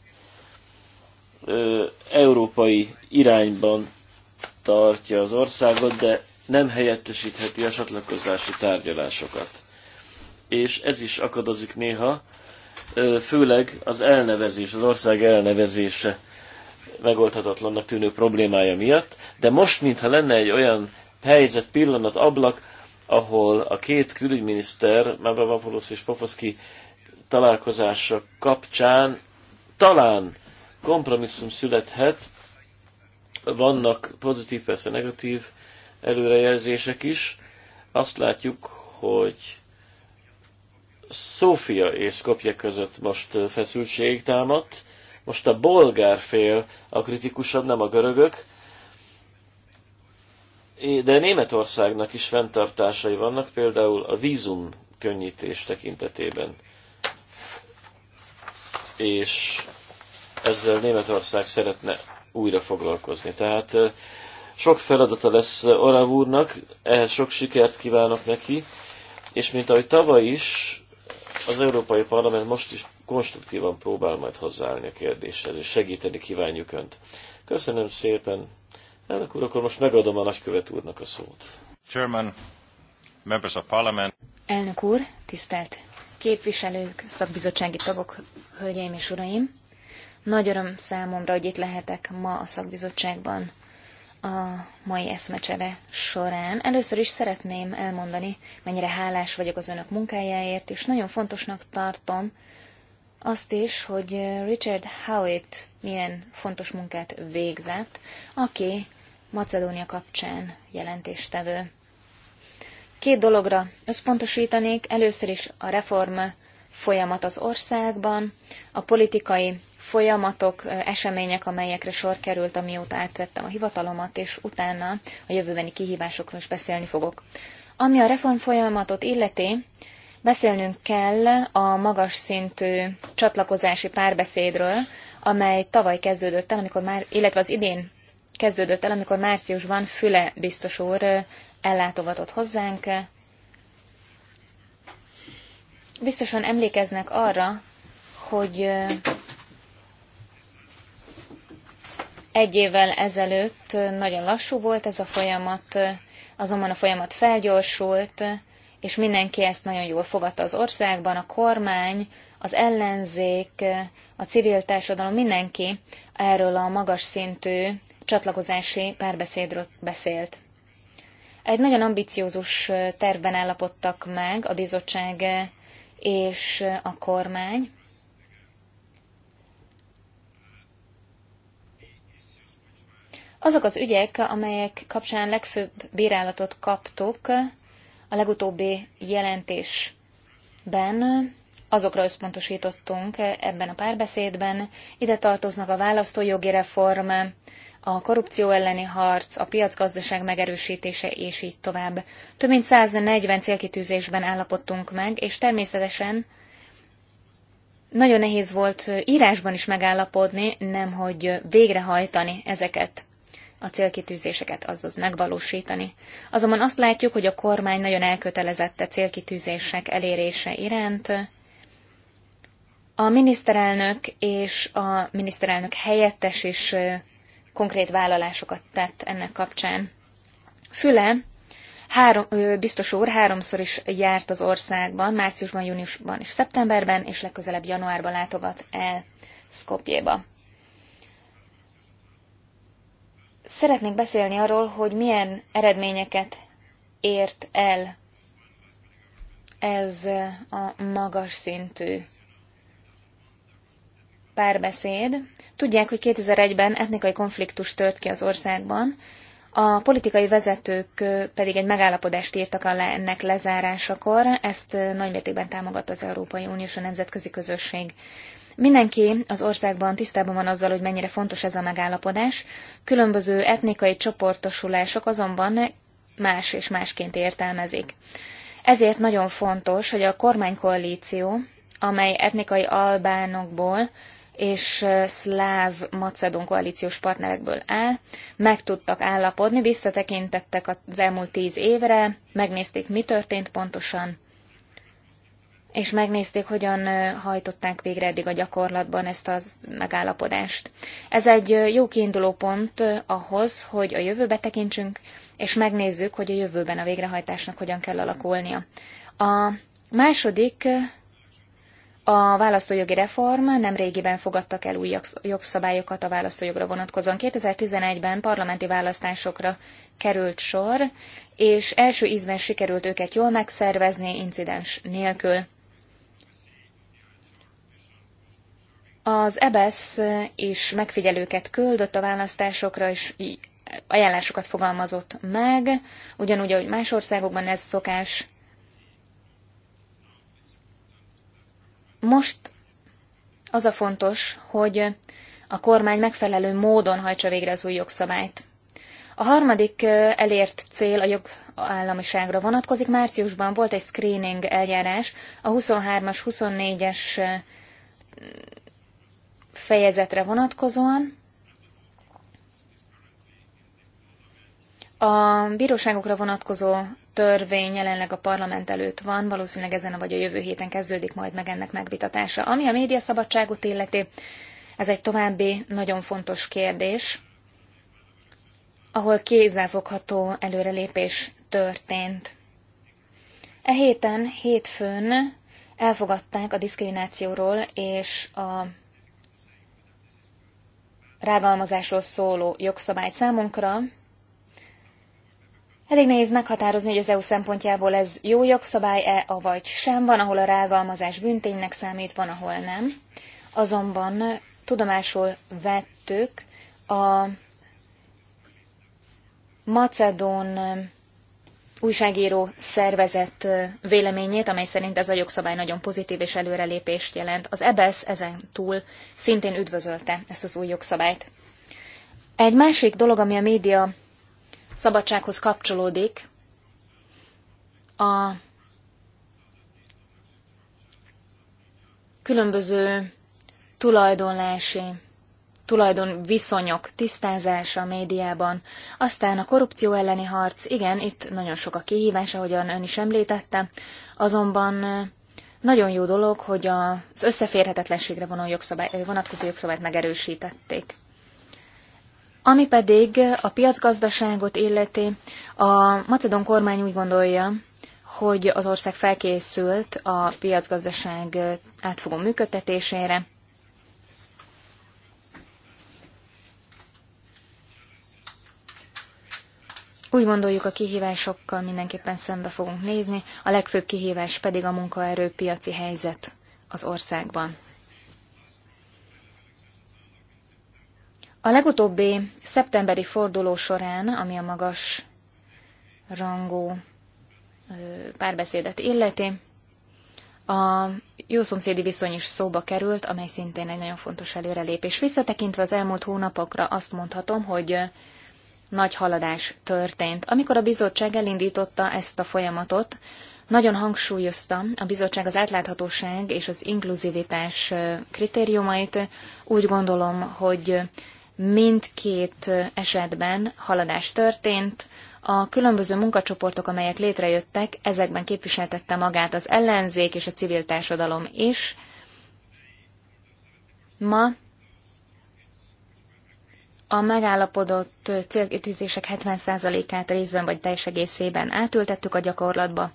ö, európai irányban tartja az országot, de nem helyettesítheti a csatlakozási tárgyalásokat. És ez is akadozik néha, ö, főleg az elnevezés, az ország elnevezése megoldhatatlannak tűnő problémája miatt, de most, mintha lenne egy olyan helyzet, pillanat, ablak, ahol a két külügyminiszter, Mavropoulos és Pofoszki találkozása kapcsán talán kompromisszum születhet, vannak pozitív, persze negatív előrejelzések is. Azt látjuk, hogy Szófia és Skopje között most feszültség támadt. Most a bolgár fél a kritikusabb, nem a görögök. De Németországnak is fenntartásai vannak, például a vízum könnyítés tekintetében. És ezzel Németország szeretne újra foglalkozni. Tehát sok feladata lesz Orav úrnak, ehhez sok sikert kívánok neki, és mint ahogy tavaly is, az Európai Parlament most is konstruktívan próbál majd hozzáállni a kérdéshez, és segíteni kívánjuk Önt. Köszönöm szépen. Elnök úr, akkor most megadom a nagykövet úrnak a szót. Chairman, members of parliament. Elnök úr, tisztelt képviselők, szakbizottsági tagok, hölgyeim és uraim! Nagy öröm számomra, hogy itt lehetek ma a szakbizottságban a mai eszmecsere során. Először is szeretném elmondani, mennyire hálás vagyok az önök munkájáért, és nagyon fontosnak tartom azt is, hogy Richard Howitt milyen fontos munkát végzett, aki Macedónia kapcsán jelentéstevő. Két dologra összpontosítanék, először is a reform folyamat az országban, a politikai folyamatok, események, amelyekre sor került, amióta átvettem a hivatalomat, és utána a jövőbeni kihívásokról is beszélni fogok. Ami a reform folyamatot illeti, beszélnünk kell a magas szintű csatlakozási párbeszédről, amely tavaly kezdődött el, amikor már, illetve az idén kezdődött el, amikor márciusban Füle biztos úr ellátogatott hozzánk. Biztosan emlékeznek arra, hogy Egy évvel ezelőtt nagyon lassú volt ez a folyamat, azonban a folyamat felgyorsult, és mindenki ezt nagyon jól fogadta az országban, a kormány, az ellenzék, a civil társadalom, mindenki erről a magas szintű csatlakozási párbeszédről beszélt. Egy nagyon ambiciózus tervben állapodtak meg a bizottság és a kormány. Azok az ügyek, amelyek kapcsán legfőbb bírálatot kaptok a legutóbbi jelentésben, azokra összpontosítottunk ebben a párbeszédben. Ide tartoznak a választójogi reform, a korrupció elleni harc, a piacgazdaság megerősítése, és így tovább. Több mint 140 célkitűzésben állapodtunk meg, és természetesen nagyon nehéz volt írásban is megállapodni, nemhogy végrehajtani ezeket a célkitűzéseket, azaz megvalósítani. Azonban azt látjuk, hogy a kormány nagyon elkötelezette célkitűzések elérése iránt. A miniszterelnök és a miniszterelnök helyettes is konkrét vállalásokat tett ennek kapcsán. Füle három, biztos úr háromszor is járt az országban, márciusban, júniusban és szeptemberben, és legközelebb januárban látogat el Skopjéba. Szeretnék beszélni arról, hogy milyen eredményeket ért el ez a magas szintű párbeszéd. Tudják, hogy 2001-ben etnikai konfliktus tört ki az országban, a politikai vezetők pedig egy megállapodást írtak alá ennek lezárásakor, ezt nagymértékben támogatta az Európai Uniós a nemzetközi közösség. Mindenki az országban tisztában van azzal, hogy mennyire fontos ez a megállapodás. Különböző etnikai csoportosulások azonban más és másként értelmezik. Ezért nagyon fontos, hogy a kormánykoalíció, amely etnikai albánokból és szláv macedon koalíciós partnerekből áll, meg tudtak állapodni, visszatekintettek az elmúlt tíz évre, megnézték, mi történt pontosan, és megnézték, hogyan hajtották végre eddig a gyakorlatban ezt a megállapodást. Ez egy jó kiinduló pont ahhoz, hogy a jövőbe tekintsünk, és megnézzük, hogy a jövőben a végrehajtásnak hogyan kell alakulnia. A második a választójogi reform nem régiben fogadtak el új jogszabályokat a választójogra vonatkozóan. 2011-ben parlamenti választásokra került sor, és első ízben sikerült őket jól megszervezni incidens nélkül. Az EBSZ e is megfigyelőket küldött a választásokra, és ajánlásokat fogalmazott meg, ugyanúgy, ahogy más országokban ez szokás. Most az a fontos, hogy a kormány megfelelő módon hajtsa végre az új jogszabályt. A harmadik elért cél a jogállamiságra vonatkozik. Márciusban volt egy screening eljárás a 23-as, 24-es fejezetre vonatkozóan. A bíróságokra vonatkozó törvény jelenleg a parlament előtt van, valószínűleg ezen a vagy a jövő héten kezdődik majd meg ennek megvitatása. Ami a médiaszabadságot illeti, ez egy további nagyon fontos kérdés, ahol kézzelfogható előrelépés történt. E héten, hétfőn elfogadták a diszkriminációról és a rágalmazásról szóló jogszabályt számunkra. Elég nehéz meghatározni, hogy az EU szempontjából ez jó jogszabály-e, avagy sem. Van, ahol a rágalmazás bünténynek számít, van, ahol nem. Azonban tudomásul vettük a macedón újságíró szervezet véleményét, amely szerint ez a jogszabály nagyon pozitív és előrelépést jelent. Az EBSZ e ezen túl szintén üdvözölte ezt az új jogszabályt. Egy másik dolog, ami a média szabadsághoz kapcsolódik, a különböző tulajdonlási tulajdon viszonyok tisztázása a médiában, aztán a korrupció elleni harc, igen, itt nagyon sok a kihívás, ahogyan ön is említette, azonban nagyon jó dolog, hogy az összeférhetetlenségre vonatkozó jogszabályt megerősítették. Ami pedig a piacgazdaságot illeti, a macedon kormány úgy gondolja, hogy az ország felkészült a piacgazdaság átfogó működtetésére, Úgy gondoljuk, a kihívásokkal mindenképpen szembe fogunk nézni, a legfőbb kihívás pedig a munkaerőpiaci helyzet az országban. A legutóbbi szeptemberi forduló során, ami a magas rangú párbeszédet illeti, a jó szomszédi viszony is szóba került, amely szintén egy nagyon fontos előrelépés. Visszatekintve az elmúlt hónapokra azt mondhatom, hogy nagy haladás történt. Amikor a bizottság elindította ezt a folyamatot, nagyon hangsúlyozta a bizottság az átláthatóság és az inkluzivitás kritériumait. Úgy gondolom, hogy mindkét esetben haladás történt. A különböző munkacsoportok, amelyek létrejöttek, ezekben képviseltette magát az ellenzék és a civil társadalom is. Ma a megállapodott célkitűzések 70%-át részben vagy teljes egészében átültettük a gyakorlatba,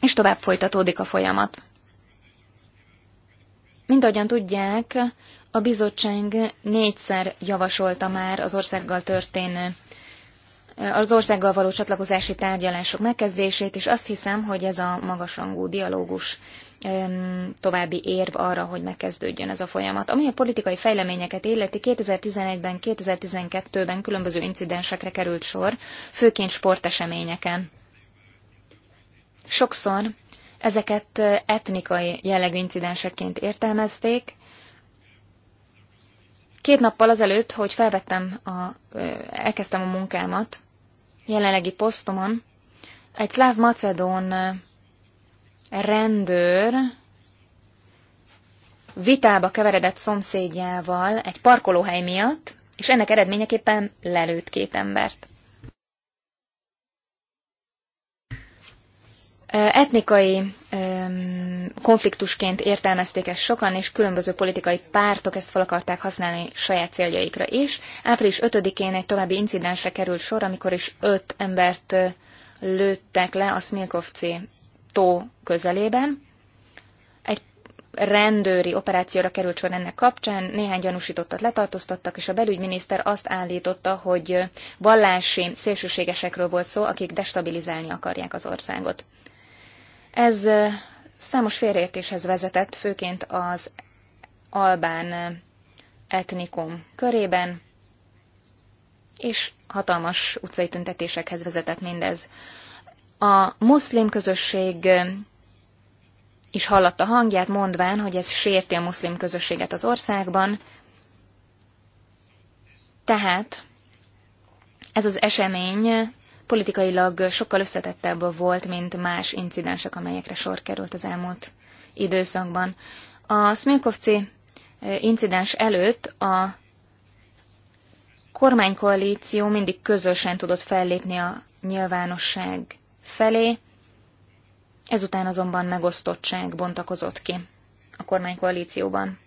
és tovább folytatódik a folyamat. Mint ahogyan tudják, a bizottság négyszer javasolta már az országgal történő az országgal való csatlakozási tárgyalások megkezdését, és azt hiszem, hogy ez a magasrangú dialógus további érv arra, hogy megkezdődjön ez a folyamat. Ami a politikai fejleményeket illeti, 2011-ben, 2012-ben különböző incidensekre került sor, főként sporteseményeken. Sokszor ezeket eh, etnikai jellegű incidensekként értelmezték, Két nappal azelőtt, hogy felvettem a, eh, elkezdtem a munkámat, jelenlegi posztomon, egy szláv macedón rendőr vitába keveredett szomszédjával egy parkolóhely miatt, és ennek eredményeképpen lelőtt két embert. Etnikai konfliktusként értelmezték ezt sokan, és különböző politikai pártok ezt fel akarták használni saját céljaikra is. Április 5-én egy további incidensre került sor, amikor is öt embert lőttek le a Smilkovci tó közelében. Egy rendőri operációra került sor ennek kapcsán, néhány gyanúsítottat letartóztattak, és a belügyminiszter azt állította, hogy vallási szélsőségesekről volt szó, akik destabilizálni akarják az országot. Ez számos félreértéshez vezetett, főként az albán etnikum körében, és hatalmas utcai tüntetésekhez vezetett mindez. A muszlim közösség is hallatta hangját, mondván, hogy ez sérti a muszlim közösséget az országban. Tehát ez az esemény politikailag sokkal összetettebb volt, mint más incidensek, amelyekre sor került az elmúlt időszakban. A Smilkovci eh, incidens előtt a kormánykoalíció mindig közösen tudott fellépni a nyilvánosság felé, ezután azonban megosztottság bontakozott ki a kormánykoalícióban.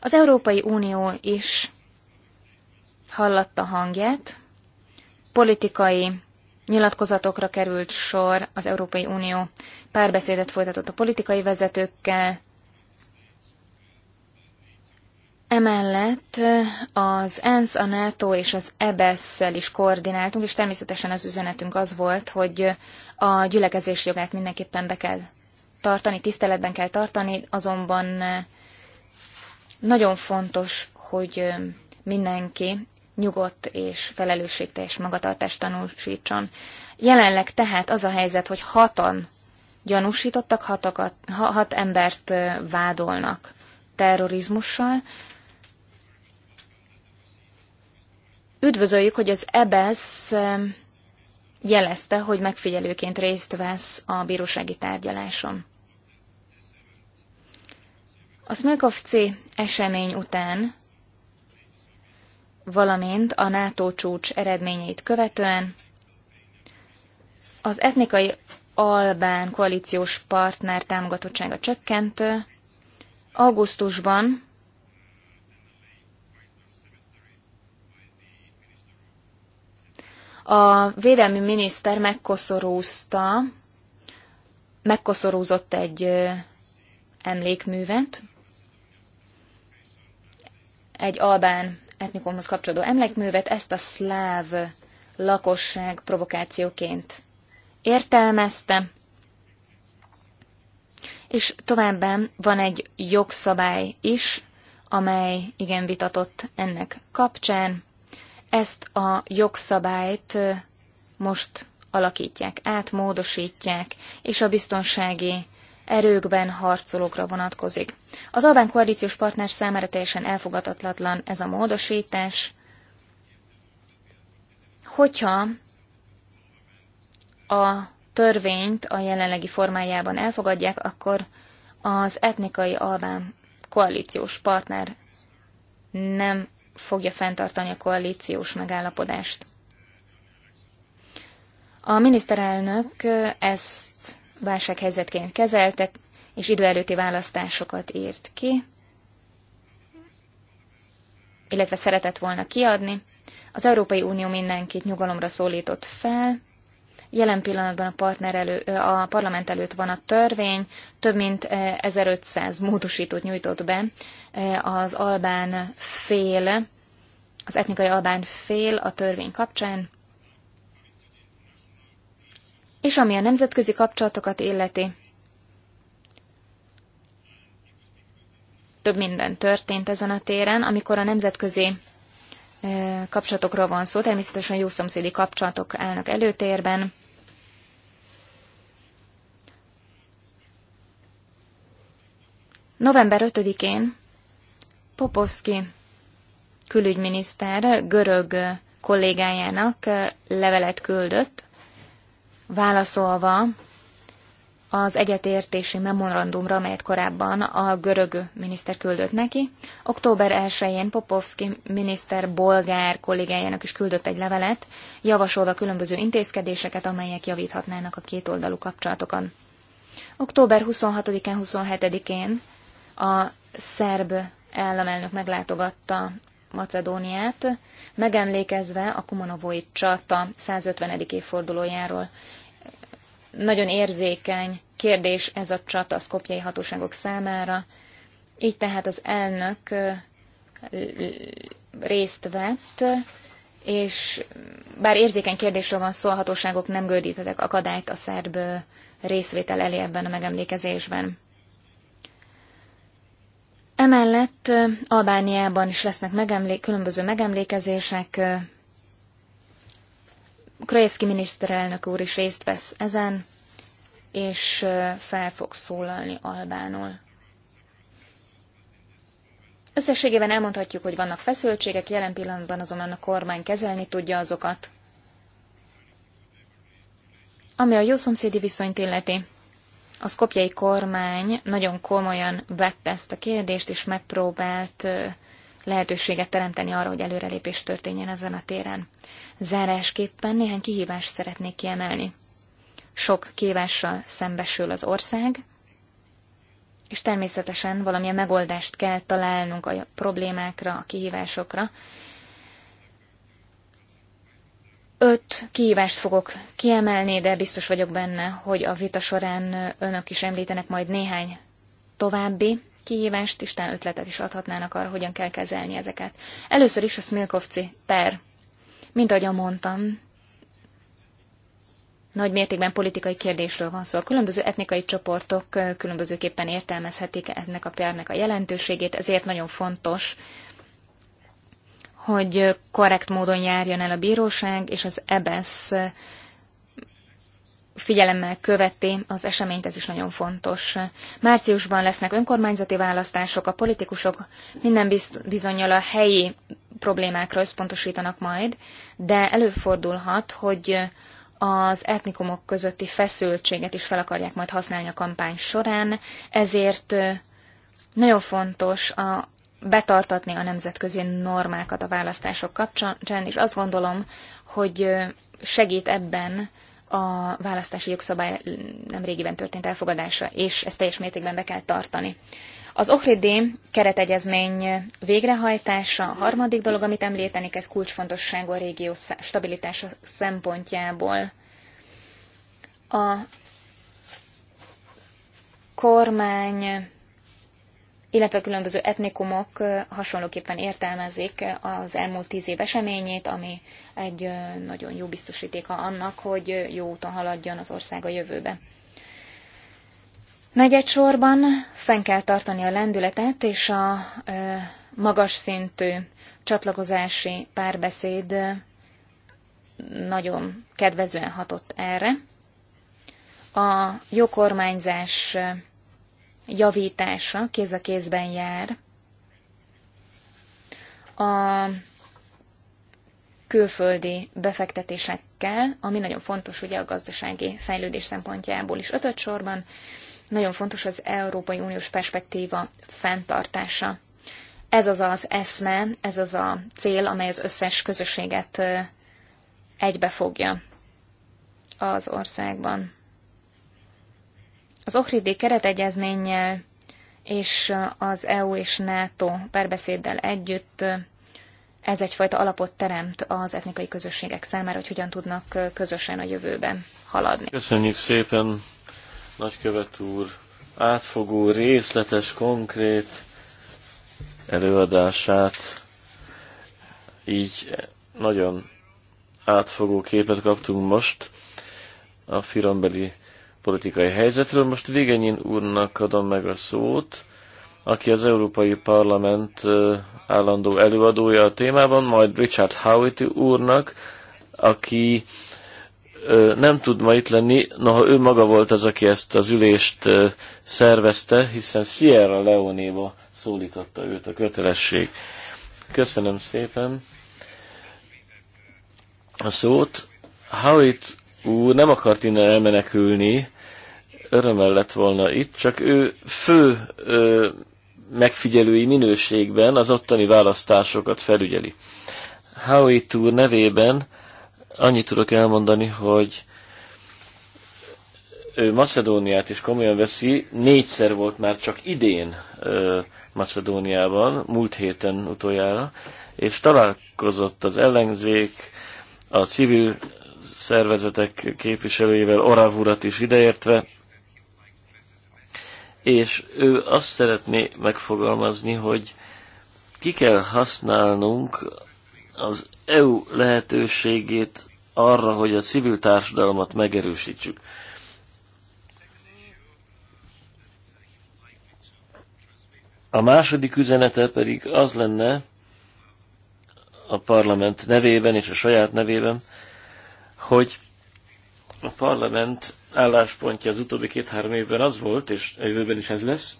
Az Európai Unió is hallatta hangját, politikai nyilatkozatokra került sor, az Európai Unió párbeszédet folytatott a politikai vezetőkkel, Emellett az ENSZ, a NATO és az EBS-szel e is koordináltunk, és természetesen az üzenetünk az volt, hogy a gyülekezés jogát mindenképpen be kell tartani, tiszteletben kell tartani, azonban nagyon fontos, hogy mindenki nyugodt és felelősségteljes magatartást tanúsítson. Jelenleg tehát az a helyzet, hogy hatan gyanúsítottak, hatakat, hat embert vádolnak terrorizmussal. Üdvözöljük, hogy az EBESZ jelezte, hogy megfigyelőként részt vesz a bírósági tárgyaláson. A Smilkov C esemény után valamint a NATO csúcs eredményeit követően az etnikai albán koalíciós partner támogatottsága csökkent. Augusztusban a védelmi miniszter megkoszorúzta, megkoszorúzott egy emlékművet, egy albán etnikumhoz kapcsolódó emlékművet ezt a szláv lakosság provokációként értelmezte, és továbbá van egy jogszabály is, amely igen vitatott ennek kapcsán. Ezt a jogszabályt most alakítják át, módosítják, és a biztonsági erőkben harcolókra vonatkozik. Az albán koalíciós partner számára teljesen elfogadhatatlan ez a módosítás, hogyha a törvényt a jelenlegi formájában elfogadják, akkor az etnikai albán koalíciós partner nem fogja fenntartani a koalíciós megállapodást. A miniszterelnök ezt válsághelyzetként kezeltek, és idő előtti választásokat írt ki, illetve szeretett volna kiadni. Az Európai Unió mindenkit nyugalomra szólított fel, Jelen pillanatban a, partner elő, a parlament előtt van a törvény, több mint 1500 módosítót nyújtott be az albán fél, az etnikai albán fél a törvény kapcsán. És ami a nemzetközi kapcsolatokat illeti, több minden történt ezen a téren, amikor a nemzetközi kapcsolatokról van szó, természetesen jó szomszédi kapcsolatok állnak előtérben. November 5-én Popovski külügyminiszter görög kollégájának levelet küldött, válaszolva az egyetértési memorandumra, amelyet korábban a görög miniszter küldött neki. Október 1-én Popovski miniszter bolgár kollégájának is küldött egy levelet, javasolva különböző intézkedéseket, amelyek javíthatnának a kétoldalú kapcsolatokon. Október 26-án, 27-én a szerb államelnök meglátogatta Macedóniát, megemlékezve a Kumanovói csata 150. évfordulójáról nagyon érzékeny kérdés ez a csata a szkopjai hatóságok számára. Így tehát az elnök részt vett, és bár érzékeny kérdésről van szó, a hatóságok nem gördítettek akadályt a szerb részvétel elé ebben a megemlékezésben. Emellett Albániában is lesznek megemlé- különböző megemlékezések, Krajewski miniszterelnök úr is részt vesz ezen, és fel fog szólalni albánul. Összességében elmondhatjuk, hogy vannak feszültségek, jelen pillanatban azonban a kormány kezelni tudja azokat. Ami a jó szomszédi viszonyt illeti, a szkopjai kormány nagyon komolyan vette ezt a kérdést, és megpróbált lehetőséget teremteni arra, hogy előrelépés történjen ezen a téren. Zárásképpen néhány kihívást szeretnék kiemelni. Sok kívással szembesül az ország, és természetesen valamilyen megoldást kell találnunk a problémákra, a kihívásokra. Öt kihívást fogok kiemelni, de biztos vagyok benne, hogy a vita során önök is említenek majd néhány további kihívást, Isten ötletet is adhatnának arra, hogyan kell kezelni ezeket. Először is a Smilkovci per. Mint ahogyan mondtam, nagy mértékben politikai kérdésről van szó. A különböző etnikai csoportok különbözőképpen értelmezhetik ennek a pernek a jelentőségét, ezért nagyon fontos, hogy korrekt módon járjon el a bíróság, és az EBSZ e figyelemmel követi az eseményt, ez is nagyon fontos. Márciusban lesznek önkormányzati választások, a politikusok minden bizonyal a helyi problémákra összpontosítanak majd, de előfordulhat, hogy az etnikumok közötti feszültséget is fel akarják majd használni a kampány során, ezért nagyon fontos a, betartatni a nemzetközi normákat a választások kapcsán, és azt gondolom, hogy segít ebben a választási jogszabály nemrégiben történt elfogadása, és ezt teljes mértékben be kell tartani. Az OHRD keretegyezmény végrehajtása a harmadik dolog, amit említeni, ez kulcsfontosságú a régió stabilitása szempontjából. A kormány illetve a különböző etnikumok hasonlóképpen értelmezik az elmúlt tíz év eseményét, ami egy nagyon jó biztosítéka annak, hogy jó úton haladjon az ország a jövőbe. Negyedsorban fenn kell tartani a lendületet, és a magas szintű csatlakozási párbeszéd nagyon kedvezően hatott erre. A jókormányzás kormányzás javítása kéz a kézben jár a külföldi befektetésekkel, ami nagyon fontos ugye a gazdasági fejlődés szempontjából is ötöt sorban, nagyon fontos az Európai Uniós perspektíva fenntartása. Ez az az eszme, ez az a cél, amely az összes közösséget egybefogja az országban. Az Ohridi keretegyezménnyel és az EU és NATO perbeszéddel együtt ez egyfajta alapot teremt az etnikai közösségek számára, hogy hogyan tudnak közösen a jövőben haladni. Köszönjük szépen, nagykövet úr, átfogó, részletes, konkrét előadását. Így nagyon átfogó képet kaptunk most a firambeli politikai helyzetről. Most Vigenyin úrnak adom meg a szót, aki az Európai Parlament állandó előadója a témában, majd Richard Howitt úrnak, aki nem tud ma itt lenni, noha ő maga volt az, aki ezt az ülést szervezte, hiszen Sierra Leonéba szólította őt a kötelesség. Köszönöm szépen a szót. Howitt úr nem akart innen elmenekülni, örömmel lett volna itt, csak ő fő ö, megfigyelői minőségben az ottani választásokat felügyeli. Howie Tour nevében annyit tudok elmondani, hogy ő Macedóniát is komolyan veszi, négyszer volt már csak idén ö, Macedóniában, múlt héten utoljára, és találkozott az ellenzék, a civil szervezetek képviselőjével, Oravurat is ideértve, és ő azt szeretné megfogalmazni, hogy ki kell használnunk az EU lehetőségét arra, hogy a civil társadalmat megerősítsük. A második üzenete pedig az lenne a parlament nevében és a saját nevében, hogy a parlament álláspontja az utóbbi két-három évben az volt, és a jövőben is ez lesz,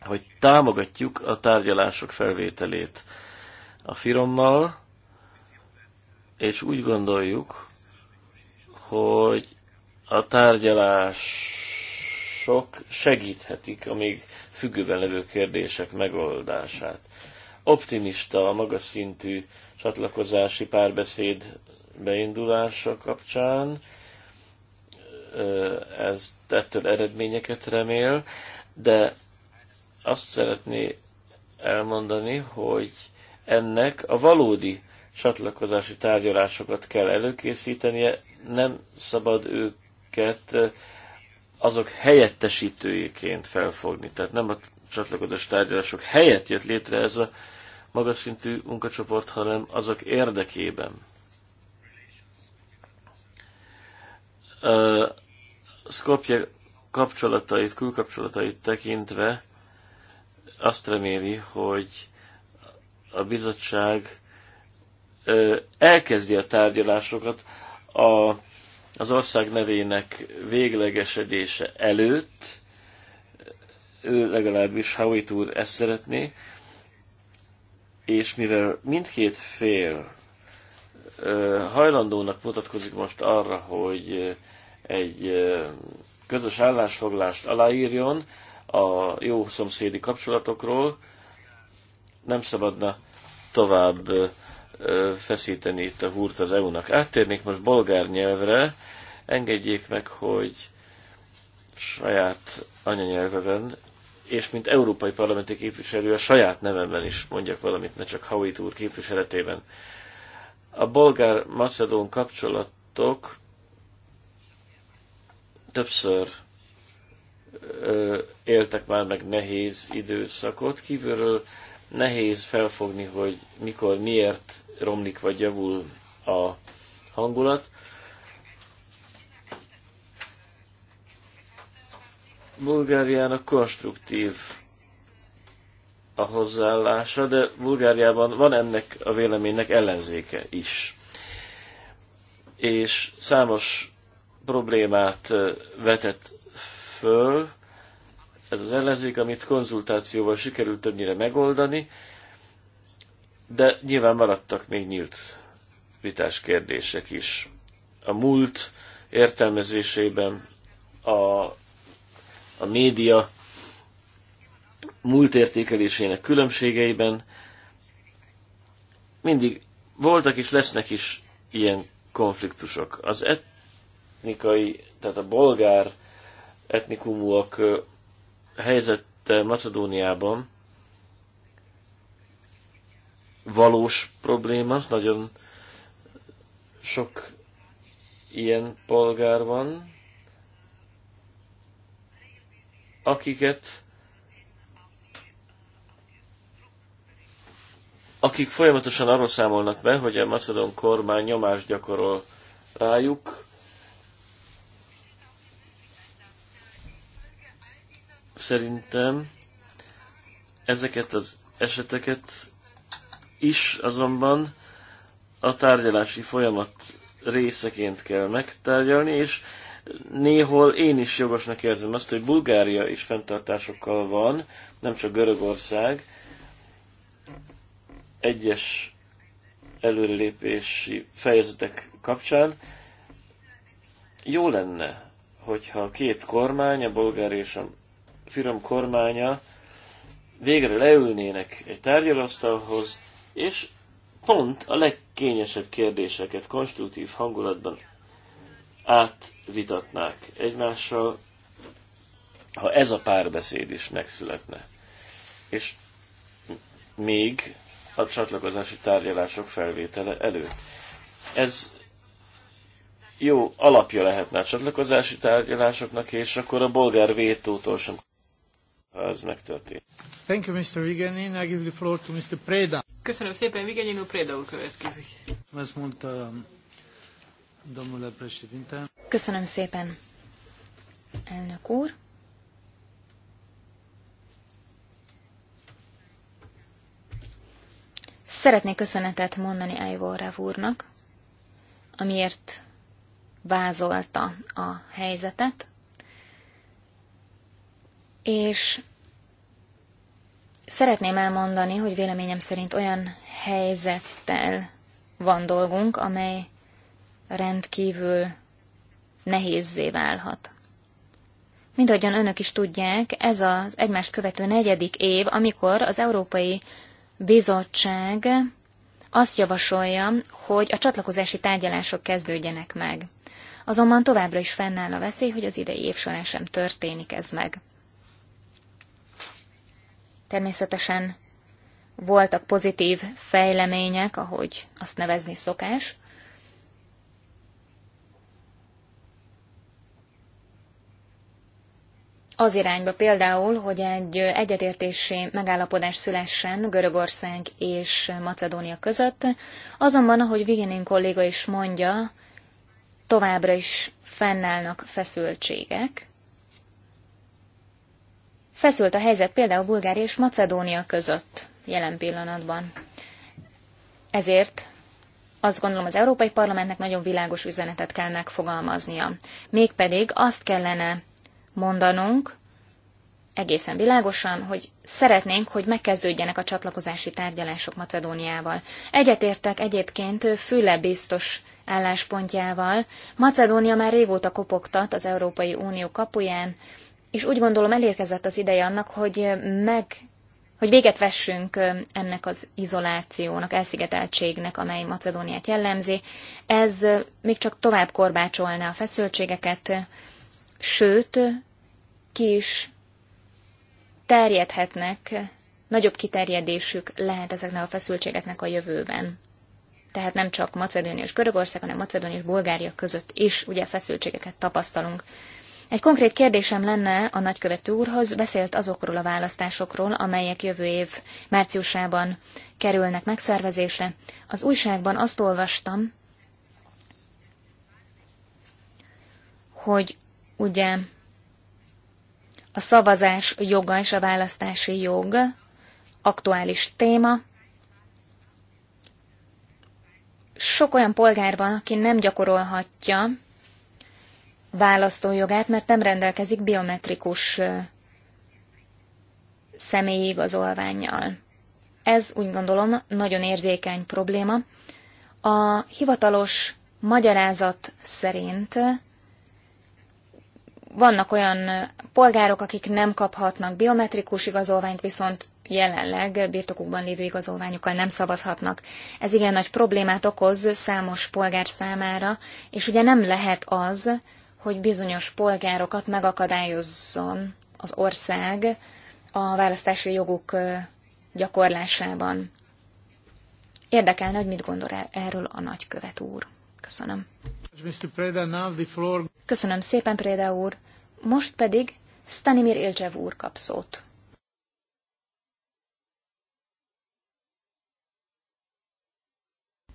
hogy támogatjuk a tárgyalások felvételét a firommal, és úgy gondoljuk, hogy a tárgyalások segíthetik a még függőben levő kérdések megoldását. Optimista a magas szintű csatlakozási párbeszéd beindulása kapcsán, ez ettől eredményeket remél, de azt szeretné elmondani, hogy ennek a valódi csatlakozási tárgyalásokat kell előkészítenie, nem szabad őket azok helyettesítőjéként felfogni. Tehát nem a csatlakozási tárgyalások helyett jött létre ez a magas szintű munkacsoport, hanem azok érdekében. Skopje kapcsolatait, külkapcsolatait tekintve azt reméli, hogy a bizottság elkezdi a tárgyalásokat a, az ország nevének véglegesedése előtt, ő legalábbis Howitt úr ezt szeretné, és mivel mindkét fél hajlandónak mutatkozik most arra, hogy egy közös állásfoglást aláírjon a jó szomszédi kapcsolatokról, nem szabadna tovább feszíteni itt a húrt az EU-nak. Áttérnék most bolgár nyelvre, engedjék meg, hogy saját anyanyelveben, és mint európai parlamenti képviselő a saját nevemben is mondjak valamit, ne csak Hawit úr képviseletében. A bolgár-macedón kapcsolatok többször ö, éltek már meg nehéz időszakot. Kívülről nehéz felfogni, hogy mikor, miért romlik vagy javul a hangulat. Bulgáriának konstruktív a hozzáállása, de Bulgáriában van ennek a véleménynek ellenzéke is. És számos problémát vetett föl, ez az ellenzék, amit konzultációval sikerült többnyire megoldani, de nyilván maradtak még nyílt vitás kérdések is. A múlt értelmezésében, a, a média múlt értékelésének különbségeiben mindig voltak és lesznek is ilyen konfliktusok. Az et, etnikai, tehát a bolgár etnikumúak helyzette Macedóniában valós probléma, nagyon sok ilyen polgár van, akiket akik folyamatosan arról számolnak be, hogy a macedon kormány nyomást gyakorol rájuk, Szerintem ezeket az eseteket is azonban a tárgyalási folyamat részeként kell megtárgyalni, és néhol én is jogosnak érzem azt, hogy Bulgária is fenntartásokkal van, nem csak Görögország, egyes előrelépési fejezetek kapcsán. Jó lenne, hogyha a két kormány, a bolgár és a Firom kormánya végre leülnének egy tárgyalasztalhoz, és pont a legkényesebb kérdéseket konstruktív hangulatban átvitatnák egymással, ha ez a párbeszéd is megszületne. És még a csatlakozási tárgyalások felvétele előtt. Ez jó alapja lehetne a csatlakozási tárgyalásoknak, és akkor a bolgár vétótól sem ez megtörtént. Thank you, Mr. Vigenin. I give the floor to Mr. Preda. Köszönöm szépen, Vigenin úr, Preda úr következik. Um, Köszönöm szépen, elnök úr. Szeretnék köszönetet mondani Ivor Rev úrnak, amiért vázolta a helyzetet, és szeretném elmondani, hogy véleményem szerint olyan helyzettel van dolgunk, amely rendkívül nehézzé válhat. Mindahogyan önök is tudják, ez az egymást követő negyedik év, amikor az Európai Bizottság azt javasolja, hogy a csatlakozási tárgyalások kezdődjenek meg. Azonban továbbra is fennáll a veszély, hogy az idei év során sem történik ez meg. Természetesen voltak pozitív fejlemények, ahogy azt nevezni szokás. Az irányba például, hogy egy egyetértési megállapodás szülessen Görögország és Macedónia között, azonban, ahogy Vigenin kolléga is mondja, továbbra is fennállnak feszültségek, Feszült a helyzet például Bulgária és Macedónia között jelen pillanatban. Ezért azt gondolom az Európai Parlamentnek nagyon világos üzenetet kell megfogalmaznia. Mégpedig azt kellene mondanunk, egészen világosan, hogy szeretnénk, hogy megkezdődjenek a csatlakozási tárgyalások Macedóniával. Egyetértek egyébként Füle biztos álláspontjával. Macedónia már régóta kopogtat az Európai Unió kapuján, és úgy gondolom elérkezett az ideje annak, hogy meg hogy véget vessünk ennek az izolációnak, elszigeteltségnek, amely Macedóniát jellemzi. Ez még csak tovább korbácsolná a feszültségeket, sőt, ki is terjedhetnek, nagyobb kiterjedésük lehet ezeknek a feszültségeknek a jövőben. Tehát nem csak Macedónia és Görögország, hanem Macedónia és Bulgária között is ugye feszültségeket tapasztalunk. Egy konkrét kérdésem lenne a nagykövető úrhoz, beszélt azokról a választásokról, amelyek jövő év márciusában kerülnek megszervezésre. Az újságban azt olvastam, hogy ugye a szavazás joga és a választási jog aktuális téma. Sok olyan polgár van, aki nem gyakorolhatja választójogát, mert nem rendelkezik biometrikus személyi igazolványjal. Ez úgy gondolom nagyon érzékeny probléma. A hivatalos magyarázat szerint vannak olyan polgárok, akik nem kaphatnak biometrikus igazolványt, viszont jelenleg birtokukban lévő igazolványukkal nem szavazhatnak. Ez igen nagy problémát okoz számos polgár számára, és ugye nem lehet az, hogy bizonyos polgárokat megakadályozzon az ország a választási joguk gyakorlásában. Érdekelne, hogy mit gondol e- erről a nagykövet úr. Köszönöm. Köszönöm szépen, Préda úr. Most pedig Stanimir Ilcsev úr kap szót.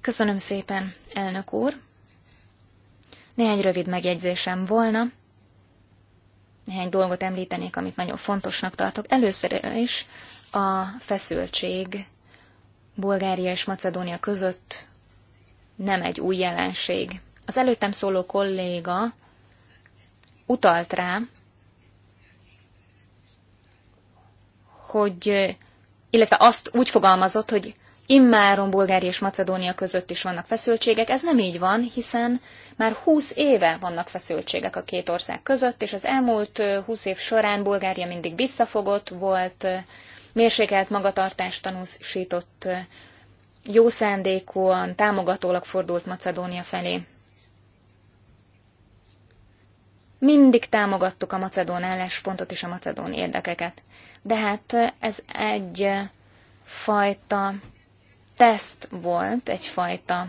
Köszönöm szépen, elnök úr. Néhány rövid megjegyzésem volna, néhány dolgot említenék, amit nagyon fontosnak tartok. Először is a feszültség Bulgária és Macedónia között nem egy új jelenség. Az előttem szóló kolléga utalt rá, hogy, illetve azt úgy fogalmazott, hogy immáron Bulgária és Macedónia között is vannak feszültségek. Ez nem így van, hiszen már 20 éve vannak feszültségek a két ország között, és az elmúlt 20 év során Bulgária mindig visszafogott volt, mérsékelt magatartást tanúsított, jó szándékúan, támogatólag fordult Macedónia felé. Mindig támogattuk a macedón álláspontot és a macedón érdekeket. De hát ez egy fajta teszt volt, egyfajta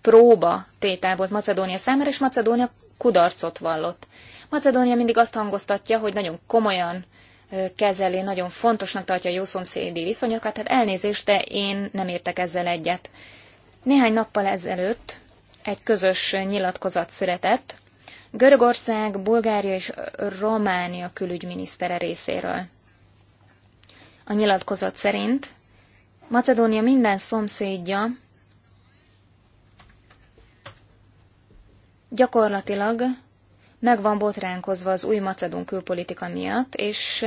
próba tétel volt Macedónia számára, és Macedónia kudarcot vallott. Macedónia mindig azt hangoztatja, hogy nagyon komolyan kezeli, nagyon fontosnak tartja a szomszédi viszonyokat, tehát elnézést, de én nem értek ezzel egyet. Néhány nappal ezelőtt egy közös nyilatkozat született Görögország, Bulgária és Románia külügyminisztere részéről. A nyilatkozat szerint Macedónia minden szomszédja gyakorlatilag meg van botránkozva az új macedón külpolitika miatt, és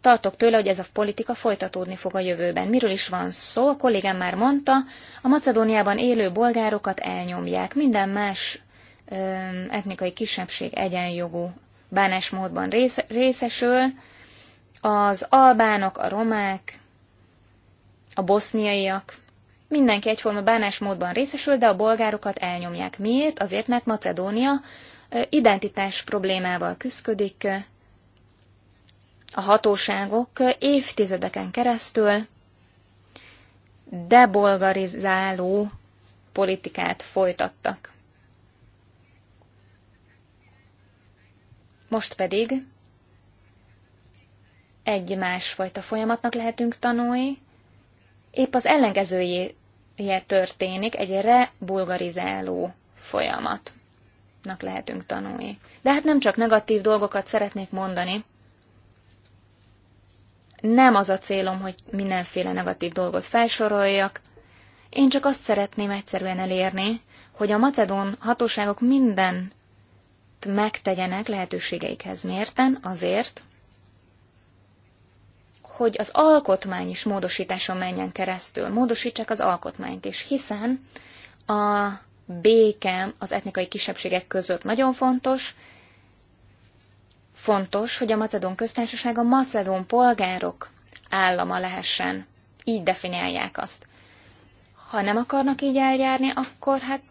tartok tőle, hogy ez a politika folytatódni fog a jövőben. Miről is van szó? A kollégám már mondta, a Macedóniában élő bolgárokat elnyomják, minden más ö, etnikai kisebbség egyenjogú bánásmódban rész, részesül, az albánok, a romák, a boszniaiak, mindenki egyforma bánásmódban részesül, de a bolgárokat elnyomják. Miért? Azért, mert Macedónia identitás problémával küzdik, a hatóságok évtizedeken keresztül debolgarizáló politikát folytattak. Most pedig egy másfajta folyamatnak lehetünk tanulni, épp az ellenkezője történik, egy rebulgarizáló folyamatnak lehetünk tanulni. De hát nem csak negatív dolgokat szeretnék mondani, nem az a célom, hogy mindenféle negatív dolgot felsoroljak, én csak azt szeretném egyszerűen elérni, hogy a macedón hatóságok mindent megtegyenek lehetőségeikhez mérten azért, hogy az alkotmány is módosításon menjen keresztül, módosítsák az alkotmányt is, hiszen a béke az etnikai kisebbségek között nagyon fontos, fontos, hogy a Macedón köztársaság a macedón polgárok állama lehessen. Így definiálják azt. Ha nem akarnak így eljárni, akkor hát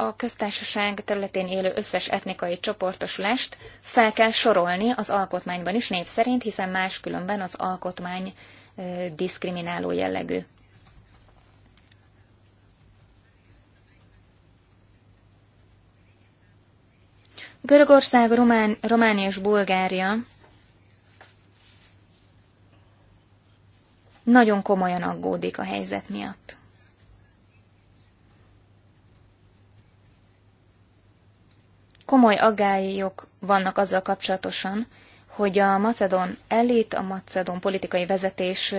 a köztársaság területén élő összes etnikai csoportosulást fel kell sorolni az alkotmányban is név szerint, hiszen máskülönben az alkotmány diszkrimináló jellegű. Görögország, Román, Románia és Bulgária nagyon komolyan aggódik a helyzet miatt. komoly aggályok vannak azzal kapcsolatosan, hogy a macedón elit, a macedón politikai vezetés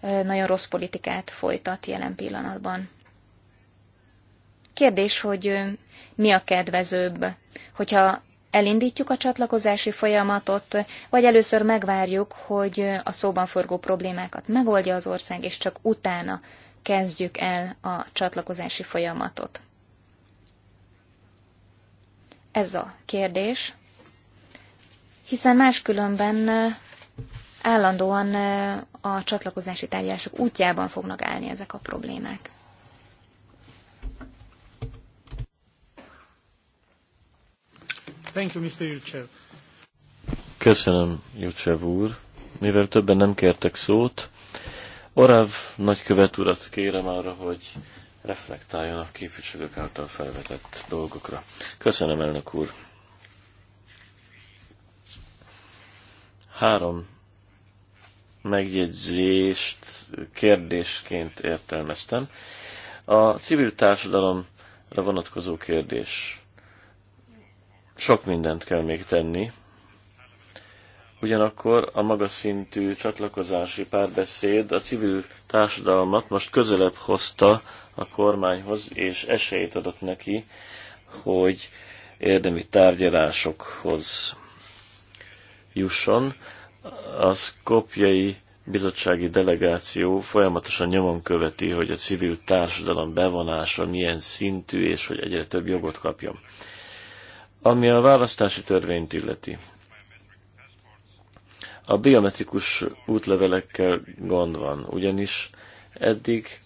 nagyon rossz politikát folytat jelen pillanatban. Kérdés, hogy mi a kedvezőbb, hogyha elindítjuk a csatlakozási folyamatot, vagy először megvárjuk, hogy a szóban forgó problémákat megoldja az ország, és csak utána kezdjük el a csatlakozási folyamatot ez a kérdés, hiszen máskülönben állandóan a csatlakozási tárgyalások útjában fognak állni ezek a problémák. Thank you, Mr. Jurcsev. Köszönöm, Jurcsev úr. Mivel többen nem kértek szót, Orav nagykövet urat kérem arra, hogy reflektáljon a képviselők által felvetett dolgokra. Köszönöm, elnök úr! Három megjegyzést kérdésként értelmeztem. A civil társadalomra vonatkozó kérdés. Sok mindent kell még tenni. Ugyanakkor a magas szintű csatlakozási párbeszéd a civil társadalmat most közelebb hozta a kormányhoz, és esélyt adott neki, hogy érdemi tárgyalásokhoz jusson. A szkopjai bizottsági delegáció folyamatosan nyomon követi, hogy a civil társadalom bevonása milyen szintű, és hogy egyre több jogot kapjon. Ami a választási törvényt illeti. A biometrikus útlevelekkel gond van, ugyanis eddig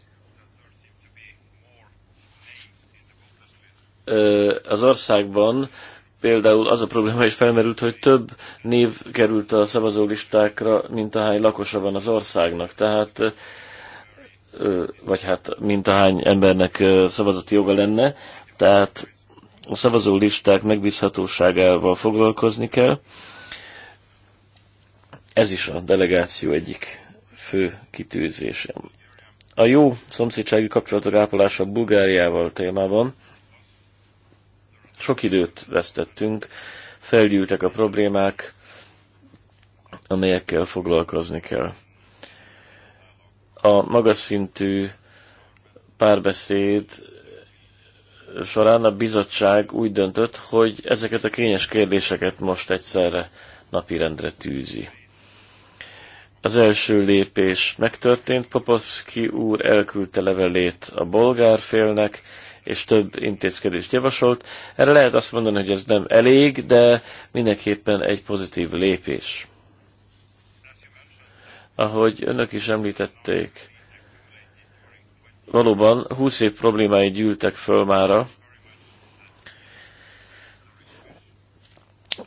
az országban például az a probléma is felmerült, hogy több név került a szavazólistákra, mint ahány lakosa van az országnak. Tehát vagy hát mint ahány embernek szavazati joga lenne, tehát a szavazólisták megbízhatóságával foglalkozni kell. Ez is a delegáció egyik fő kitűzése. A jó szomszédsági kapcsolatok ápolása Bulgáriával témában sok időt vesztettünk, felgyűltek a problémák, amelyekkel foglalkozni kell. A magas szintű párbeszéd során a bizottság úgy döntött, hogy ezeket a kényes kérdéseket most egyszerre napirendre tűzi. Az első lépés megtörtént, Popovski úr elküldte levelét a bolgár félnek, és több intézkedést javasolt. Erre lehet azt mondani, hogy ez nem elég, de mindenképpen egy pozitív lépés. Ahogy önök is említették, valóban 20 év problémái gyűltek föl mára,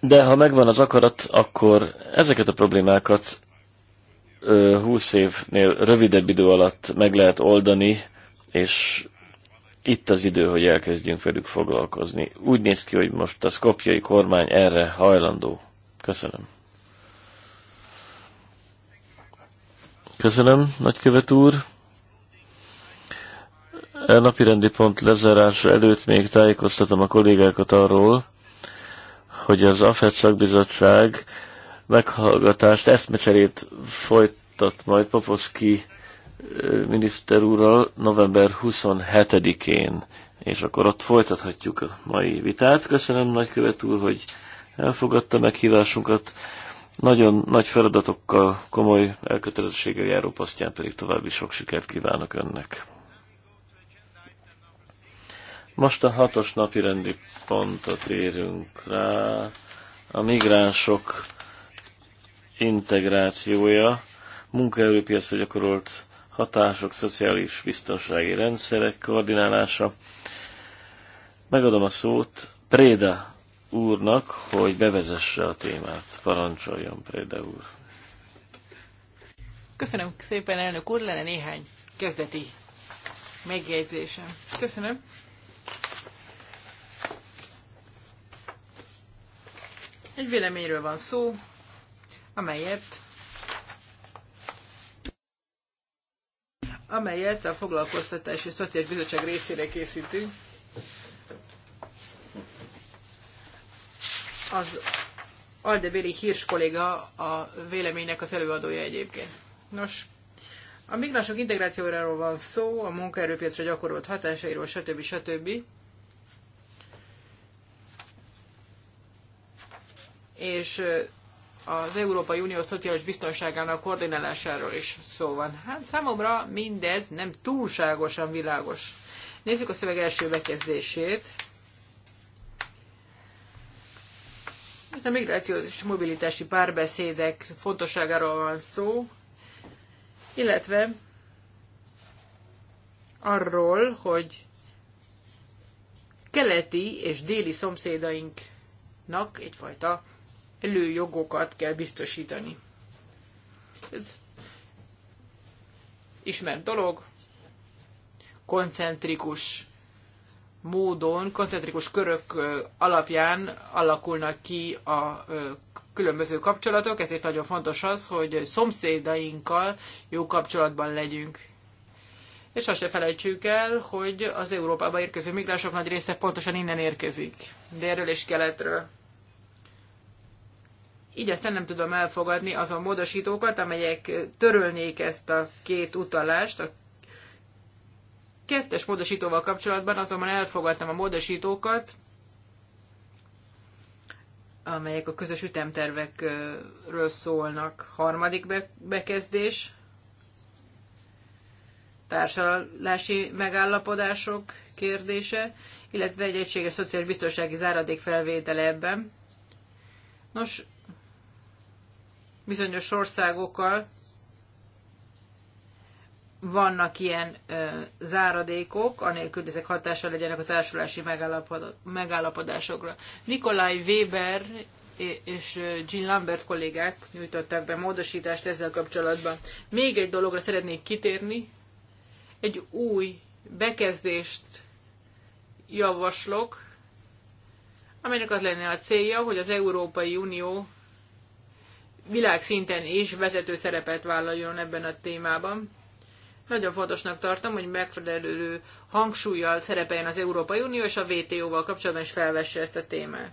de ha megvan az akarat, akkor ezeket a problémákat 20 évnél rövidebb idő alatt meg lehet oldani, és itt az idő, hogy elkezdjünk velük foglalkozni. Úgy néz ki, hogy most a szkopjai kormány erre hajlandó. Köszönöm. Köszönöm, nagykövet úr. E a rendi pont lezárása előtt még tájékoztatom a kollégákat arról, hogy az AFED szakbizottság meghallgatást, eszmecserét folytat majd Popovsky miniszter úrral november 27-én, és akkor ott folytathatjuk a mai vitát. Köszönöm nagykövet úr, hogy elfogadta meghívásunkat. Nagyon nagy feladatokkal, komoly elkötelezettséggel járó posztján pedig további sok sikert kívánok önnek. Most a hatos napi rendi pontot érünk rá. A migránsok integrációja, munkaerőpiacra gyakorolt hatások, szociális biztonsági rendszerek koordinálása. Megadom a szót Préda úrnak, hogy bevezesse a témát. Parancsoljon, Préda úr. Köszönöm szépen, elnök úr, lenne néhány kezdeti megjegyzésem. Köszönöm. Egy véleményről van szó, amelyet amelyet a Foglalkoztatási Szociális Bizottság részére készítünk. Az Aldebéli Hírs kolléga a véleménynek az előadója egyébként. Nos, a migránsok integrációjáról van szó, a munkaerőpiacra gyakorolt hatásairól, stb. stb. És az Európai Unió szociális biztonságának koordinálásáról is szó van. Hát számomra mindez nem túlságosan világos. Nézzük a szöveg első bekezdését. A migrációs és mobilitási párbeszédek fontosságáról van szó, illetve arról, hogy keleti és déli szomszédainknak egyfajta előjogokat kell biztosítani. Ez ismert dolog, koncentrikus módon, koncentrikus körök alapján alakulnak ki a különböző kapcsolatok, ezért nagyon fontos az, hogy szomszédainkkal jó kapcsolatban legyünk. És azt se felejtsük el, hogy az Európába érkező migránsok nagy része pontosan innen érkezik, délről és keletről. Így aztán nem tudom elfogadni azon módosítókat, amelyek törölnék ezt a két utalást. A kettes módosítóval kapcsolatban azonban elfogadtam a módosítókat, amelyek a közös ütemtervekről szólnak. Harmadik bekezdés, társadalási megállapodások kérdése, illetve egy egységes szociális biztonsági záradék felvétele ebben. Nos, bizonyos országokkal vannak ilyen ö, záradékok, anélkül, hogy ezek hatással legyenek a társulási megállapodásokra. Nikolaj Weber és Jean Lambert kollégák nyújtották be módosítást ezzel kapcsolatban. Még egy dologra szeretnék kitérni. Egy új bekezdést javaslok, aminek az lenne a célja, hogy az Európai Unió világszinten is vezető szerepet vállaljon ebben a témában. Nagyon fontosnak tartom, hogy megfelelő hangsúlyjal szerepeljen az Európai Unió, és a WTO-val kapcsolatban is felvesse ezt a témát.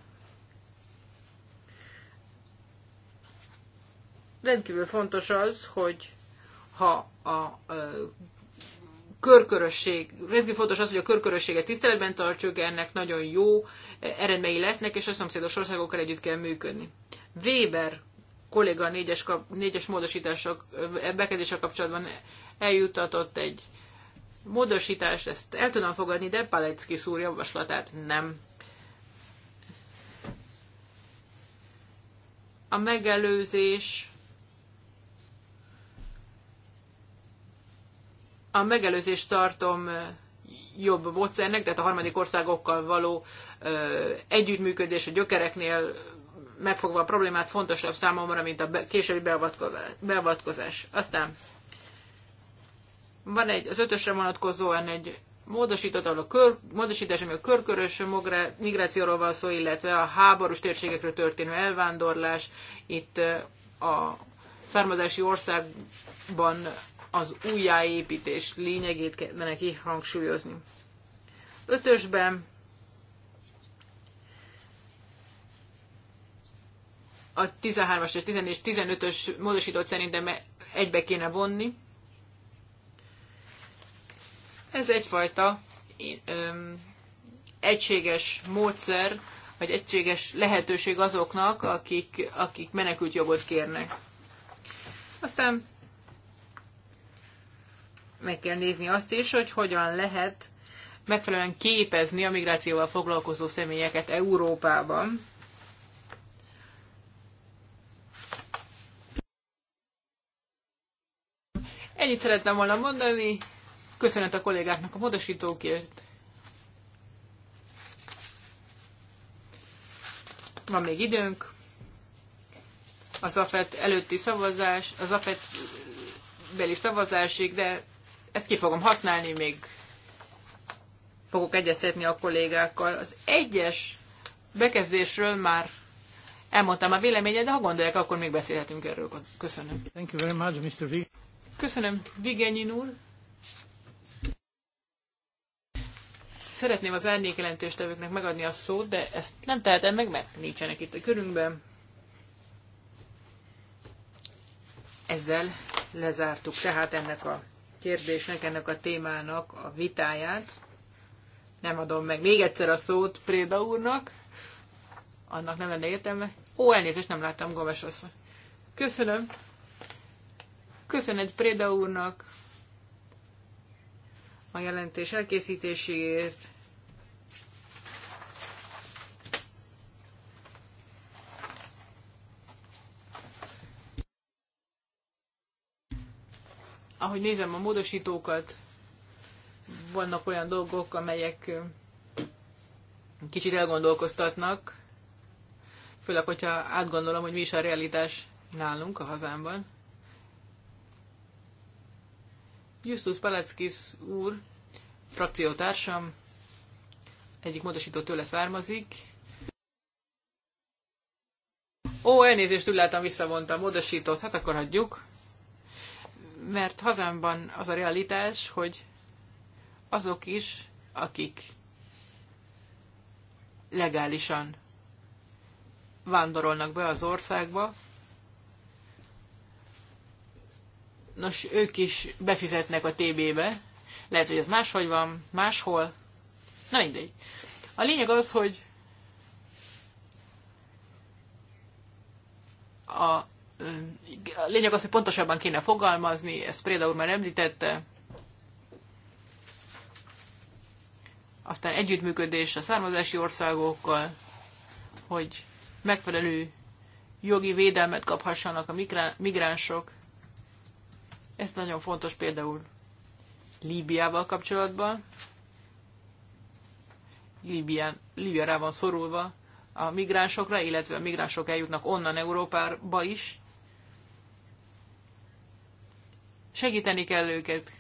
Rendkívül fontos az, hogy ha a, körkörösség, rendkívül fontos az, hogy a körkörösséget tiszteletben tartsuk, ennek nagyon jó eredmei lesznek, és a szomszédos országokkal együtt kell működni. Weber kolléga négyes, négyes módosítások bekezdése kapcsolatban eljutatott egy módosítás, ezt el tudom fogadni, de Palecki szúr javaslatát nem. A megelőzés a megelőzést tartom jobb módszernek, tehát a harmadik országokkal való együttműködés a gyökereknél megfogva a problémát fontosabb számomra, mint a későbbi beavatkozás. Aztán van egy, az ötösre vonatkozóan egy módosított, ahol a kör, módosítás, ami a körkörös migrációról van szó, illetve a háborús térségekről történő elvándorlás, itt a származási országban az újjáépítés lényegét kellene kihangsúlyozni. Ötösben a 13-as és 14 15-ös módosítót szerintem egybe kéne vonni. Ez egyfajta öm, egységes módszer, vagy egységes lehetőség azoknak, akik, akik menekült jogot kérnek. Aztán meg kell nézni azt is, hogy hogyan lehet megfelelően képezni a migrációval foglalkozó személyeket Európában. Ennyit szerettem volna mondani. Köszönet a kollégáknak a módosítókért. Van még időnk. Az AFET előtti szavazás, az AFET beli szavazásig, de ezt ki fogom használni, még fogok egyeztetni a kollégákkal. Az egyes bekezdésről már elmondtam a véleményed, de ha gondolják, akkor még beszélhetünk erről. Köszönöm. Thank you very much, Mr. V. Köszönöm, Vigenyin úr. Szeretném az árnyék jelentéstevőknek megadni a szót, de ezt nem tehetem meg, mert nincsenek itt a körünkben. Ezzel lezártuk tehát ennek a kérdésnek, ennek a témának a vitáját. Nem adom meg még egyszer a szót Préda úrnak. Annak nem lenne értelme. Ó, elnézést, nem láttam Gomes Köszönöm. Köszönet Préda úrnak a jelentés elkészítéséért. Ahogy nézem a módosítókat, vannak olyan dolgok, amelyek kicsit elgondolkoztatnak, főleg, hogyha átgondolom, hogy mi is a realitás nálunk, a hazámban. Justus Palackis úr, frakciótársam, egyik módosító tőle származik. Ó, elnézést, úgy láttam, a módosítót, hát akkor hagyjuk. Mert hazámban az a realitás, hogy azok is, akik legálisan vándorolnak be az országba, Nos, ők is befizetnek a TB-be. Lehet, hogy ez máshogy van, máshol. Na mindegy. A lényeg az, hogy a, a lényeg az, hogy pontosabban kéne fogalmazni, ezt Préda úr már említette, aztán együttműködés a származási országokkal, hogy megfelelő jogi védelmet kaphassanak a migránsok. Ez nagyon fontos például Líbiával kapcsolatban. Líbián, Líbia rá van szorulva a migránsokra, illetve a migránsok eljutnak onnan Európába is. Segíteni kell őket.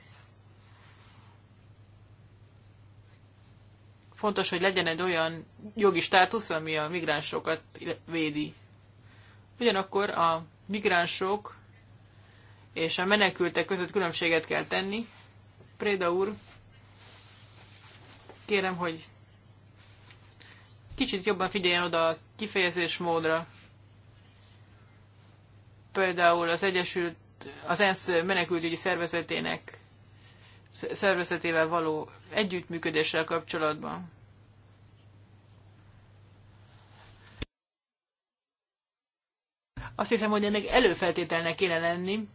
Fontos, hogy legyen egy olyan jogi státusz, ami a migránsokat védi. Ugyanakkor a migránsok és a menekültek között különbséget kell tenni. Préda úr, kérem, hogy kicsit jobban figyeljen oda a kifejezésmódra. Például az Egyesült, az ENSZ menekültügyi szervezetének szervezetével való együttműködéssel kapcsolatban. Azt hiszem, hogy ennek előfeltételnek kéne lenni,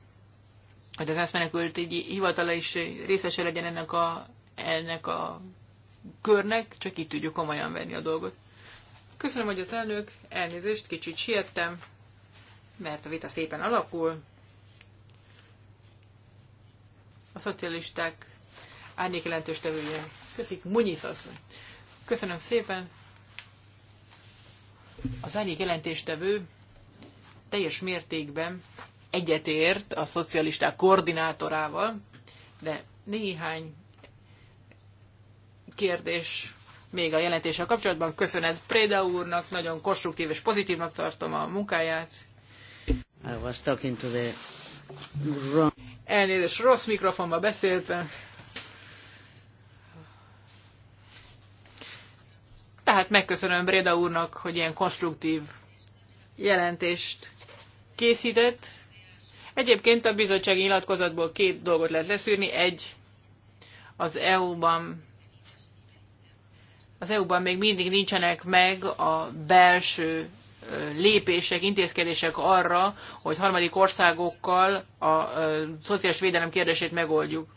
hogy az ENSZ menekült egy hivatala is részese legyen ennek a, ennek a körnek, csak így tudjuk komolyan venni a dolgot. Köszönöm, hogy az elnök, elnézést, kicsit siettem, mert a vita szépen alakul. A szocialisták árnyék jelentős tevője. Köszik, Munyit asszony. Köszönöm szépen. Az árnyék jelentéstevő teljes mértékben egyetért a szocialisták koordinátorával, de néhány kérdés még a jelentéssel kapcsolatban. Köszönet Préda úrnak, nagyon konstruktív és pozitívnak tartom a munkáját. I was talking to the wrong... Elnézést, rossz mikrofonba beszéltem. Tehát megköszönöm Breda úrnak, hogy ilyen konstruktív jelentést készített. Egyébként a bizottsági nyilatkozatból két dolgot lehet leszűrni. Egy, az EU-ban az EU-ban még mindig nincsenek meg a belső lépések, intézkedések arra, hogy harmadik országokkal a szociális védelem kérdését megoldjuk.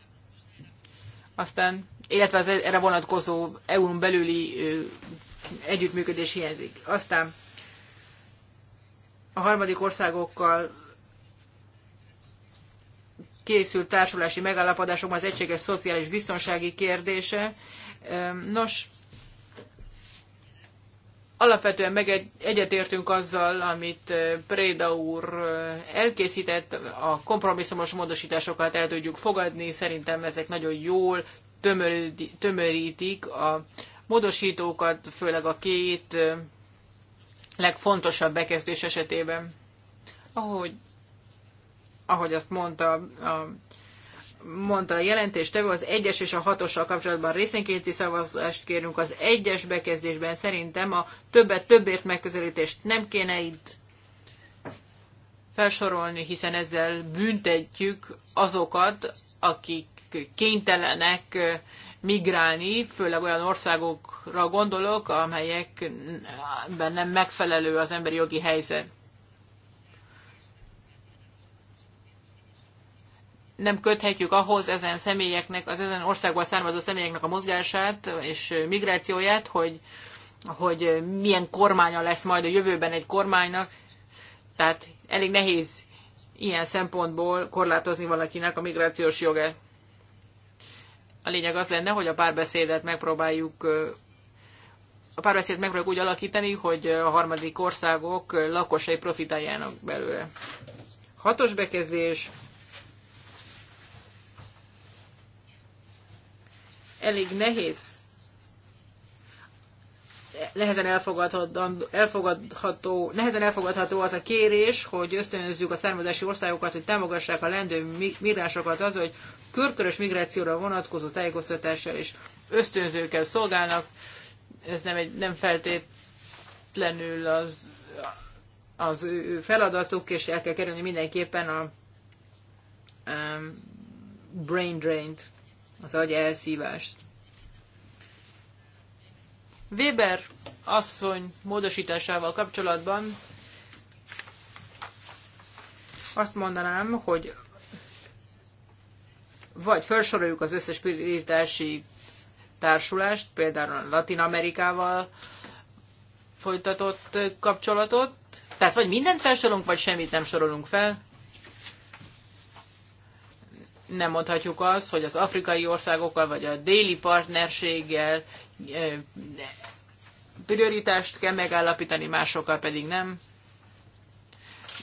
Aztán, illetve az erre vonatkozó EU-n belüli együttműködés hiányzik. Aztán a harmadik országokkal készült társulási megállapodásokban az egységes szociális biztonsági kérdése. Nos, alapvetően meg egyetértünk azzal, amit Préda úr elkészített, a kompromisszumos módosításokat el tudjuk fogadni, szerintem ezek nagyon jól tömörítik a módosítókat, főleg a két legfontosabb bekezdés esetében. Ahogy ahogy azt mondta a mondta a jelentéstevő, az egyes és a hatossal kapcsolatban részénkénti szavazást kérünk. Az egyes bekezdésben szerintem a többet többért megközelítést nem kéne itt felsorolni, hiszen ezzel büntetjük azokat, akik kénytelenek migrálni, főleg olyan országokra gondolok, amelyekben nem megfelelő az emberi jogi helyzet. nem köthetjük ahhoz ezen személyeknek, az ezen országból származó személyeknek a mozgását és migrációját, hogy, hogy milyen kormánya lesz majd a jövőben egy kormánynak. Tehát elég nehéz ilyen szempontból korlátozni valakinek a migrációs jogát. A lényeg az lenne, hogy a párbeszédet megpróbáljuk a párbeszédet megpróbáljuk úgy alakítani, hogy a harmadik országok lakosai profitáljanak belőle. Hatos bekezdés, elég nehéz nehezen elfogadható, elfogadható, nehezen elfogadható az a kérés, hogy ösztönözzük a származási országokat, hogy támogassák a lendő migránsokat az, hogy körkörös migrációra vonatkozó tájékoztatással és ösztönzőkkel szolgálnak. Ez nem, egy, nem feltétlenül az, az ő feladatuk, és el kell kerülni mindenképpen a um, brain drain-t az agy elszívást. Weber asszony módosításával kapcsolatban azt mondanám, hogy vagy felsoroljuk az összes pirítási társulást, például Latin Amerikával folytatott kapcsolatot, tehát vagy mindent felsorolunk, vagy semmit nem sorolunk fel, nem mondhatjuk azt, hogy az afrikai országokkal vagy a déli partnerséggel prioritást kell megállapítani, másokkal pedig nem.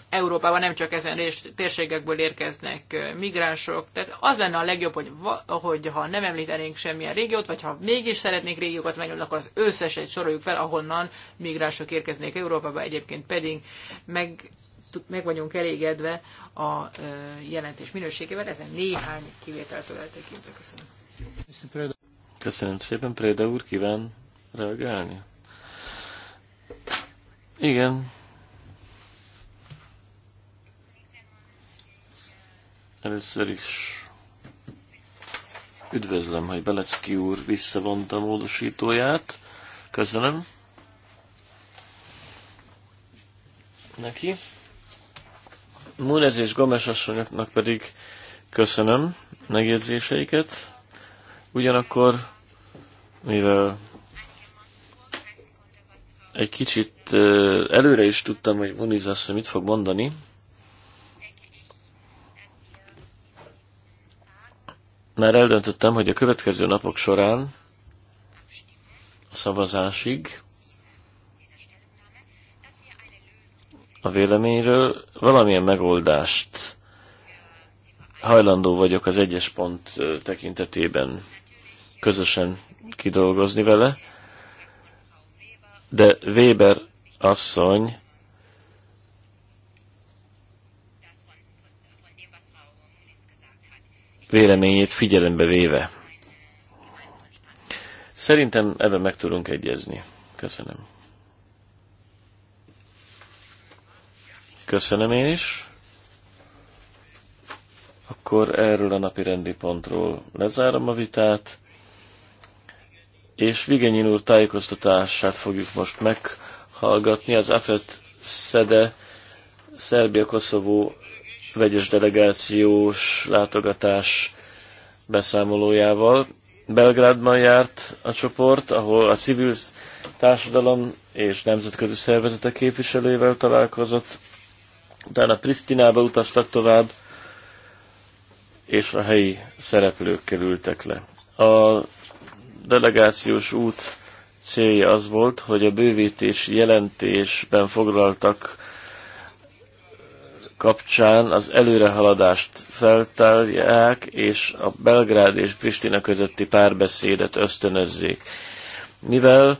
Európában nem csak ezen térségekből érkeznek migránsok. Tehát az lenne a legjobb, hogy, hogy ha nem említenénk semmilyen régiót, vagy ha mégis szeretnék régiókat megnyomni, akkor az összeset soroljuk fel, ahonnan migránsok érkeznék Európába, egyébként pedig meg meg vagyunk elégedve a jelentés minőségével, ezen néhány kivételtől eltekintve. Köszönöm. Köszönöm szépen, Préda úr, kíván reagálni? Igen. Először is üdvözlöm, hogy Belecki úr visszavonta a módosítóját. Köszönöm neki. Múnez és Gomes asszonyoknak pedig köszönöm megjegyzéseiket. Ugyanakkor, mivel egy kicsit előre is tudtam, hogy Muniz asszony mit fog mondani, már eldöntöttem, hogy a következő napok során a szavazásig a véleményről. Valamilyen megoldást hajlandó vagyok az egyes pont tekintetében közösen kidolgozni vele, de Weber asszony véleményét figyelembe véve. Szerintem ebben meg tudunk egyezni. Köszönöm. Köszönöm én is. Akkor erről a napi rendi pontról lezárom a vitát, és Vigenyin úr tájékoztatását fogjuk most meghallgatni. Az AFET SZEDE Szerbia-Koszovó vegyes delegációs látogatás beszámolójával. Belgrádban járt a csoport, ahol a civil társadalom és nemzetközi szervezetek képviselőivel találkozott, utána Pristinába utaztak tovább, és a helyi szereplők kerültek le. A delegációs út célja az volt, hogy a bővítési jelentésben foglaltak kapcsán az előrehaladást feltárják, és a Belgrád és Pristina közötti párbeszédet ösztönözzék. Mivel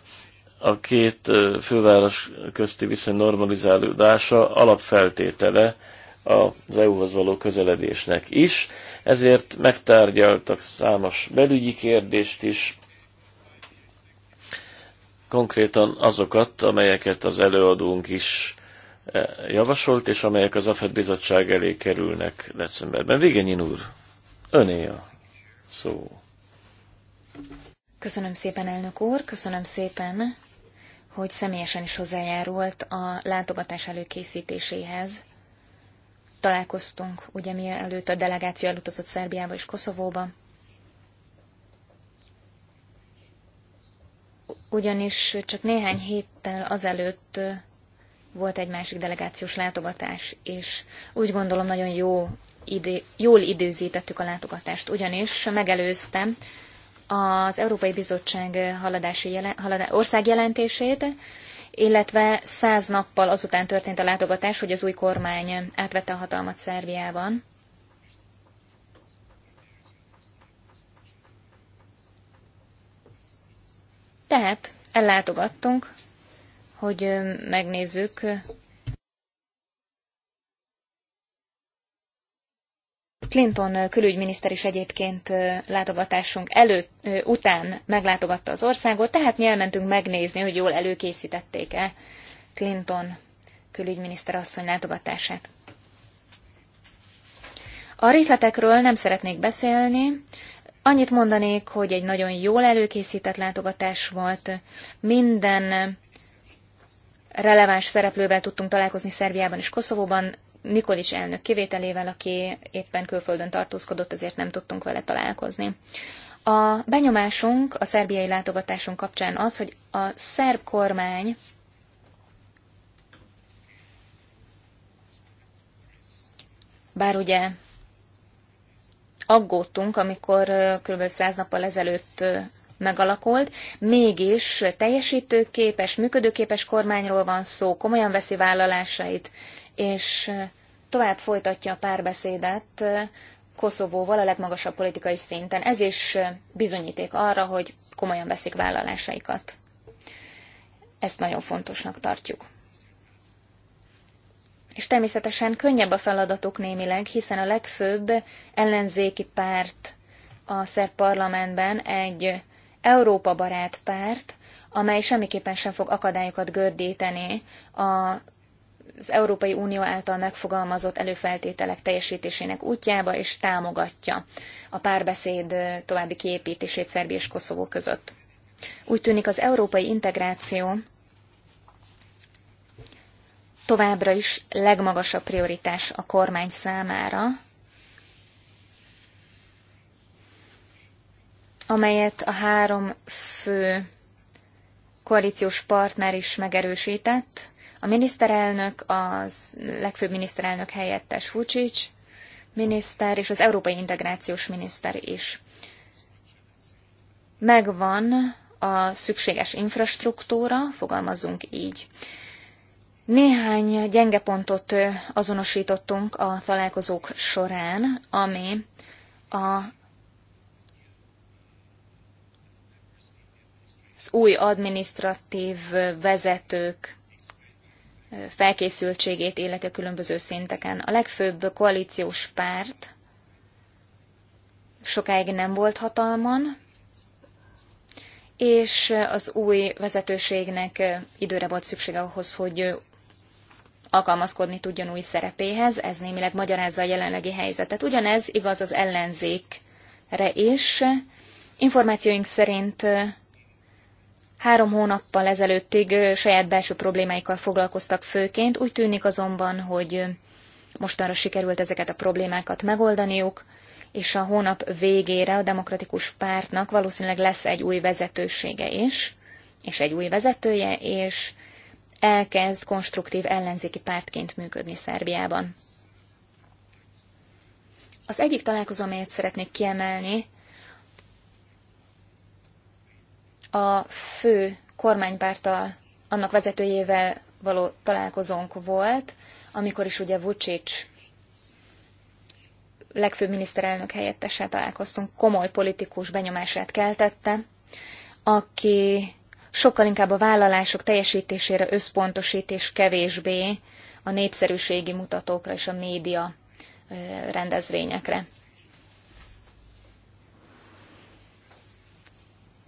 a két főváros közti viszony normalizálódása alapfeltétele az EU-hoz való közeledésnek is, ezért megtárgyaltak számos belügyi kérdést is, konkrétan azokat, amelyeket az előadónk is e, javasolt, és amelyek az AFED bizottság elé kerülnek decemberben. Végenyin úr, öné a szó. Köszönöm szépen, elnök úr, köszönöm szépen hogy személyesen is hozzájárult a látogatás előkészítéséhez. Találkoztunk, ugye mielőtt a delegáció elutazott Szerbiába és Koszovóba. Ugyanis csak néhány héttel azelőtt volt egy másik delegációs látogatás, és úgy gondolom nagyon jó idő, jól időzítettük a látogatást, ugyanis megelőztem az Európai Bizottság haladási jelen, halad, országjelentését, illetve száz nappal azután történt a látogatás, hogy az új kormány átvette a hatalmat Szerbiában. Tehát ellátogattunk, hogy megnézzük Clinton külügyminiszter is egyébként látogatásunk előtt, után meglátogatta az országot, tehát mi elmentünk megnézni, hogy jól előkészítették-e Clinton külügyminiszter asszony látogatását. A részletekről nem szeretnék beszélni, annyit mondanék, hogy egy nagyon jól előkészített látogatás volt, minden releváns szereplővel tudtunk találkozni Szerbiában és Koszovóban, Nikolis elnök kivételével, aki éppen külföldön tartózkodott, ezért nem tudtunk vele találkozni. A benyomásunk a szerbiai látogatásunk kapcsán az, hogy a szerb kormány bár ugye aggódtunk, amikor kb. száz nappal ezelőtt megalakult, mégis teljesítőképes, működőképes kormányról van szó, komolyan veszi vállalásait, és tovább folytatja a párbeszédet Koszovóval a legmagasabb politikai szinten. Ez is bizonyíték arra, hogy komolyan veszik vállalásaikat. Ezt nagyon fontosnak tartjuk. És természetesen könnyebb a feladatuk némileg, hiszen a legfőbb ellenzéki párt a szerb parlamentben egy Európa barát párt, amely semmiképpen sem fog akadályokat gördíteni a az Európai Unió által megfogalmazott előfeltételek teljesítésének útjába, és támogatja a párbeszéd további kiépítését Szerbia és Koszovó között. Úgy tűnik az európai integráció továbbra is legmagasabb prioritás a kormány számára, amelyet a három fő koalíciós partner is megerősített, a miniszterelnök, az legfőbb miniszterelnök helyettes Vucic miniszter és az európai integrációs miniszter is. Megvan a szükséges infrastruktúra, fogalmazzunk így. Néhány gyenge pontot azonosítottunk a találkozók során, ami a az új administratív vezetők felkészültségét illeti a különböző szinteken. A legfőbb koalíciós párt sokáig nem volt hatalman, és az új vezetőségnek időre volt szüksége ahhoz, hogy alkalmazkodni tudjon új szerepéhez, ez némileg magyarázza a jelenlegi helyzetet. Ugyanez igaz az ellenzékre is. Információink szerint Három hónappal ezelőttig saját belső problémáikkal foglalkoztak főként, úgy tűnik azonban, hogy mostanra sikerült ezeket a problémákat megoldaniuk, és a hónap végére a demokratikus pártnak valószínűleg lesz egy új vezetősége is, és egy új vezetője, és elkezd konstruktív ellenzéki pártként működni Szerbiában. Az egyik találkozó, amelyet szeretnék kiemelni, a fő kormánypárttal, annak vezetőjével való találkozónk volt, amikor is ugye Vucic legfőbb miniszterelnök helyettessel találkoztunk, komoly politikus benyomását keltette, aki sokkal inkább a vállalások teljesítésére összpontosít, és kevésbé a népszerűségi mutatókra és a média rendezvényekre.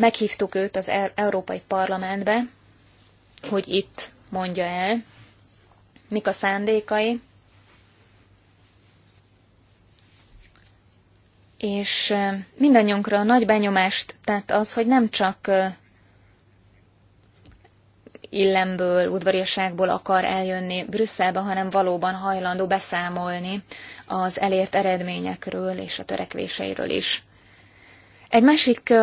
Meghívtuk őt az e- Európai Parlamentbe, hogy itt mondja el, mik a szándékai, és mindannyiunkra nagy benyomást tett az, hogy nem csak illemből, udvariasságból akar eljönni Brüsszelbe, hanem valóban hajlandó beszámolni az elért eredményekről és a törekvéseiről is. Egy másik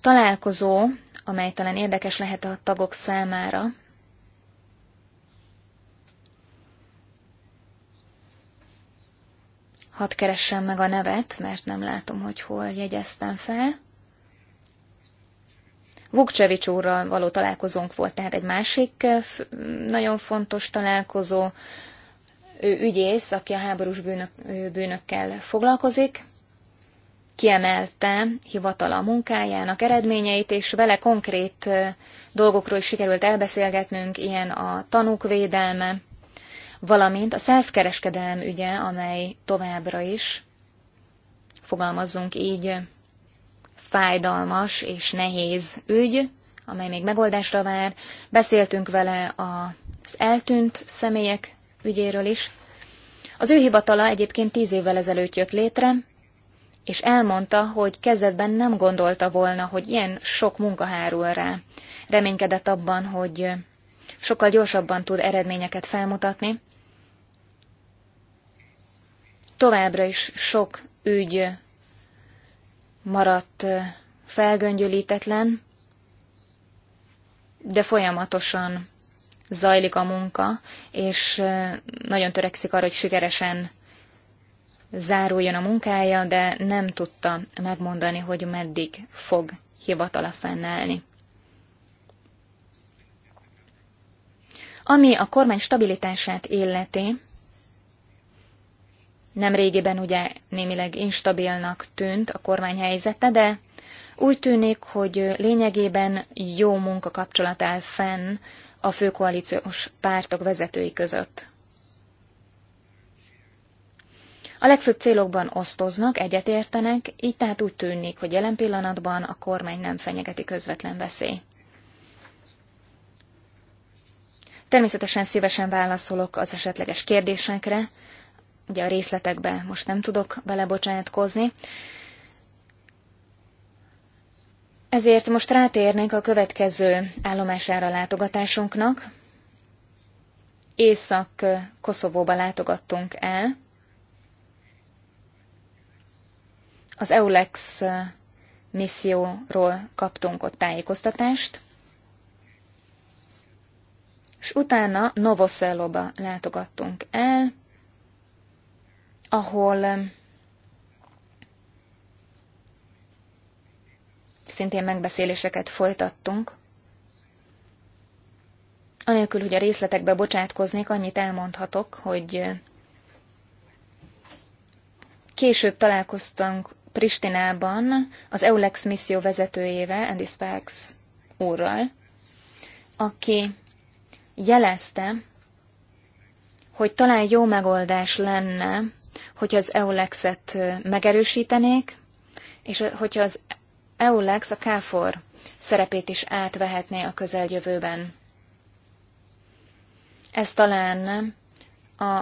találkozó, amely talán érdekes lehet a tagok számára. Hadd keressem meg a nevet, mert nem látom, hogy hol jegyeztem fel. Vukcevics úrral való találkozónk volt, tehát egy másik eh, nagyon fontos találkozó. Ő ügyész, aki a háborús bűnök, bűnökkel foglalkozik, kiemelte hivatala a munkájának eredményeit, és vele konkrét dolgokról is sikerült elbeszélgetnünk, ilyen a tanúk védelme, valamint a szelfkereskedelem ügye, amely továbbra is, fogalmazzunk így, fájdalmas és nehéz ügy, amely még megoldásra vár. Beszéltünk vele az eltűnt személyek ügyéről is. Az ő hivatala egyébként tíz évvel ezelőtt jött létre, és elmondta, hogy kezdetben nem gondolta volna, hogy ilyen sok munka hárul rá. Reménykedett abban, hogy sokkal gyorsabban tud eredményeket felmutatni. Továbbra is sok ügy maradt felgöngyölítetlen, de folyamatosan zajlik a munka, és nagyon törekszik arra, hogy sikeresen záruljon a munkája, de nem tudta megmondani, hogy meddig fog hivatala fennállni. Ami a kormány stabilitását illeti, régiben ugye némileg instabilnak tűnt a kormány helyzete, de úgy tűnik, hogy lényegében jó kapcsolat áll fenn a főkoalíciós pártok vezetői között. A legfőbb célokban osztoznak, egyetértenek, így tehát úgy tűnik, hogy jelen pillanatban a kormány nem fenyegeti közvetlen veszély. Természetesen szívesen válaszolok az esetleges kérdésekre, ugye a részletekbe most nem tudok belebocsátkozni, ezért most rátérnék a következő állomására látogatásunknak. Észak-Koszovóba látogattunk el, Az EULEX eh, misszióról kaptunk ott tájékoztatást, és utána Novoselloba látogattunk el, ahol eh, szintén megbeszéléseket folytattunk. Anélkül, hogy a részletekbe bocsátkoznék, annyit elmondhatok, hogy eh, később találkoztunk Pristinában az EULEX misszió vezetőjével, Andy Sparks úrral, aki jelezte, hogy talán jó megoldás lenne, hogy az EULEX-et megerősítenék, és hogyha az EULEX a KFOR szerepét is átvehetné a közeljövőben. Ez talán a,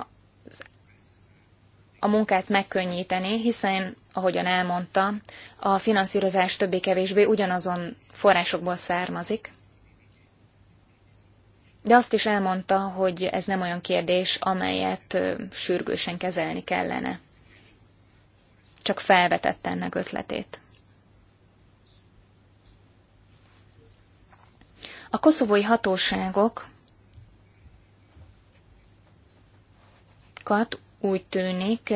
a munkát megkönnyítené, hiszen ahogyan elmondta, a finanszírozás többé-kevésbé ugyanazon forrásokból származik, de azt is elmondta, hogy ez nem olyan kérdés, amelyet sürgősen kezelni kellene. Csak felvetette ennek ötletét. A koszovói hatóságok úgy tűnik,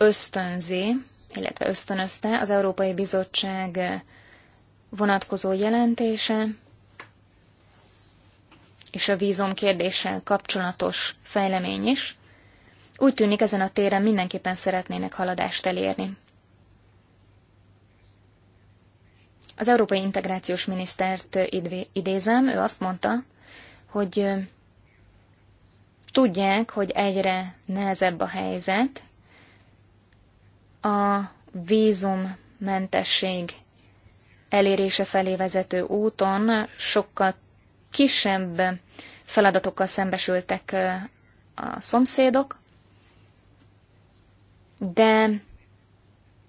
ösztönzi, illetve ösztönözte az Európai Bizottság vonatkozó jelentése és a vízum kérdéssel kapcsolatos fejlemény is. Úgy tűnik ezen a téren mindenképpen szeretnének haladást elérni. Az Európai Integrációs Minisztert idézem, ő azt mondta, hogy tudják, hogy egyre nehezebb a helyzet, a vízummentesség elérése felé vezető úton sokkal kisebb feladatokkal szembesültek a szomszédok, de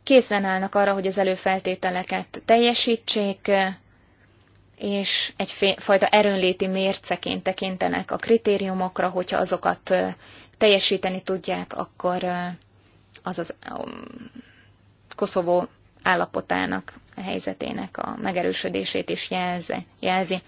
készen állnak arra, hogy az előfeltételeket teljesítsék, és egyfajta erőnléti mérceként tekintenek a kritériumokra, hogyha azokat teljesíteni tudják, akkor azaz um, Koszovó állapotának, a helyzetének a megerősödését is jelzi. jelzi.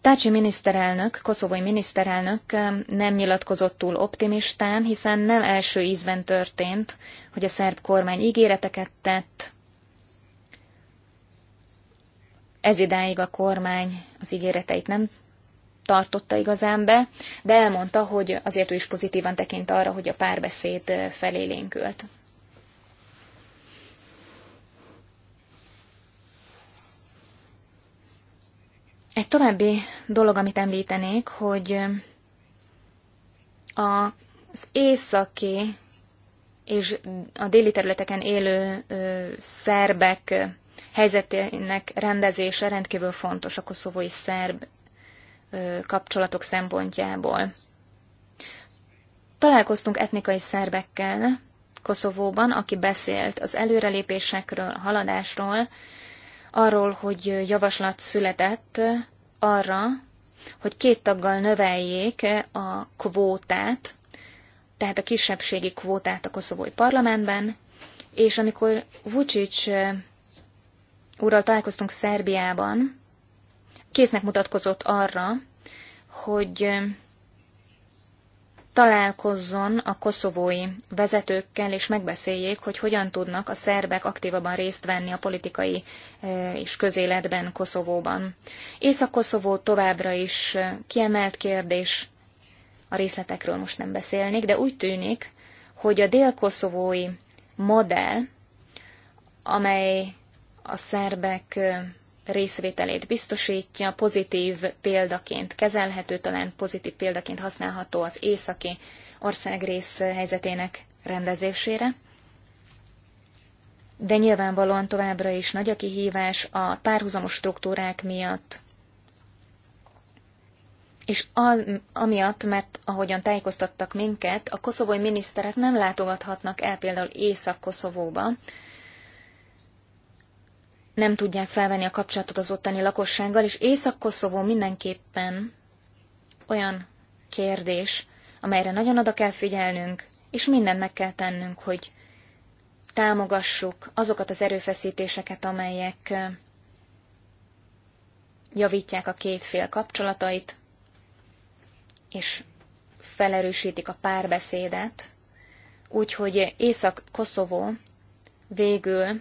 Tácsi miniszterelnök, koszovói miniszterelnök um, nem nyilatkozott túl optimistán, hiszen nem első ízben történt, hogy a szerb kormány ígéreteket tett. Ez idáig a kormány az ígéreteit nem tartotta igazán be, de elmondta, hogy azért ő is pozitívan tekint arra, hogy a párbeszéd felélénkült. Egy további dolog, amit említenék, hogy az északi és a déli területeken élő ö, szerbek helyzetének rendezése rendkívül fontos a koszovói szerb kapcsolatok szempontjából. Találkoztunk etnikai szerbekkel Koszovóban, aki beszélt az előrelépésekről, a haladásról, arról, hogy javaslat született arra, hogy két taggal növeljék a kvótát, tehát a kisebbségi kvótát a koszovói parlamentben, és amikor Vucic úrral találkoztunk Szerbiában, késznek mutatkozott arra, hogy találkozzon a koszovói vezetőkkel, és megbeszéljék, hogy hogyan tudnak a szerbek aktívabban részt venni a politikai és közéletben Koszovóban. Észak-Koszovó továbbra is kiemelt kérdés, a részletekről most nem beszélnék, de úgy tűnik, hogy a dél-koszovói modell, amely a szerbek részvételét biztosítja, pozitív példaként kezelhető, talán pozitív példaként használható az északi országrész helyzetének rendezésére. De nyilvánvalóan továbbra is nagy a kihívás a párhuzamos struktúrák miatt, és amiatt, mert ahogyan tájékoztattak minket, a koszovói miniszterek nem látogathatnak el például Észak-Koszovóba, nem tudják felvenni a kapcsolatot az ottani lakossággal, és Észak-Koszovó mindenképpen olyan kérdés, amelyre nagyon oda kell figyelnünk, és mindent meg kell tennünk, hogy támogassuk azokat az erőfeszítéseket, amelyek javítják a két fél kapcsolatait, és felerősítik a párbeszédet, úgyhogy Észak-Koszovó végül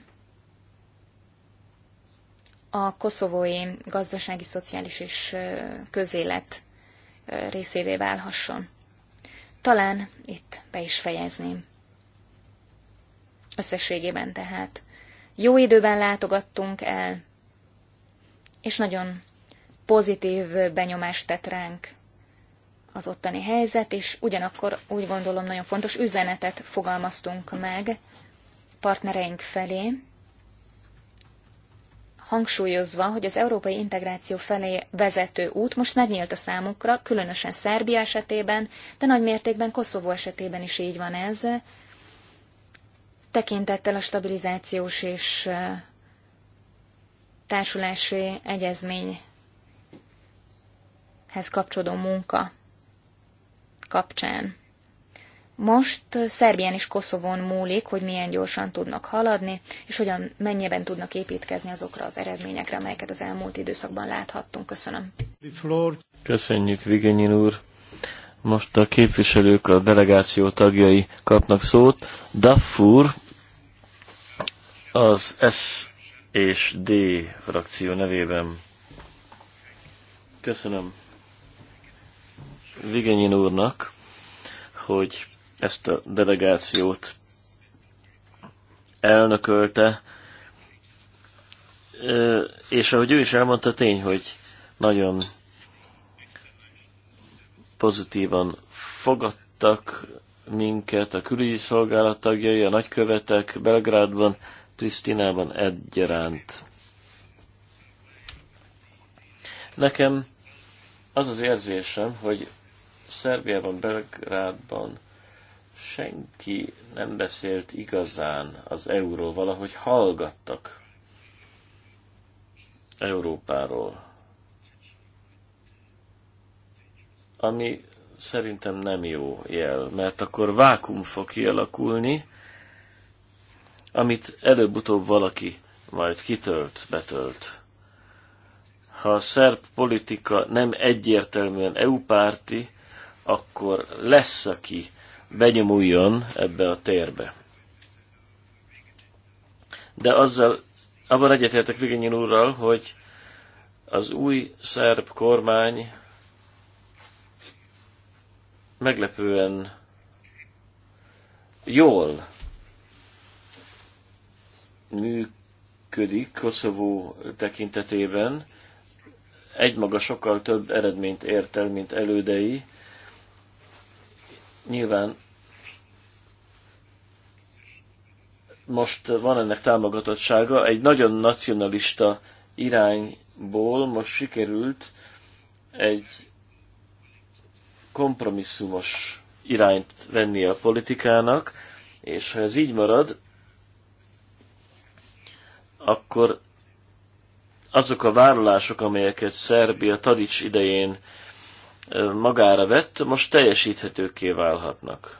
a koszovói gazdasági, szociális és közélet részévé válhasson. Talán itt be is fejezném. Összességében tehát. Jó időben látogattunk el, és nagyon pozitív benyomást tett ránk az ottani helyzet, és ugyanakkor úgy gondolom nagyon fontos üzenetet fogalmaztunk meg partnereink felé, hangsúlyozva, hogy az európai integráció felé vezető út most megnyílt a számukra, különösen Szerbia esetében, de nagy mértékben Koszovó esetében is így van ez, tekintettel a stabilizációs és társulási egyezményhez kapcsolódó munka kapcsán. Most Szerbián és Koszovon múlik, hogy milyen gyorsan tudnak haladni, és hogyan mennyiben tudnak építkezni azokra az eredményekre, amelyeket az elmúlt időszakban láthattunk. Köszönöm. Köszönjük, Vigenyin úr. Most a képviselők, a delegáció tagjai kapnak szót. Daffur az S és D frakció nevében. Köszönöm Vigenyin úrnak, hogy ezt a delegációt elnökölte, és ahogy ő is elmondta, tény, hogy nagyon pozitívan fogadtak minket a külügyi szolgálat tagjai, a nagykövetek Belgrádban, Pristinában egyaránt. Nekem az az érzésem, hogy Szerbiában, Belgrádban senki nem beszélt igazán az euróval, valahogy hallgattak Európáról. Ami szerintem nem jó jel, mert akkor vákum fog kialakulni, amit előbb-utóbb valaki majd kitölt, betölt. Ha a szerb politika nem egyértelműen EU párti, akkor lesz, aki benyomuljon ebbe a térbe. De azzal, abban egyetértek Vigenyin úrral, hogy az új szerb kormány meglepően jól működik Koszovó tekintetében. Egymaga sokkal több eredményt ért el, mint elődei, Nyilván most van ennek támogatottsága, egy nagyon nacionalista irányból most sikerült egy kompromisszumos irányt venni a politikának, és ha ez így marad, akkor azok a vállalások, amelyeket Szerbia Tadics idején magára vett, most teljesíthetőké válhatnak.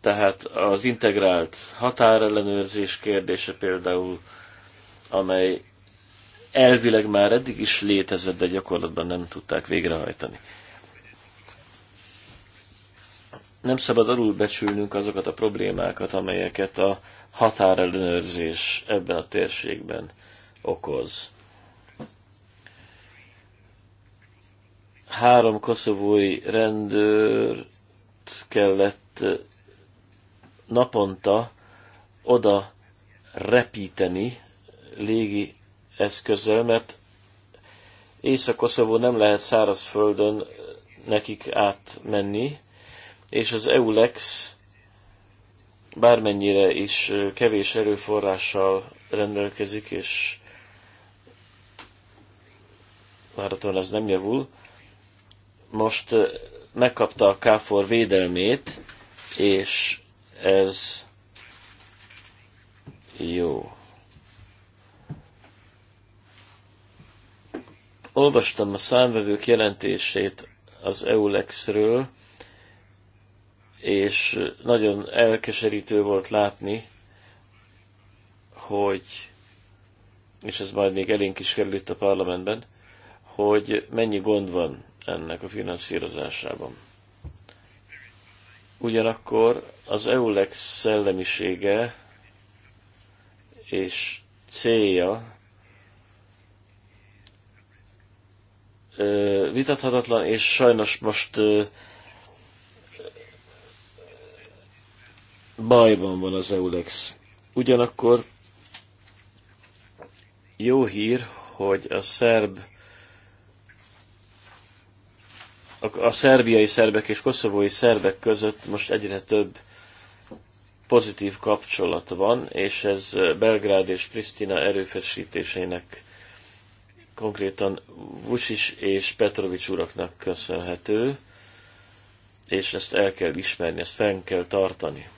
Tehát az integrált határellenőrzés kérdése például, amely elvileg már eddig is létezett, de gyakorlatban nem tudták végrehajtani. Nem szabad alulbecsülnünk azokat a problémákat, amelyeket a határellenőrzés ebben a térségben okoz. Három koszovói rendőrt kellett naponta oda repíteni légi eszközzel, mert Észak-Koszovó nem lehet szárazföldön nekik átmenni, és az EULEX bármennyire is kevés erőforrással rendelkezik, és várhatóan ez nem javul, most megkapta a Káfor védelmét, és ez jó. Olvastam a számvevők jelentését az Eulexről, és nagyon elkeserítő volt látni, hogy, és ez majd még elénk is került a parlamentben, hogy mennyi gond van ennek a finanszírozásában. Ugyanakkor az EULEX szellemisége és célja vitathatatlan, és sajnos most bajban van az EULEX. Ugyanakkor jó hír, hogy a szerb a, szerbiai szerbek és koszovói szerbek között most egyre több pozitív kapcsolat van, és ez Belgrád és Pristina erőfeszítéseinek konkrétan Vucic és Petrovics uraknak köszönhető, és ezt el kell ismerni, ezt fenn kell tartani.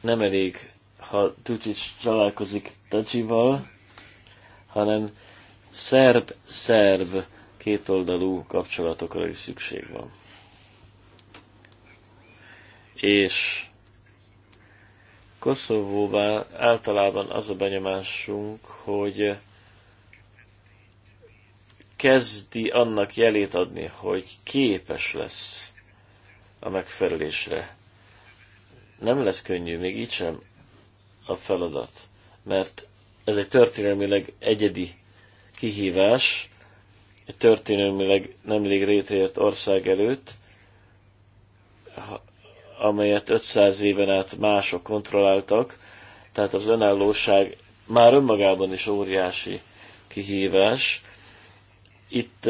Nem elég, ha Tucic találkozik Tacsival, hanem szerb-szerb kétoldalú kapcsolatokra is szükség van. És Koszovóban általában az a benyomásunk, hogy kezdi annak jelét adni, hogy képes lesz a megfelelésre. Nem lesz könnyű, még így sem a feladat mert ez egy történelmileg egyedi kihívás, egy történelmileg nemrég rétért ország előtt, amelyet 500 éven át mások kontrolláltak, tehát az önállóság már önmagában is óriási kihívás. Itt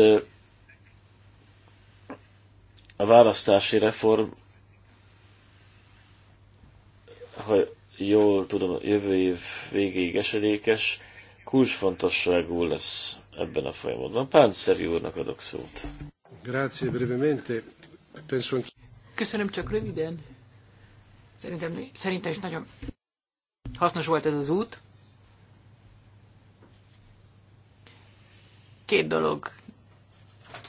a választási reform, hogy jól tudom, jövő év végéig esedékes, kulcsfontosságú lesz ebben a folyamatban. Páncszeri úrnak adok szót. Grazie brevemente. Penso... Köszönöm csak röviden. Szerintem, szerintem is nagyon hasznos volt ez az út. Két dolog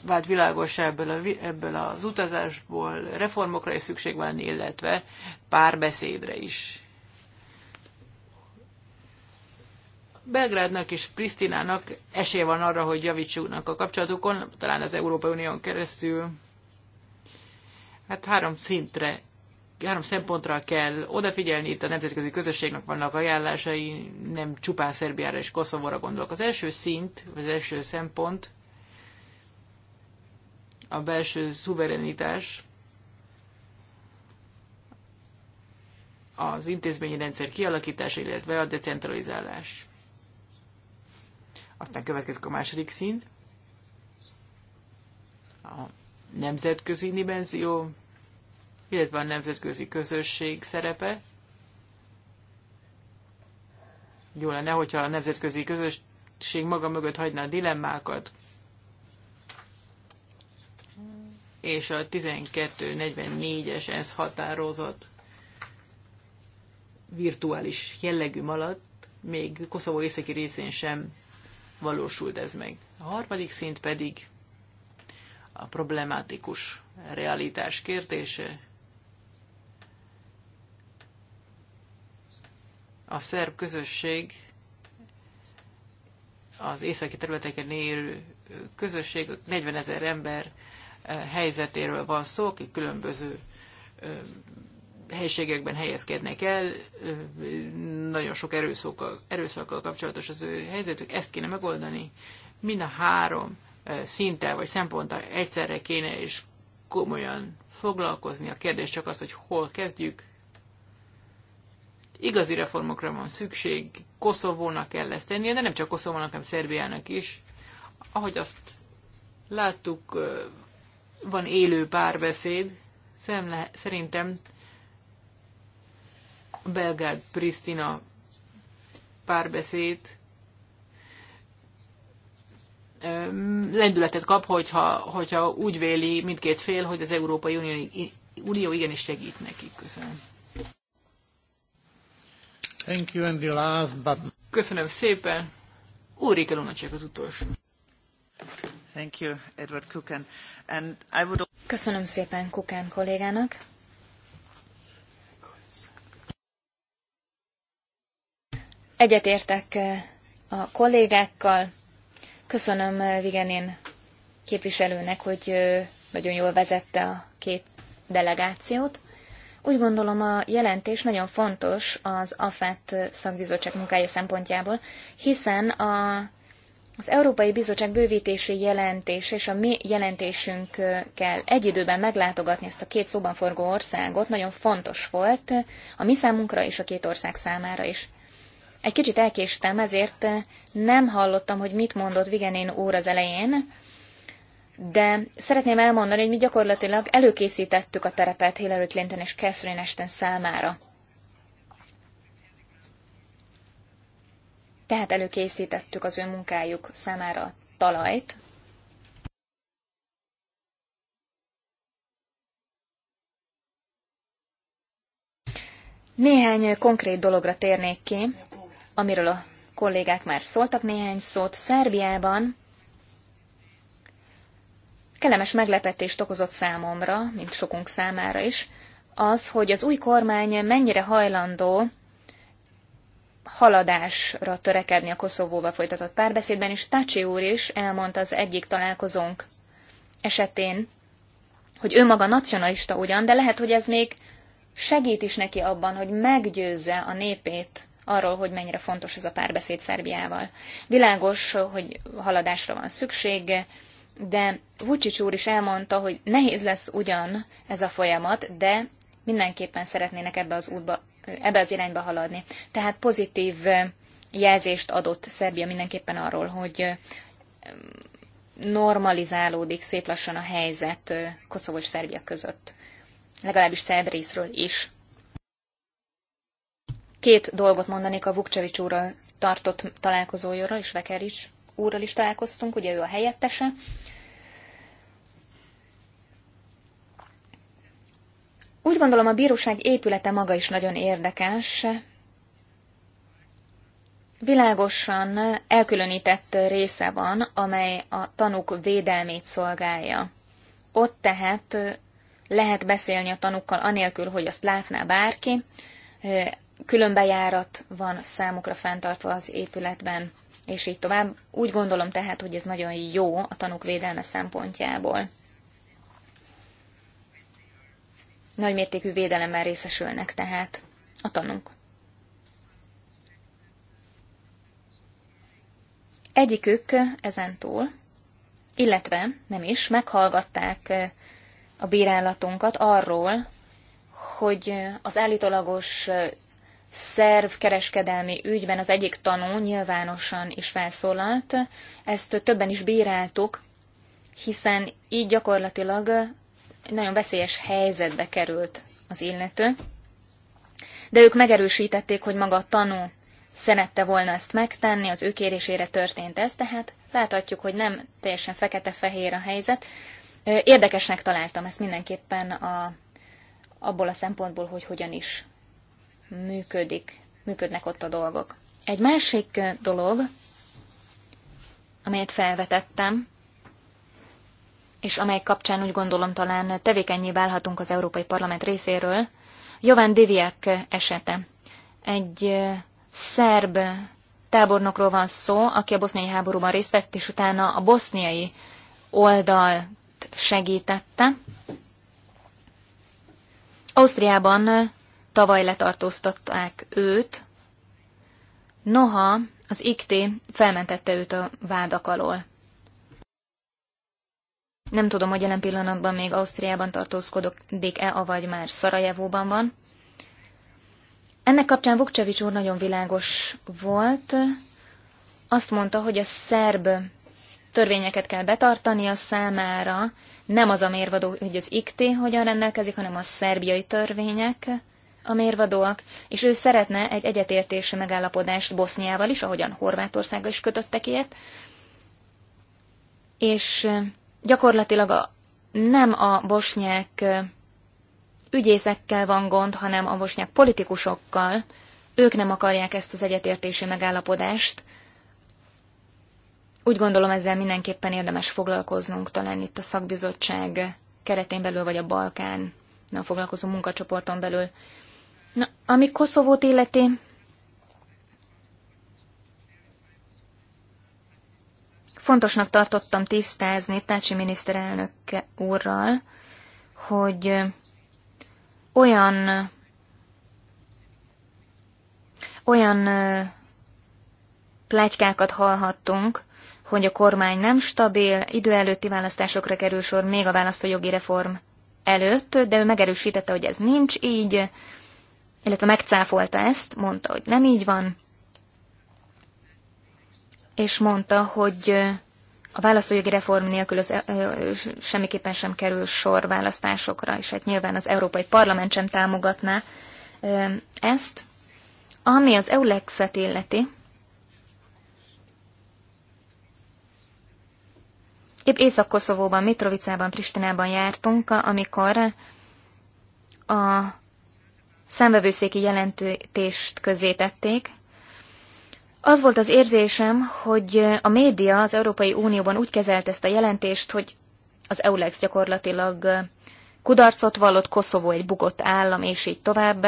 vált világos ebből, a, ebből az utazásból reformokra is szükség van, illetve párbeszédre is. Belgrádnak és Pristinának esély van arra, hogy javítsunknak a kapcsolatukon, talán az Európai Unión keresztül. Hát három szintre, három szempontra kell odafigyelni, itt a nemzetközi közösségnek vannak ajánlásai, nem csupán Szerbiára és Koszovóra gondolok. Az első szint, vagy az első szempont a belső szuverenitás, az intézményi rendszer kialakítása, illetve a decentralizálás. Aztán következik a második szint, a nemzetközi dimenzió, illetve a nemzetközi közösség szerepe. Jó lenne, hogyha a nemzetközi közösség maga mögött hagyna a dilemmákat, és a 1244-es ez határozott virtuális jellegű alatt még Koszovó északi részén sem valósult ez meg. A harmadik szint pedig a problematikus realitás kérdése. A szerb közösség, az északi területeken élő közösség, 40 ezer ember eh, helyzetéről van szó, akik különböző eh, helységekben helyezkednek el, nagyon sok erőszakkal, erőszakkal kapcsolatos az ő helyzetük, ezt kéne megoldani. Mind a három szinten vagy szemponttal egyszerre kéne és komolyan foglalkozni. A kérdés csak az, hogy hol kezdjük. Igazi reformokra van szükség, Koszovónak kell ezt tennie, de nem csak Koszovónak, hanem Szerbiának is. Ahogy azt láttuk, van élő párbeszéd, szerintem a belgád Pristina párbeszéd lendületet kap, hogyha, hogyha úgy véli mindkét fél, hogy az Európai Unió, Unió igenis segít nekik. Köszönöm. Thank you and the last, but... Köszönöm szépen. Ulrike Lunacek az utolsó. Thank you, Edward Kukan. And I would... Köszönöm szépen Kukan kollégának. Egyetértek eh, a kollégákkal. Köszönöm eh, Vigenén képviselőnek, hogy eh, nagyon jól vezette a két delegációt. Úgy gondolom a jelentés nagyon fontos az AFET szakbizottság munkája szempontjából, hiszen a, az Európai Bizottság bővítési jelentés és a mi jelentésünkkel egy időben meglátogatni ezt a két szóban forgó országot nagyon fontos volt a mi számunkra és a két ország számára is. Egy kicsit elkéstem, ezért eh, nem hallottam, hogy mit mondott Vigenén úr az elején, de szeretném elmondani, hogy mi gyakorlatilag előkészítettük a terepet Hillary Clinton és Catherine Ashton számára. Tehát előkészítettük az ő munkájuk számára a talajt. Néhány konkrét dologra térnék ki, amiről a kollégák már szóltak néhány szót. Szerbiában kellemes meglepetést okozott számomra, mint sokunk számára is, az, hogy az új kormány mennyire hajlandó haladásra törekedni a Koszovóval folytatott párbeszédben, és Tácsi úr is elmondta az egyik találkozónk esetén, hogy ő maga nacionalista ugyan, de lehet, hogy ez még segít is neki abban, hogy meggyőzze a népét arról, hogy mennyire fontos ez a párbeszéd Szerbiával. Világos, hogy haladásra van szükség, de Vucic úr is elmondta, hogy nehéz lesz ugyan ez a folyamat, de mindenképpen szeretnének ebbe az útba, ebbe az irányba haladni. Tehát pozitív jelzést adott Szerbia mindenképpen arról, hogy um, normalizálódik szép lassan a helyzet uh, Koszovó és Szerbia között. Legalábbis szerb részről is. Két dolgot mondanék a Vukcevics úrral tartott találkozójára, és Vekerics úrral is találkoztunk, ugye ő a helyettese. Úgy gondolom, a bíróság épülete maga is nagyon érdekes. Világosan elkülönített része van, amely a tanúk védelmét szolgálja. Ott tehát lehet beszélni a tanúkkal anélkül, hogy azt látná bárki, különbejárat van számukra fenntartva az épületben, és így tovább. Úgy gondolom tehát, hogy ez nagyon jó a tanúk védelme szempontjából. Nagymértékű védelemmel részesülnek tehát a tanúk. Egyikük ezentúl, illetve nem is, meghallgatták a bírálatunkat arról, hogy az állítólagos kereskedelmi ügyben az egyik tanú nyilvánosan is felszólalt. Ezt többen is bíráltuk, hiszen így gyakorlatilag egy nagyon veszélyes helyzetbe került az illető. De ők megerősítették, hogy maga a tanú szerette volna ezt megtenni, az ő kérésére történt ez, tehát láthatjuk, hogy nem teljesen fekete-fehér a helyzet. Érdekesnek találtam ezt mindenképpen a, abból a szempontból, hogy hogyan is működik, működnek ott a dolgok. Egy másik dolog, amelyet felvetettem, és amely kapcsán úgy gondolom talán tevékenyé válhatunk az Európai Parlament részéről, Jovan Diviak esete. Egy szerb tábornokról van szó, aki a boszniai háborúban részt vett, és utána a boszniai oldalt segítette. Ausztriában Tavaly letartóztatták őt, noha az IKT felmentette őt a vádak alól. Nem tudom, hogy jelen pillanatban még Ausztriában tartózkodik-e, avagy már Szarajevóban van. Ennek kapcsán Vukcevics úr nagyon világos volt. Azt mondta, hogy a szerb törvényeket kell betartani a számára, nem az a mérvadó, hogy az IKT hogyan rendelkezik, hanem a szerbiai törvények, a mérvadóak, és ő szeretne egy egyetértési megállapodást Boszniával is, ahogyan Horvátországgal is kötöttek ilyet, és gyakorlatilag a, nem a bosnyák ügyészekkel van gond, hanem a bosnyák politikusokkal. Ők nem akarják ezt az egyetértési megállapodást. Úgy gondolom ezzel mindenképpen érdemes foglalkoznunk, talán itt a szakbizottság keretén belül, vagy a Balkán nem foglalkozó munkacsoporton belül. Na, ami Koszovót illeti, fontosnak tartottam tisztázni Tácsi miniszterelnök úrral, hogy olyan olyan plátykákat hallhattunk, hogy a kormány nem stabil, idő előtti választásokra kerül sor még a választójogi reform előtt, de ő megerősítette, hogy ez nincs így, illetve megcáfolta ezt, mondta, hogy nem így van, és mondta, hogy a választójogi reform nélkül az, semmiképpen sem kerül sor választásokra, és hát nyilván az Európai Parlament sem támogatná ezt. Ami az EULEX-et illeti, épp Észak-Koszovóban, Mitrovicában, Pristinában jártunk, amikor a számvevőszéki jelentést tették. Az volt az érzésem, hogy a média az Európai Unióban úgy kezelt ezt a jelentést, hogy az EULEX gyakorlatilag kudarcot vallott, Koszovó egy bugott állam, és így tovább.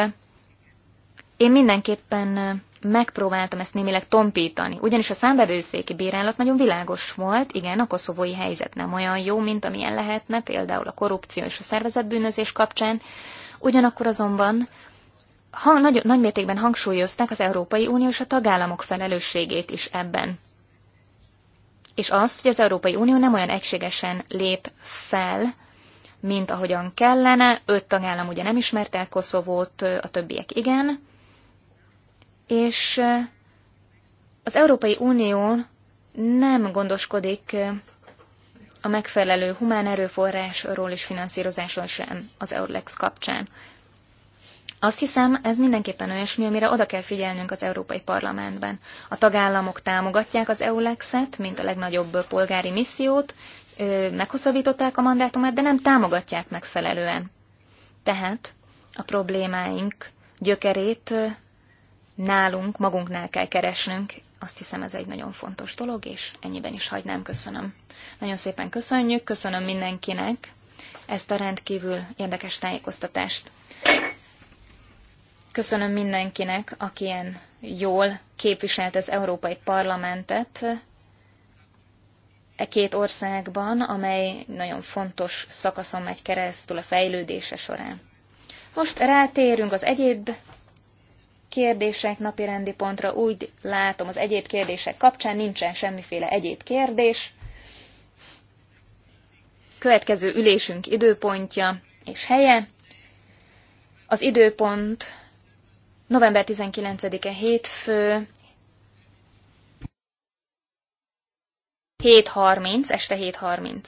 Én mindenképpen megpróbáltam ezt némileg tompítani, ugyanis a számbevőszéki bírálat nagyon világos volt, igen, a koszovói helyzet nem olyan jó, mint amilyen lehetne, például a korrupció és a szervezetbűnözés kapcsán, ugyanakkor azonban hang, nagy, nagy mértékben hangsúlyozták az Európai Unió és a tagállamok felelősségét is ebben. És azt, hogy az Európai Unió nem olyan egységesen lép fel, mint ahogyan kellene. Öt tagállam ugye nem ismerte el Koszovót, a többiek igen. És az Európai Unió nem gondoskodik a megfelelő humán erőforrásról és finanszírozásról sem az Eurlex kapcsán. Azt hiszem, ez mindenképpen olyasmi, amire oda kell figyelnünk az Európai Parlamentben. A tagállamok támogatják az EULEX-et, mint a legnagyobb polgári missziót, meghosszabbították a mandátumát, de nem támogatják megfelelően. Tehát a problémáink gyökerét nálunk, magunknál kell keresnünk. Azt hiszem, ez egy nagyon fontos dolog, és ennyiben is hagynám, köszönöm. Nagyon szépen köszönjük, köszönöm mindenkinek ezt a rendkívül érdekes tájékoztatást. Köszönöm mindenkinek, aki ilyen jól képviselt az Európai Parlamentet e két országban, amely nagyon fontos szakaszon megy keresztül a fejlődése során. Most rátérünk az egyéb kérdések napirendi pontra. Úgy látom, az egyéb kérdések kapcsán nincsen semmiféle egyéb kérdés. Következő ülésünk időpontja és helye. Az időpont November 19-e hétfő, 7.30, este 7.30.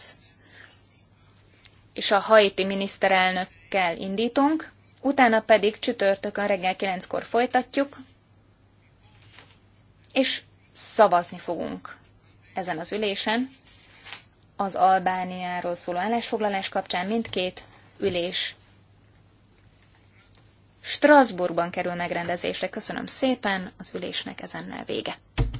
És a haiti miniszterelnökkel indítunk, utána pedig csütörtökön reggel 9-kor folytatjuk, és szavazni fogunk ezen az ülésen. Az Albániáról szóló állásfoglalás kapcsán mindkét ülés Strasbourgban kerül megrendezésre. Köszönöm szépen, az ülésnek ezennel vége.